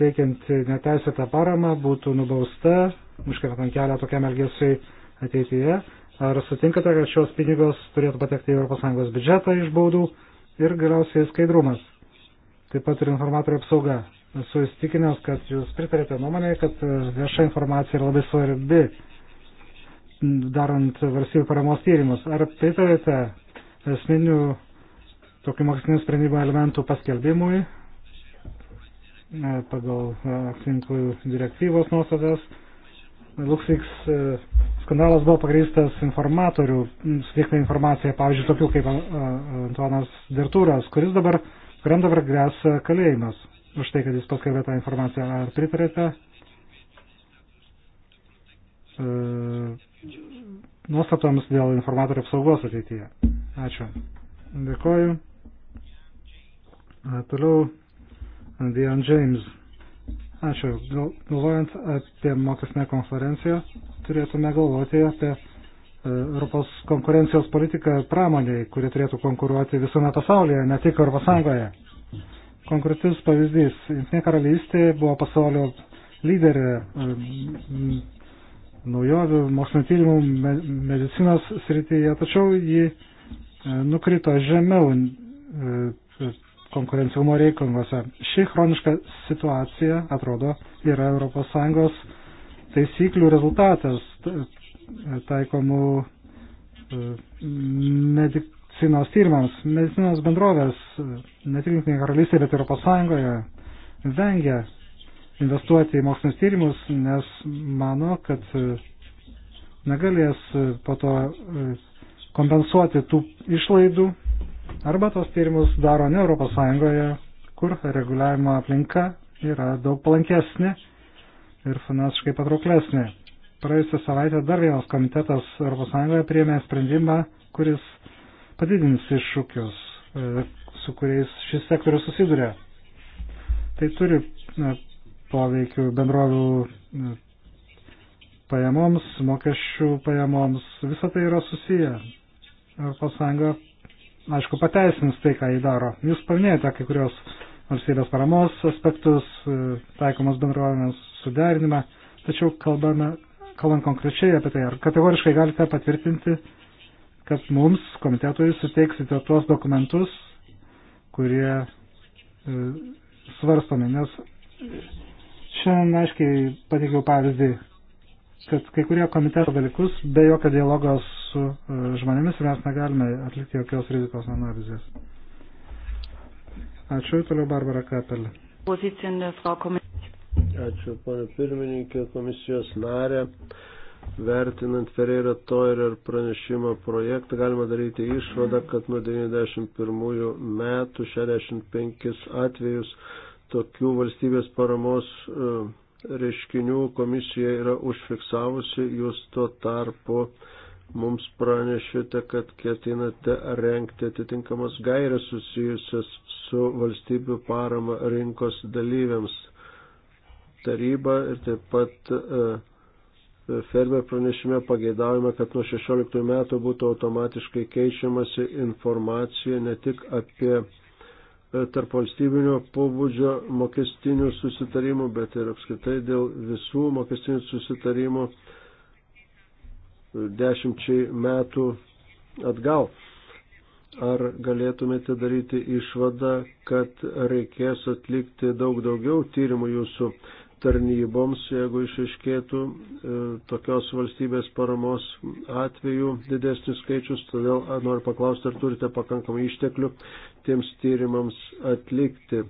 teikiant neteisėtą paramą būtų nubausta, užkertant kelią tokiam elgesiui ateityje Ar sutinkate, kad šios pinigos turėtų patekti į ES biudžetą iš baudų ir galiausiai skaidrumas, taip pat ir informatorių apsauga. Esu įstikinęs, kad jūs pritarėte nuomonėje, kad e, vieša informacija yra labai svarbi darant valstybių paramos tyrimus. Ar pritarėte esminių tokių mokslinių sprendimų elementų paskelbimui e, pagal e, akcininkų direktyvos nuostatas? LuxLeaks e, skandalas buvo pagrįstas informatorių suteikta informacija, pavyzdžiui, tokių kaip Antonas Dertūras, kuris dabar, kuriam dabar grėsia kalėjimas už tai, kad jis paskelbė tą informaciją. Ar pritarėte e, nuostatams dėl informatorių apsaugos ateityje? Ačiū. Dėkoju. E, toliau, Dion James. Ačiū. Galvojant apie mokestinę konferenciją, turėtume galvoti apie e, Europos konkurencijos politiką pramoniai, kuri turėtų konkuruoti visame pasaulyje, ne tik Europos Sąjungoje. Konkretus pavyzdys. Jungtinė karalystė buvo pasaulio lyderė e, naujovių, mokslinio tyrimų, medicinos srityje, tačiau ji e, nukrito žemiau konkurencingumo reikalinguose. Ši chroniška situacija, atrodo, yra ES taisyklių rezultatas taikomų e, medicinos tyrimams. Medicinos bendrovės, e, ne tik Junktinėje karalystėje, bet ir ES vengia investuoti į mokslinius tyrimus, nes mano, kad e, negalės po to kompensuoti tų išlaidų Arba tos tyrimus daro ne ES, kur reguliavimo aplinka yra daug palankesnė ir finansiškai patrauklesnė. Praėjusią savaitę dar vienas komitetas ES priėmė sprendimą, kuris padidins iššūkius, e, su kuriais šis sektorius susiduria. Tai turi poveikių bendrovių e, pajamoms, mokesčių pajamoms, visa tai yra susiję. ES aišku, pateisins tai, ką jį daro. Jūs paminėjote kai kurios valstybės paramos aspektus, e, taikomas bendrovėmis suderinimą, tačiau kalbame, kalbant konkrečiai apie tai, ar kategoriškai galite patvirtinti, kad mums, komitetui, suteiksite tuos dokumentus, kurie e, svarstomi, nes šiandien, aiškiai, pateikiau pavyzdį, kad kai kurie komiteto dalykus be jokio dialogo su e, žmonėmis mes negalime atlikti jokios rizikos analizės. Ačiū, toliau Barbara Kapel. Ačiū, ponė pirmininkė, komisijos narė. Vertinant Ferreira Toirer pranešimo projektą, galima daryti išvadą, kad nuo 91 metų 65 atvejus tokių valstybės paramos uh, reiškinių komisija yra užfiksavusi, jūs tuo tarpu mums pranešėte, kad ketinate renkti atitinkamas gairias susijusias su valstybių parama rinkos dalyviams. Taryba ir taip pat e, fermer pranešime pageidavome, kad nuo 16 metų būtų automatiškai keičiamasi informacija ne tik apie E, tarp valstybinio pobūdžio mokestinių susitarimų, bet ir apskritai dėl visų mokestinių susitarimų dešimčiai metų atgal. Ar galėtumėte daryti išvadą, kad reikės atlikti daug daugiau tyrimų jūsų tarnyboms, jeigu išaiškėtų e, tokios valstybės paramos atveju didesnis skaičius, todėl noriu paklausti, ar turite pakankamai išteklių tiems tyrimams atlikti.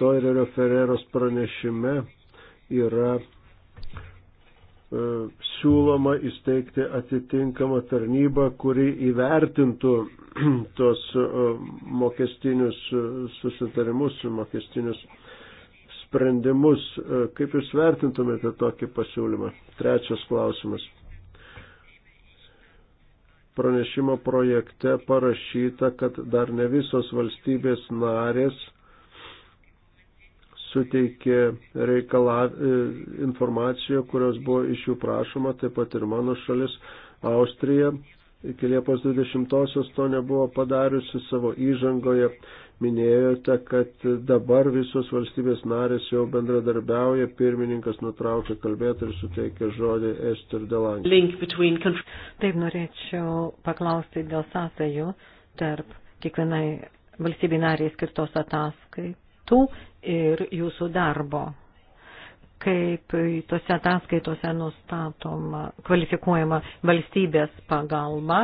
Toirerio Ferreros pranešime yra e, siūloma įsteigti atitinkamą tarnybą, kuri įvertintų (clears throat) tos e, mokestinius e, susitarimus, mokestinius sprendimus. E, kaip Jūs vertintumėte tokį pasiūlymą? Trečias klausimas pranešimo projekte parašyta, kad dar ne visos valstybės narės suteikė reikala, e, informaciją, kurios buvo iš jų prašoma, taip pat ir mano šalis Austrija iki Liepos 20-osios to nebuvo padariusi savo įžangoje. Minėjote, kad dabar visos valstybės narės jau bendradarbiauja, pirmininkas nutraukė kalbėti ir suteikė žodį Ester Delange. Taip norėčiau paklausti dėl sąsajų tarp kiekvienai valstybei nariai skirtos ataskaitų ir jūsų darbo kaip tose ataskaitose nustatoma, kvalifikuojama valstybės pagalba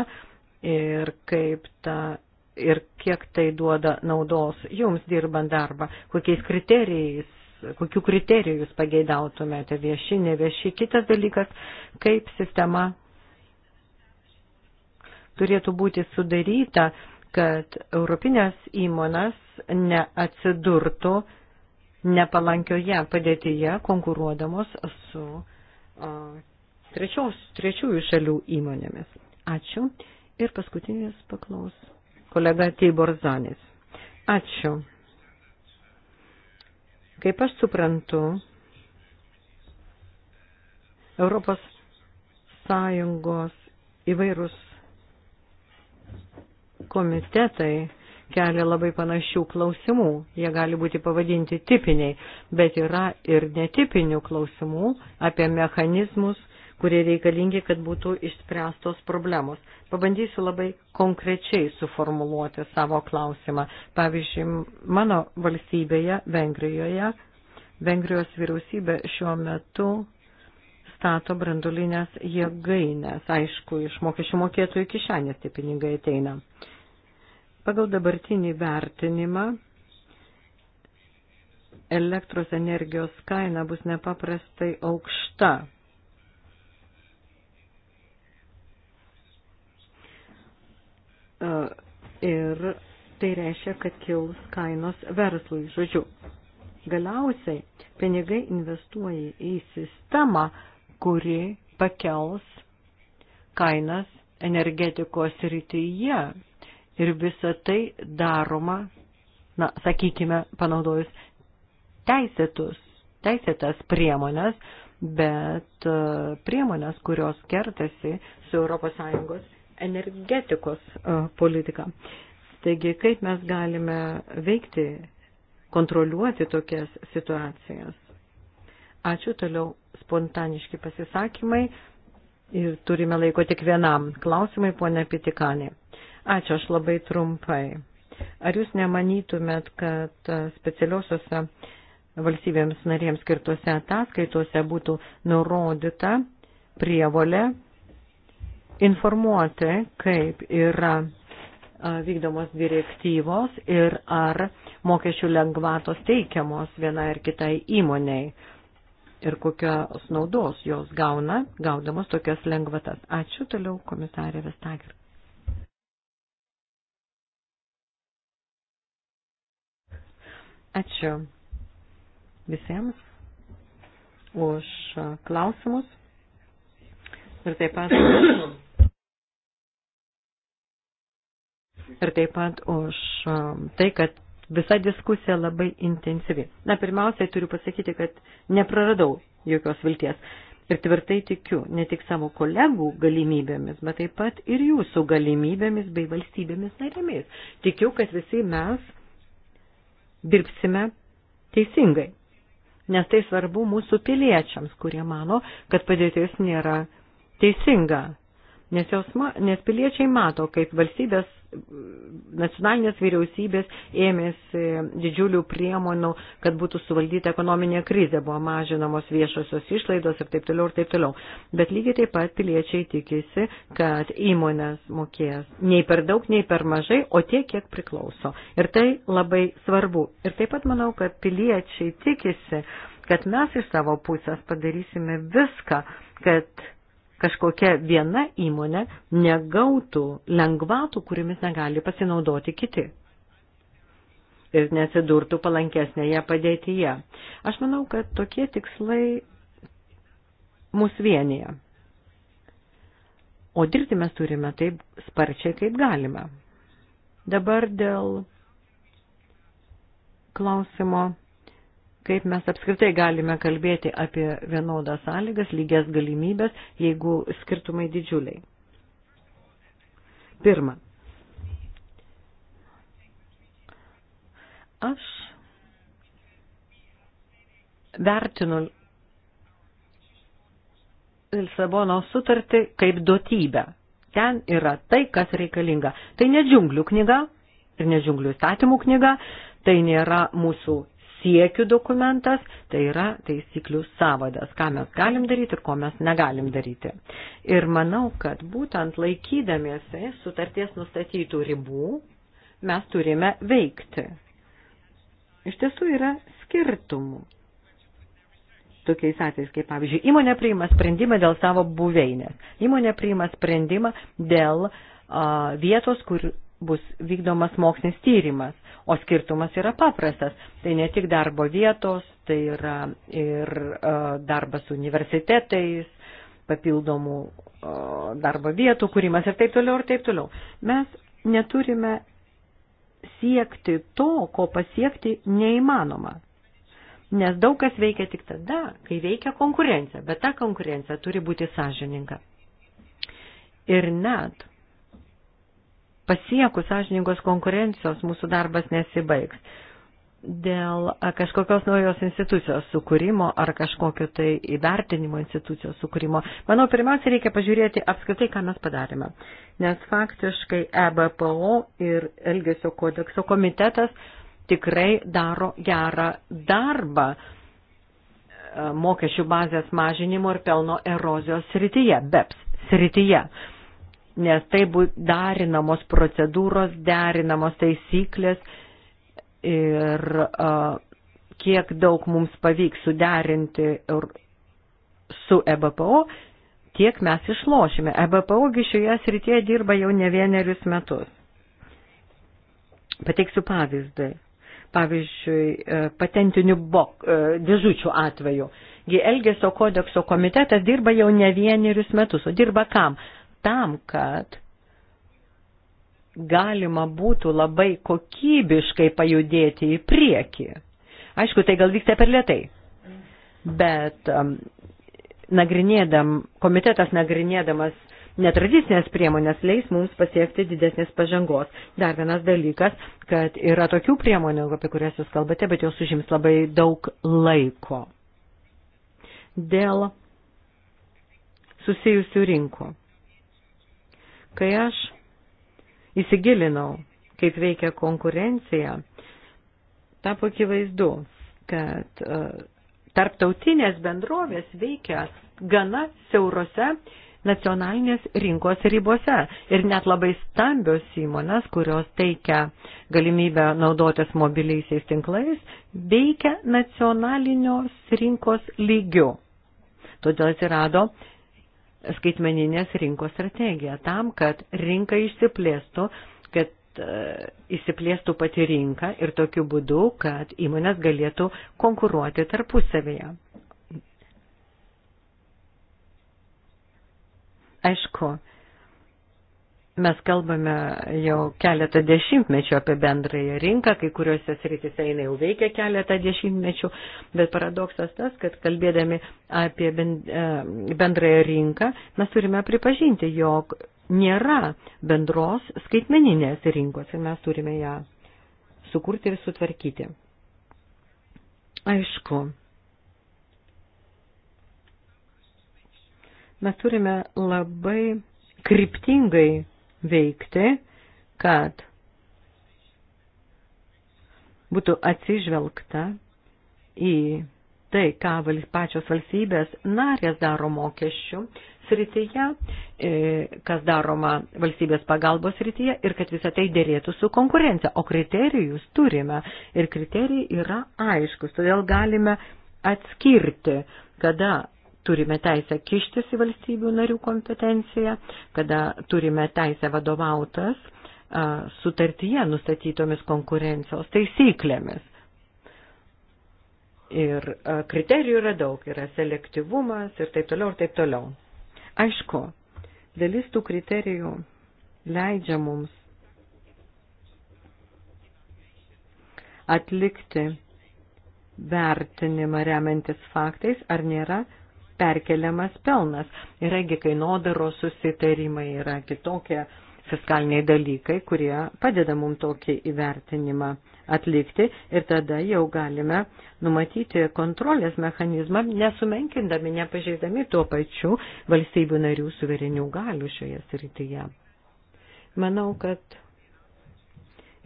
ir kaip ta ir kiek tai duoda naudos jums dirbant darbą, kokiais kriterijais, kokiu kriteriju jūs pageidautumėte vieši, nevieši. Kitas dalykas, kaip sistema turėtų būti sudaryta, kad europinės įmonas neatsidurtų nepalankioje padėtyje konkuruodamos su a, trečios, trečiųjų šalių įmonėmis. Ačiū. Ir paskutinis paklaus kolega Tibor Zanis. Ačiū. Kaip aš suprantu, Europos Sąjungos įvairūs komitetai kelia labai panašių klausimų. Jie gali būti pavadinti tipiniai, bet yra ir netipinių klausimų apie mechanizmus, kurie reikalingi, kad būtų išspręstos problemos. Pabandysiu labai konkrečiai suformuluoti savo klausimą. Pavyzdžiui, mano valstybėje, Vengrijoje, Vengrijos vyriausybė šiuo metu stato brandulinės jėgainės. Aišku, iš mokesčių mokėtojų kišenės tie pinigai ateina. Uh, Pagal dabartinį vertinimą elektros energijos kaina bus nepaprastai aukšta. E, ir tai reiškia, kad kils kainos verslui. Žodžiu, galiausiai pinigai investuoja į sistemą, kuri pakels kainas energetikos rytyje Ir visa tai daroma, na, sakykime, panaudojus teisėtus, teisėtas priemonės, bet e, priemonės, kurios kertasi su ES energetikos e, politika. Taigi, kaip mes galime veikti, kontroliuoti tokias situacijas? Ačiū toliau spontaniški pasisakymai ir turime laiko tik vienam klausimai, ponia Pitikanė. Ačiū, aš labai trumpai. Ar jūs nemanytumėt, kad specialiosiuose valstybėms narėms skirtuose ataskaituose būtų nurodyta prievolė informuoti, kaip yra vykdomos direktyvos ir ar mokesčių lengvatos teikiamos vienai ar kitai įmoniai ir kokios naudos jos gauna, gaudamos tokias lengvatas. Ačiū toliau komisarė Vestager. Ačiū visiems už klausimus ir taip pat. (coughs) Ir taip pat už um, tai, kad visa diskusija labai intensyvi. Na, pirmiausiai turiu pasakyti, kad nepraradau jokios vilties. Ir tvirtai tikiu, ne tik savo kolegų galimybėmis, bet taip pat ir jūsų galimybėmis bei valstybėmis narėmis. Tikiu, kad visi mes dirbsime teisingai. Nes tai svarbu mūsų piliečiams, kurie mano, kad padėtis nėra teisinga nes, jos, nes piliečiai mato, kaip valstybės, nacionalinės vyriausybės ėmėsi didžiulių priemonų, kad būtų suvaldyta ekonominė krizė, buvo mažinamos viešosios išlaidos ir taip toliau ir taip toliau. Bet lygiai taip pat piliečiai tikisi, kad įmonės mokės nei per daug, nei per mažai, o tiek, kiek priklauso. Ir tai labai svarbu. Ir taip pat manau, kad piliečiai tikisi, kad mes iš savo pusės padarysime viską, kad kažkokia viena įmonė negautų lengvatų, kuriamis negali pasinaudoti kiti ir nesidurtų palankesnėje padėtyje. Aš manau, kad tokie tikslai mus vienyje. O dirbti mes turime taip sparčiai, kaip galime. Dabar dėl klausimo kaip mes apskritai galime kalbėti apie vienodas sąlygas, lygias galimybės, jeigu skirtumai didžiuliai. Pirma. Aš vertinu Lisabono sutartį kaip duotybę. Ten yra tai, kas reikalinga. Tai ne džiunglių knyga ir ne džiunglių įstatymų knyga, tai nėra mūsų siekių dokumentas, tai yra taisyklių savadas, ką mes galim daryti ir ko mes negalim daryti. Ir manau, kad būtent laikydamiesi sutarties nustatytų ribų, mes turime veikti. Iš tiesų yra skirtumų. Tokiais atvejais, kaip pavyzdžiui, įmonė priima sprendimą dėl savo buveinės. Įmonė priima sprendimą dėl uh, vietos, kur bus vykdomas mokslinis tyrimas, o skirtumas yra paprastas. Tai ne tik darbo vietos, tai yra ir e, darbas universitetais, papildomų e, darbo vietų kūrimas ir taip toliau, ir taip toliau. Mes neturime siekti to, ko pasiekti neįmanoma. Nes daug kas veikia tik tada, kai veikia konkurencija, bet ta konkurencija turi būti sąžininga. Ir net pasiekus sąžiningos konkurencijos mūsų darbas nesibaigs. Dėl kažkokios naujos institucijos sukūrimo ar kažkokio tai įvertinimo institucijos sukūrimo. Manau, pirmiausia, reikia pažiūrėti apskritai, ką mes padarėme. Nes faktiškai EBPO ir Elgesio kodekso komitetas tikrai daro gerą darbą e, mokesčių bazės mažinimo ir pelno erozijos srityje, BEPS srityje nes tai bus darinamos procedūros, derinamos taisyklės ir uh, kiek daug mums pavyks suderinti su EBPO, tiek mes išlošime. EBPOgi šioje srityje dirba jau ne vienerius metus. Pateiksiu pavyzdį. Pavyzdžiui, e, patentinių bok, e, dėžučių atveju. Gi Elgesio kodekso komitetas dirba jau ne vienerius metus, o dirba kam? tam, kad galima būtų labai kokybiškai pajudėti į priekį. Aišku, tai gal vyksta per lietai, bet um, nagrinėdam, komitetas nagrinėdamas netradicinės priemonės leis mums pasiekti didesnės pažangos. Dar vienas dalykas, kad yra tokių priemonių, apie kurias jūs kalbate, bet jos užims labai daug laiko. Dėl susijusių rinkų. Kai aš įsigilinau, kaip veikia konkurencija, tapo akivaizdu, kad e, tarptautinės bendrovės veikia gana siaurose nacionalinės rinkos ribose ir net labai stambios įmonės, kurios teikia galimybę naudotis mobiliaisiais tinklais, veikia nacionalinios rinkos lygiu. Todėl atsirado skaitmeninės rinkos strategiją, tam, kad rinka išsiplėstų, kad įsiplėstų e, pati rinka ir tokiu būdu, kad įmonės galėtų konkuruoti tarpusavėje. Aišku, Mes kalbame jau keletą dešimtmečių apie bendrąją rinką, kai kuriuose sritise jinai jau veikia keletą dešimtmečių, bet paradoksas tas, kad kalbėdami apie e, bendrąją rinką, mes turime pripažinti, jog nėra bendros skaitmeninės rinkos ir mes turime ją sukurti ir sutvarkyti. Aišku, mes turime labai kryptingai veikti, kad būtų atsižvelgta į tai, ką pačios valstybės narės daro mokesčių srityje, e, kas daroma valstybės pagalbos srityje ir kad visą tai dėrėtų su konkurencija. O kriterijus turime ir kriterijai yra aiškus, todėl galime atskirti, kada turime teisę kištis į valstybių narių kompetenciją, kada turime teisę vadovautas sutartyje nustatytomis konkurencijos taisyklėmis. Ir kriterijų yra daug, yra selektyvumas ir taip toliau, ir taip toliau. Aišku, dalis tų kriterijų leidžia mums atlikti vertinimą remiantis faktais, ar nėra perkeliamas pelnas. Yragi kainodaro susitarimai, yra kitokie fiskaliniai dalykai, kurie padeda mums tokį įvertinimą atlikti ir tada jau galime numatyti kontrolės mechanizmą, nesumenkindami, nepažeisdami tuo pačiu valstybių narių suverenių galių šioje srityje. Manau, kad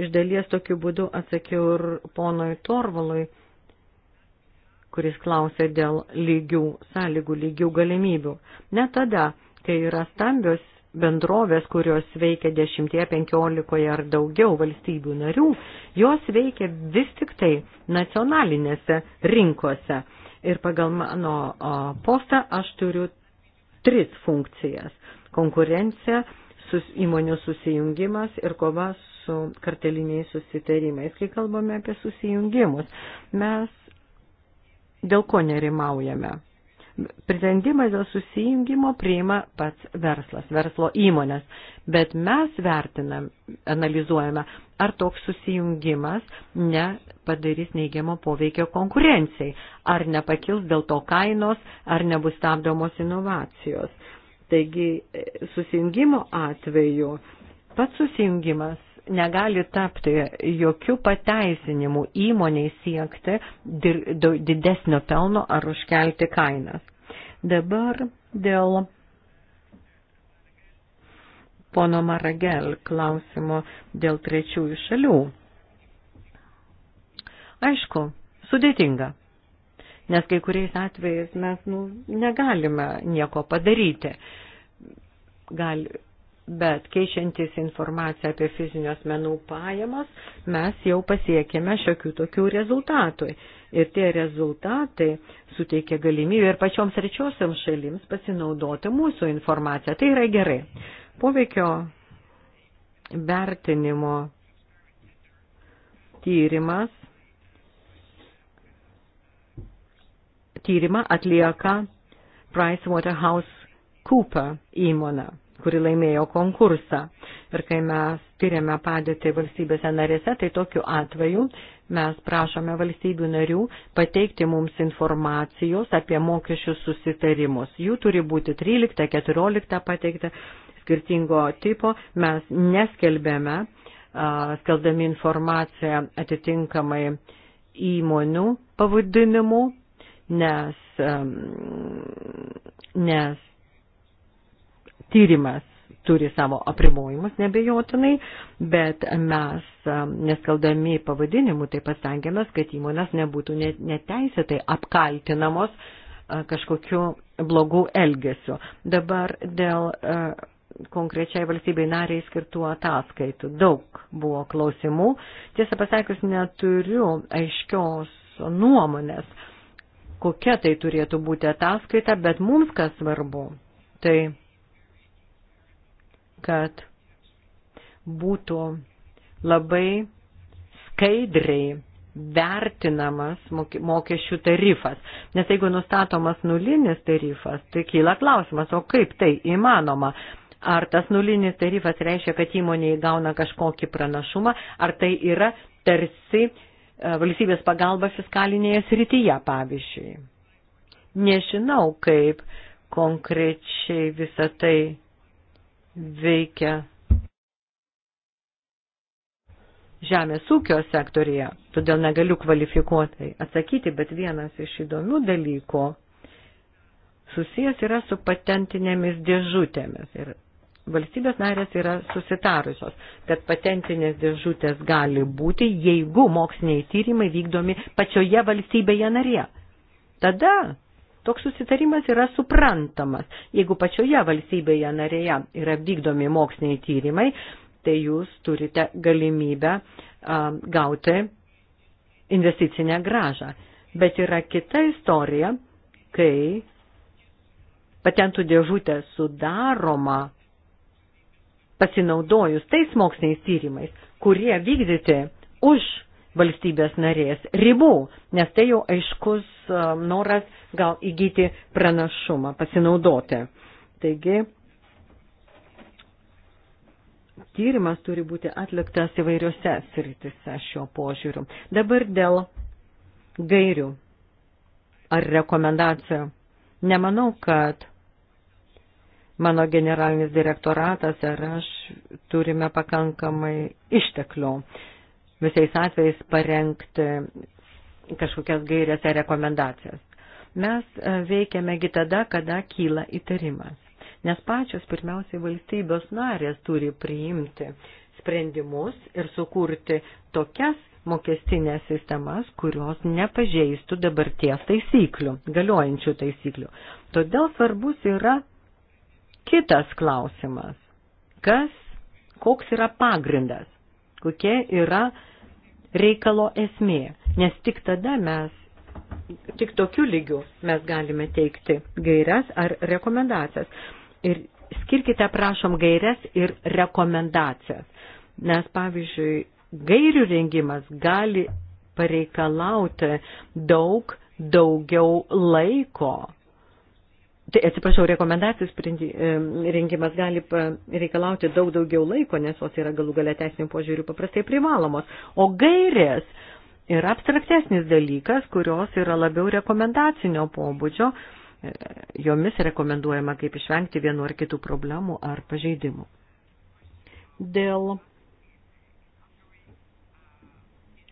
iš dalies tokiu būdu atsakiau ir ponui Torvalui kuris klausė dėl lygių sąlygų, lygių galimybių. Ne tada, kai yra stambios bendrovės, kurios veikia 10, 15 ar daugiau valstybių narių, jos veikia vis tik tai nacionalinėse rinkose. Ir pagal mano postą aš turiu tris funkcijas - konkurencija, sus, įmonių susijungimas ir kova su karteliniais susitarimais. Kai kalbame apie susijungimus, mes Dėl ko nerimaujame? Pritendimą dėl susijungimo priima pats verslas, verslo įmonės, bet mes vertinam, analizuojame, ar toks susijungimas nepadarys neigiamo poveikio konkurencijai, ar nepakils dėl to kainos, ar nebus stabdomos inovacijos. Taigi e, susijungimo atveju pats susijungimas negali tapti jokių pateisinimų įmoniai siekti didesnio pelno ar užkelti kainas. Dabar dėl pono Maragel klausimo dėl trečiųjų šalių. Aišku, sudėtinga, nes kai kuriais atvejais mes nu, negalime nieko padaryti. Gal, bet keičiantis informaciją apie fizinių asmenų pajamas, mes jau pasiekėme šiokių tokių rezultatų. Ir tie rezultatai suteikia galimybę ir pačioms rečiosiams šalims pasinaudoti mūsų informaciją. Tai yra gerai. Poveikio vertinimo tyrimas. Tyrimą atlieka PricewaterhouseCooper įmona kuri laimėjo konkursą. Ir kai mes tyriame padėtį valstybėse narėse, tai tokiu atveju mes prašome valstybių narių pateikti mums informacijos apie mokesčių susitarimus. Jų turi būti 13-14 pateikta skirtingo tipo. Mes neskelbėme, skeldami informaciją atitinkamai įmonių pavadinimų, nes, nes tyrimas turi savo apribojimus nebejotinai, bet mes, um, neskaldami pavadinimų, taip pat stengiamės, kad įmonės nebūtų neteisėtai apkaltinamos uh, kažkokiu blogu elgesiu. Dabar dėl uh, konkrečiai valstybei nariai skirtų ataskaitų. Daug buvo klausimų. Tiesą pasakius, neturiu aiškios nuomonės, kokia tai turėtų būti ataskaita, bet mums kas svarbu, tai kad būtų labai skaidriai vertinamas mokesčių tarifas. Nes jeigu nustatomas nulinis tarifas, tai kyla klausimas, o kaip tai įmanoma? Ar tas nulinis tarifas reiškia, kad įmonė įgauna kažkokį pranašumą, ar tai yra tarsi e, valstybės pagalba fiskalinėje srityje, pavyzdžiui. Nežinau, kaip konkrečiai visą tai veikia žemės ūkio sektorija, todėl negaliu kvalifikuotai atsakyti, bet vienas iš įdomių dalykų susijęs yra su patentinėmis dėžutėmis. Ir valstybės narės yra susitarusios, kad patentinės dėžutės gali būti, jeigu moksliniai tyrimai vykdomi pačioje valstybėje narėje. Tada Toks susitarimas yra suprantamas. Jeigu pačioje valstybėje narėje yra vykdomi moksliniai tyrimai, tai jūs turite galimybę a, gauti investicinę gražą. Bet yra kita istorija, kai patentų dėžutė sudaroma pasinaudojus tais moksliniais tyrimais, kurie vykdyti už valstybės narės ribų, nes tai jau aiškus noras gal įgyti pranašumą, pasinaudoti. Taigi, tyrimas turi būti atliktas įvairiose sritise šio požiūriu. Dabar dėl gairių ar rekomendacijų. Nemanau, kad mano generalinis direktoratas ir aš turime pakankamai išteklių visais atvejais parengti kažkokias gairias ar rekomendacijas. Mes e, veikiame gi tada, kada kyla įtarimas, nes pačios pirmiausiai valstybės narės turi priimti sprendimus ir sukurti tokias mokestinės sistemas, kurios nepažeistų dabarties taisyklių, galiojančių taisyklių. Todėl svarbus yra kitas klausimas. Kas, koks yra pagrindas, kokia yra reikalo esmė, nes tik tada mes tik tokiu lygiu mes galime teikti gairias ar rekomendacijas. Ir skirkite, prašom, gairias ir rekomendacijas. Nes, pavyzdžiui, gairių rengimas gali pareikalauti daug daugiau laiko. Tai atsiprašau, rekomendacijos e, rengimas gali reikalauti daug daugiau laiko, nes jos yra galų galia teisinių požiūrių paprastai privalomos. O gairės yra abstraktesnis dalykas, kurios yra labiau rekomendacinio pobūdžio, e, jomis rekomenduojama kaip išvengti vienu ar kitų problemų ar pažeidimų. Dėl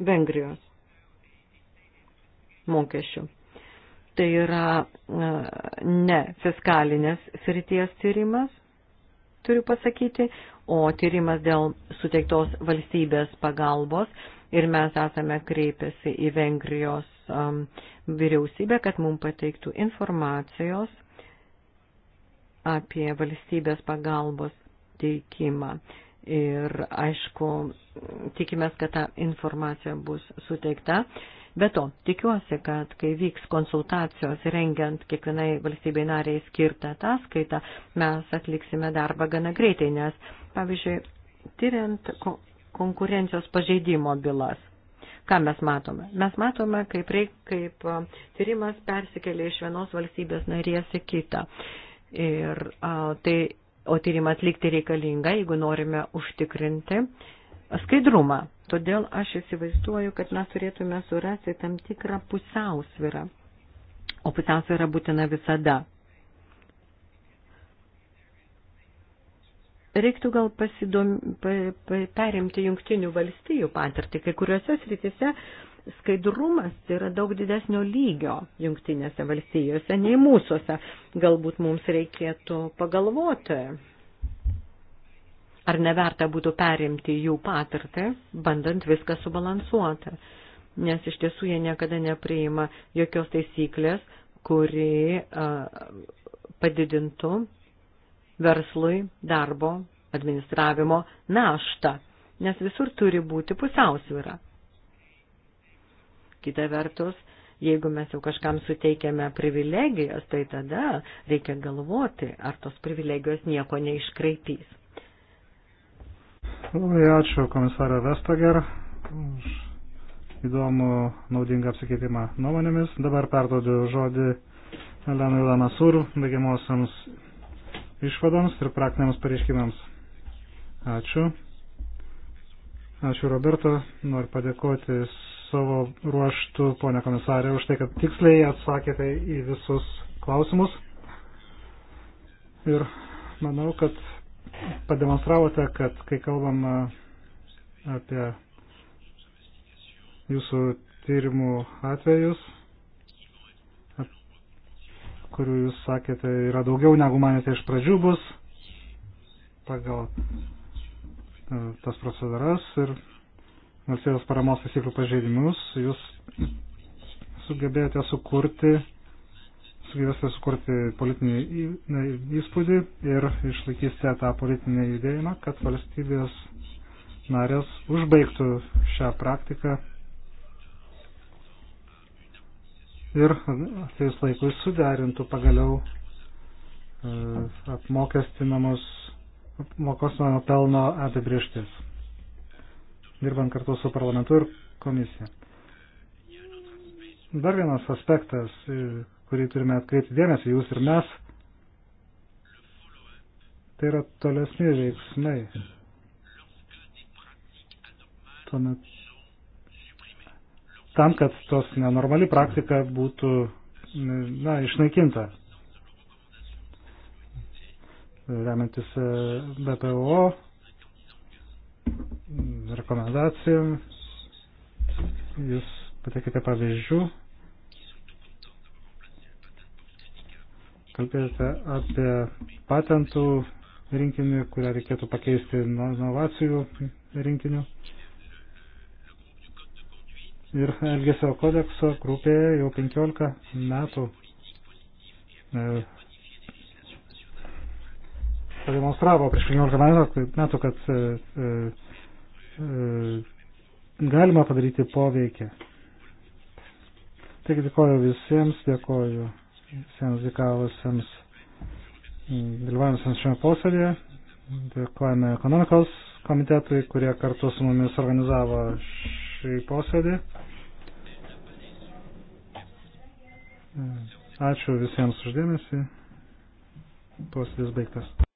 Vengrijos mokesčių. Tai yra e, ne fiskalinės srities tyrimas, turiu pasakyti, o tyrimas dėl suteiktos valstybės pagalbos ir mes esame kreipęsi į Vengrijos um, vyriausybę, kad mums pateiktų informacijos apie valstybės pagalbos teikimą. Ir aišku, tikimės, kad ta informacija bus suteikta. Be to, tikiuosi, kad kai vyks konsultacijos rengiant kiekvienai valstybei nariai skirtą ataskaitą, mes atliksime darbą gana greitai, nes, pavyzdžiui, tyriant konkurencijos pažeidimo bylas. Ką mes matome? Mes matome, kaip, reik, kaip tyrimas persikelia iš vienos valstybės narės į kitą. Ir, a, tai, o tyrimą atlikti reikalinga, jeigu norime užtikrinti skaidrumą. Todėl aš įsivaizduoju, kad mes turėtume surasti tam tikrą pusiausvyrą. O pusiausvyrą būtina visada. Reiktų gal pasidom, pa, pa, perimti jungtinių valstijų patirtį, kai kuriuose srityse skaidrumas yra daug didesnio lygio jungtinėse valstijose nei mūsųse. Galbūt mums reikėtų pagalvoti, ar neverta būtų perimti jų patirtį, bandant viską subalansuoti. Nes iš tiesų jie niekada nepriima jokios taisyklės, kuri uh, padidintų verslui darbo administravimo naštą, nes visur turi būti pusiausvyra. Kita vertus, jeigu mes jau kažkam suteikėme privilegijas, tai tada reikia galvoti, ar tos privilegijos nieko neiškraipys. Labai ačiū komisarė Vestager už įdomų naudingą apsikeitimą nuomonėmis. Dabar perduodu žodį Elenui Lamasur, baigiamosiams išvadoms ir praktiniams pareiškimams. Ačiū. Ačiū Roberto. Noriu padėkoti savo ruoštų, ponė komisarė, už tai, kad tiksliai atsakėte į visus klausimus. Ir manau, kad pademonstravote, kad kai kalbam apie jūsų tyrimų atvejus, kurių jūs sakėte yra daugiau negu manėte iš pradžių bus pagal e, tas procedūras ir valstybės paramos taisyklių pažeidimus, jūs sugebėjote sukurti, sugebėsite sukurti politinį įspūdį ir išlaikysite tą politinį judėjimą, kad valstybės narės užbaigtų šią praktiką ir atėjus laikui suderintų pagaliau e, apmokestinamos apmokestinamo pelno apibrieštis, dirbant kartu su parlamentu ir komisija. Dar vienas aspektas, kurį turime atkreipti dėmesį, jūs ir mes, tai yra tolesni veiksmai. Tuomet tam, kad tos nenormali praktika būtų na, išnaikinta. Remiantis e, BPO rekomendacijom, jūs patekite pavyzdžių. Kalbėjote apie patentų rinkinį, kurią reikėtų pakeisti inovacijų rinkiniu ir Elgesio kodekso grupėje jau 15 metų e, pademonstravo prieš 15 metų, kad e, e, e, galima padaryti poveikį. Taigi dėkoju visiems, dėkoju visiems dėkavusiems mm, dalyvavusiems šiame posėdėje, dėkojame ekonomikos komitetui, kurie kartu su mumis organizavo šį posėdį. Ačiū visiems uždėmesi. Posėdis baigtas.